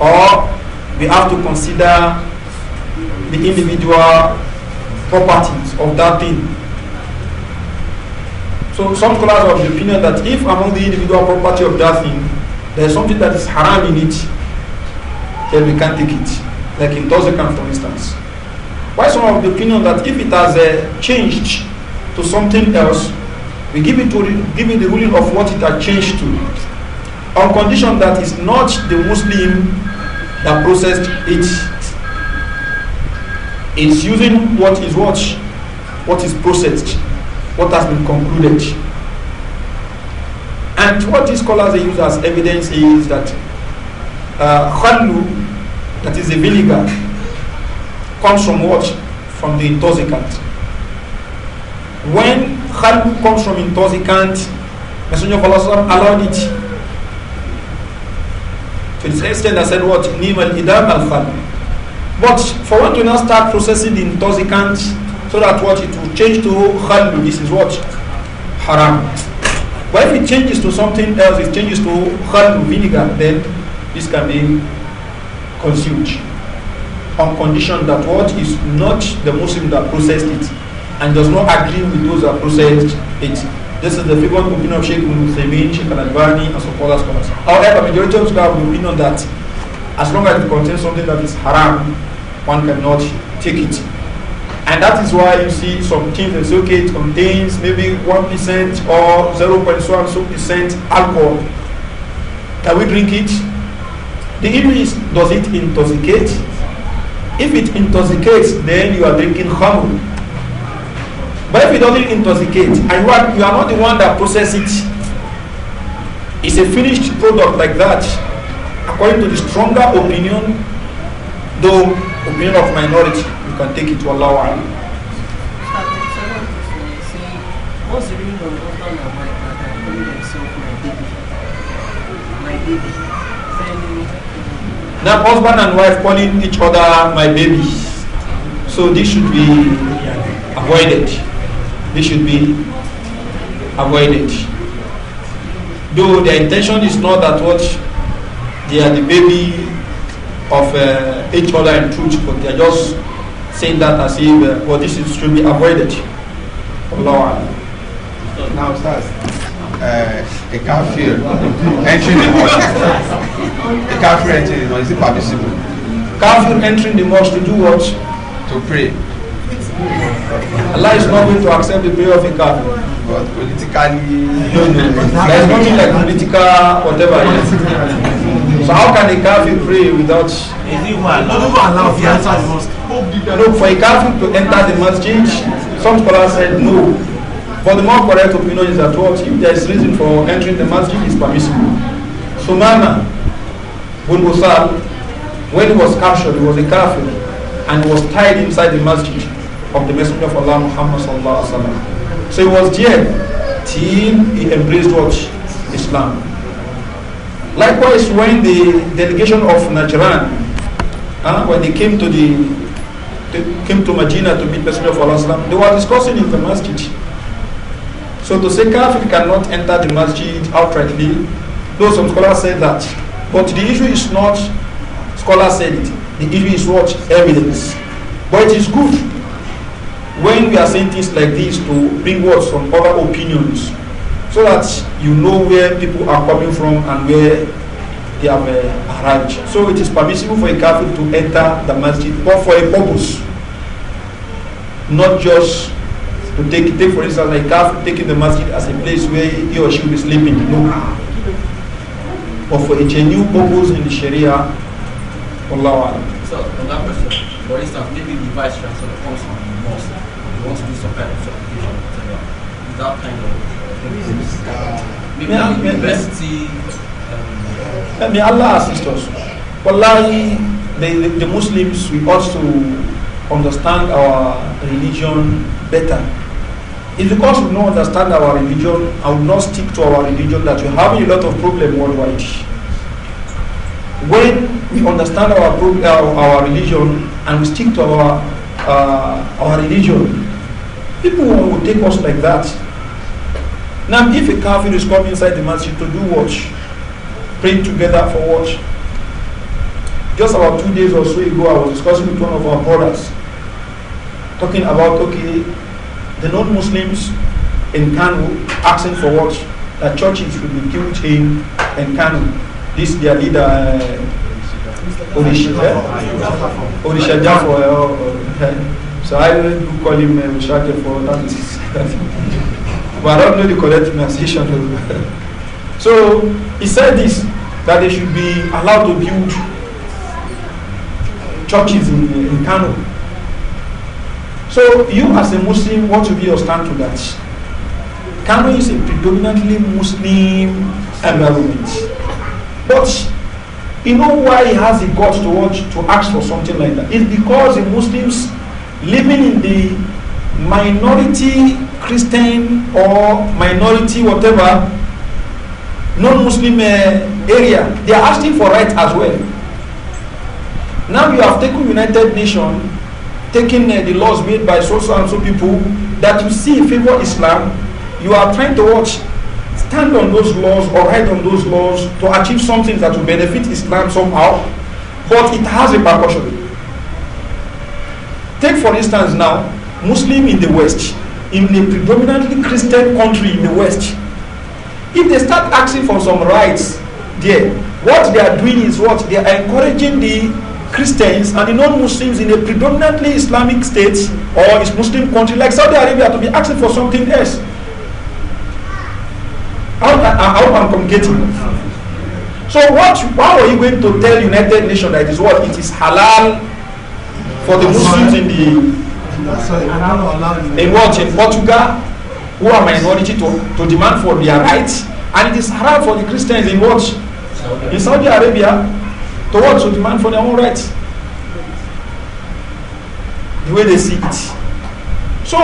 or we have to consider the individual properties of that thing? So some scholars are of the opinion that if among the individual property of that thing, there is something that is haram in it, then we can't take it. Like in Dozekan, for instance. Why some of the opinion that if it has uh, changed to something else, we give it to give it the ruling of what it has changed to on condition that it's not the Muslim that processed it. It's using what is what, what is processed, what has been concluded. And what these scholars use as evidence is that uh, that is the vinegar, comes from what? From the intoxicant. When khallu comes from intoxicant, Messenger of Allah allowed it for instance, I said what? Nimal idam al But for one to now start processing the intoxicant so that what it will change to khalb, this is what? Haram. But if it changes to something else, it changes to khalb vinegar, then this can be consumed on condition that what is not the Muslim that processed it and does not agree with those that processed it. This is the frequent opinion of Sheikh Uthaymeen, Sheikh Al-Albani, and some other scholars. However, majority of scholars will opinion that as long as it contains something that is haram, one cannot take it. And that is why you see some things that say, okay, it contains maybe 1% or 0.1% alcohol. Can we drink it? The issue is, does it intoxicate? If it intoxicates, then you are drinking khamr. But if it doesn't intoxicate, and you are, you are not the one that process it, it's a finished product like that. According to the stronger opinion, though opinion of minority, you can take it to Allah. What's uh, Now husband and wife calling each other my baby. So this should be avoided. They should be avoided. Though their intention is not that what they are the baby of uh, each other in truth, but they are just saying that as if, uh, well, this is, should be avoided. Allah. Now, stars. Uh, a kafir entering the mosque. A kafir entering the mosque is it permissible? Kafir entering the mosque to do what? To pray. Allah is not going to accept the prayer of a kafir. But politically, no, there is nothing like political whatever. Yes. so how can a kafir pray without? No, for a kafir to enter the masjid, some scholars said no. But the more correct opinion is that what if there is reason for entering the masjid is permissible. So Mama, when he was captured, he was a kafir and was tied inside the masjid of the Messenger of Allah Muhammad sallallahu alaihi wasallam. So he was there till he embraced what Islam. Likewise, when the delegation of Najran, uh, when they came to the they came to Medina to meet Messenger of Allah sallam, they were discussing in the masjid. So to say kafir cannot enter the masjid outrightly, though some scholars said that. But the issue is not scholars said it. The issue is what evidence. But it is good when we are saying things like this to bring words from other opinions so that you know where people are coming from and where they have uh, arrived. So it is permissible for a kafir to enter the masjid but for a purpose, not just to take, take for instance, a kafir taking the masjid as a place where he or she will be sleeping. No. But for a genuine purpose in the Sharia, Allah. So, on that question. For instance, maybe the vice chancellor comes wants to do some kind of certification, that kind of maybe uh, that university. Um, may Allah assist us. Wallahi, the, the, the Muslims, we ought to understand our religion better. If because we don't understand our religion I will not stick to our religion, that we having a lot of problem worldwide. When we understand our, our, our religion and we stick to our, uh, our religion, People will take us like that. Now, if a kafir is coming inside the masjid to do what? Pray together for what? Just about two days or so ago, I was discussing with one of our brothers, talking about, okay, the non-Muslims in Kanu asking for what? That churches should be built in and Kanu. This their leader, uh, Odisha, eh? Odisha Jafo, eh, so I would call him uh, Mushake for that. But I don't know the correct pronunciation. so he said this, that they should be allowed to build churches in, uh, in Kano. So you as a Muslim, what should be your stand to that? Kano is a predominantly Muslim environment. But you know why he has the guts to, watch, to ask for something like that? It's because the Muslims living in the minority Christian or minority whatever non-Muslim uh, area, they are asking for rights as well. Now you have taken United Nations, taking uh, eh, the laws made by so, and so people that you see favor Islam, you are trying to watch, stand on those laws or write on those laws to achieve something that will benefit Islam somehow, but it has a repercussion. Take for instance now, Muslim in the West, in a predominantly Christian country in the West, if they start asking for some rights there, what they are doing is what? They are encouraging the Christians and the non-Muslims in a predominantly Islamic state or is Muslim country like Saudi Arabia to be asking for something else. How, uh, how am I So what, how are you going to tell United Nations that it is what? It is halal for the Muslims in the in what in Portugal who are minority to, to demand for their rights and it is hard for the Christians in what in Saudi Arabia to what to demand for their own rights the way they see it so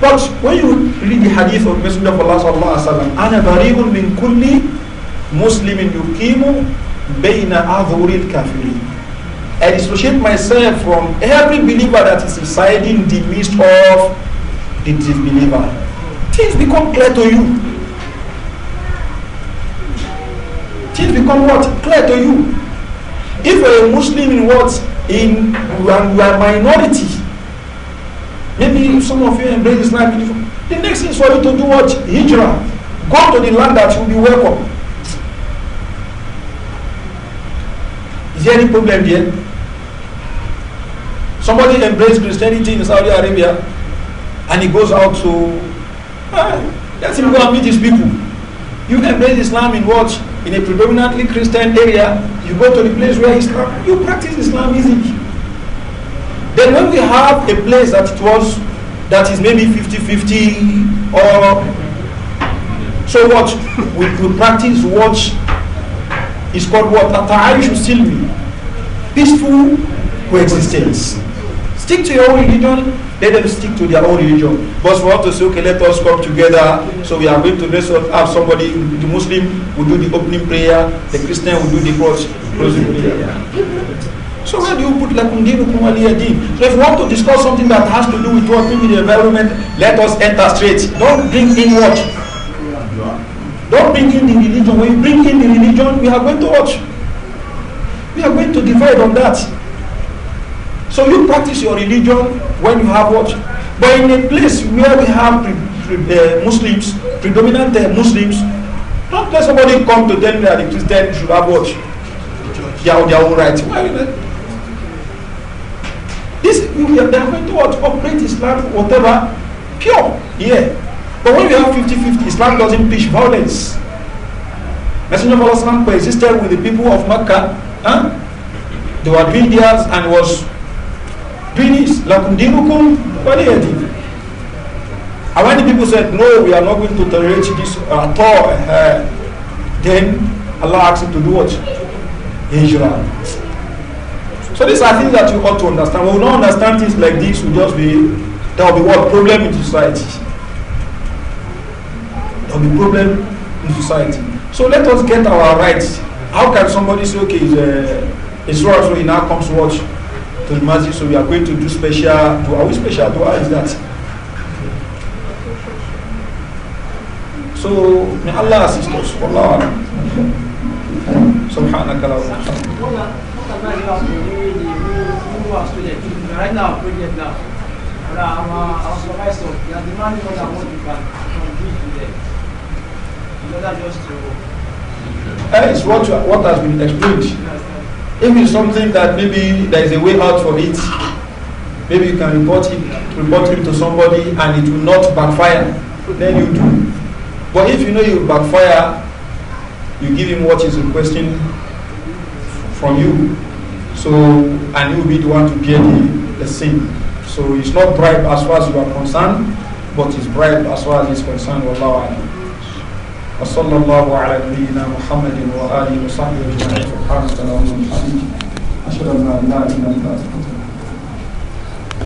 but when you read the hadith of Messenger of Allah sallallahu alaihi wasallam ana bari'un min kulli muslimin yuqimu bayna adhuril kafirin I dissociate myself from every believer that is residing in the midst of the disbeliever. Things become clear to you. Things become what? Clear to you. If you're a Muslim in what? In you are, you are minority. Maybe some of you embrace Islam. The next thing is for you to do what? Hijrah. Go to the land that you'll be welcome. Is there any problem there? Somebody embraced Christianity in Saudi Arabia and he goes out to, ah, let him go and meet his people. You embrace Islam in what? In a predominantly Christian area, you go to the place where Islam, you practice Islam easily. Then when we have a place that it was, that is maybe 50-50 or so what? We, we practice what it's called what? still silmi. Peaceful coexistence. Stick to your own religion. Let them stick to their own religion. But for us to say, okay, let us come together. So we are going to let's have somebody, the Muslim will do the opening prayer, the Christian will do the closing prayer. So where do you put Kumali aliyadin? So if you want to discuss something that has to do with working in the environment, let us enter straight. Don't bring in what? Don't bring in the religion. When you bring in the religion, we are going to watch. We are going to divide on that. So you practice your religion when you have what? But in a place where we have pre, pre, uh, Muslims, predominant uh, Muslims, don't let somebody come to tell me that the Christian should have what? have their own rights. Why This, we are, they are going to what? Operate Islam, whatever, pure. Yeah. But when we have 50-50, Islam doesn't preach violence. Messenger of Allah Islam coexisted with the people of Mecca. Huh? They were doing theirs and was doing this. Lakum dinukum waliyadin. And when the people said, no, we are not going to tolerate this at all, uh, then Allah asked him to do what? Hijrah. So these are things that you ought to understand. We don't understand things like this, will just be, there will be what problem in society of the problem in society. So let us get our rights. How can somebody say, okay, it's uh, wrong, so he now comes to watch to the masjid, so we are going to do special dua. Which special To dua is that? So may Allah assist us. Allah. Subhanaka la Right That is what, what has been explained. If it's something that maybe there is a way out for it, maybe you can report it, report it to somebody and it will not backfire, then you do. But if you know you backfire, you give him what he's requesting from you. So, and he will be the one to bear the, the sin. So it's not bribe as far as you are concerned, but it's bribe as far as he's concerned. Wallahu alam. وصلى الله على نبينا محمد وآله وصحبه أجمعين سبحانك اللهم وبحمدك أشهد أن لا إله إلا أنت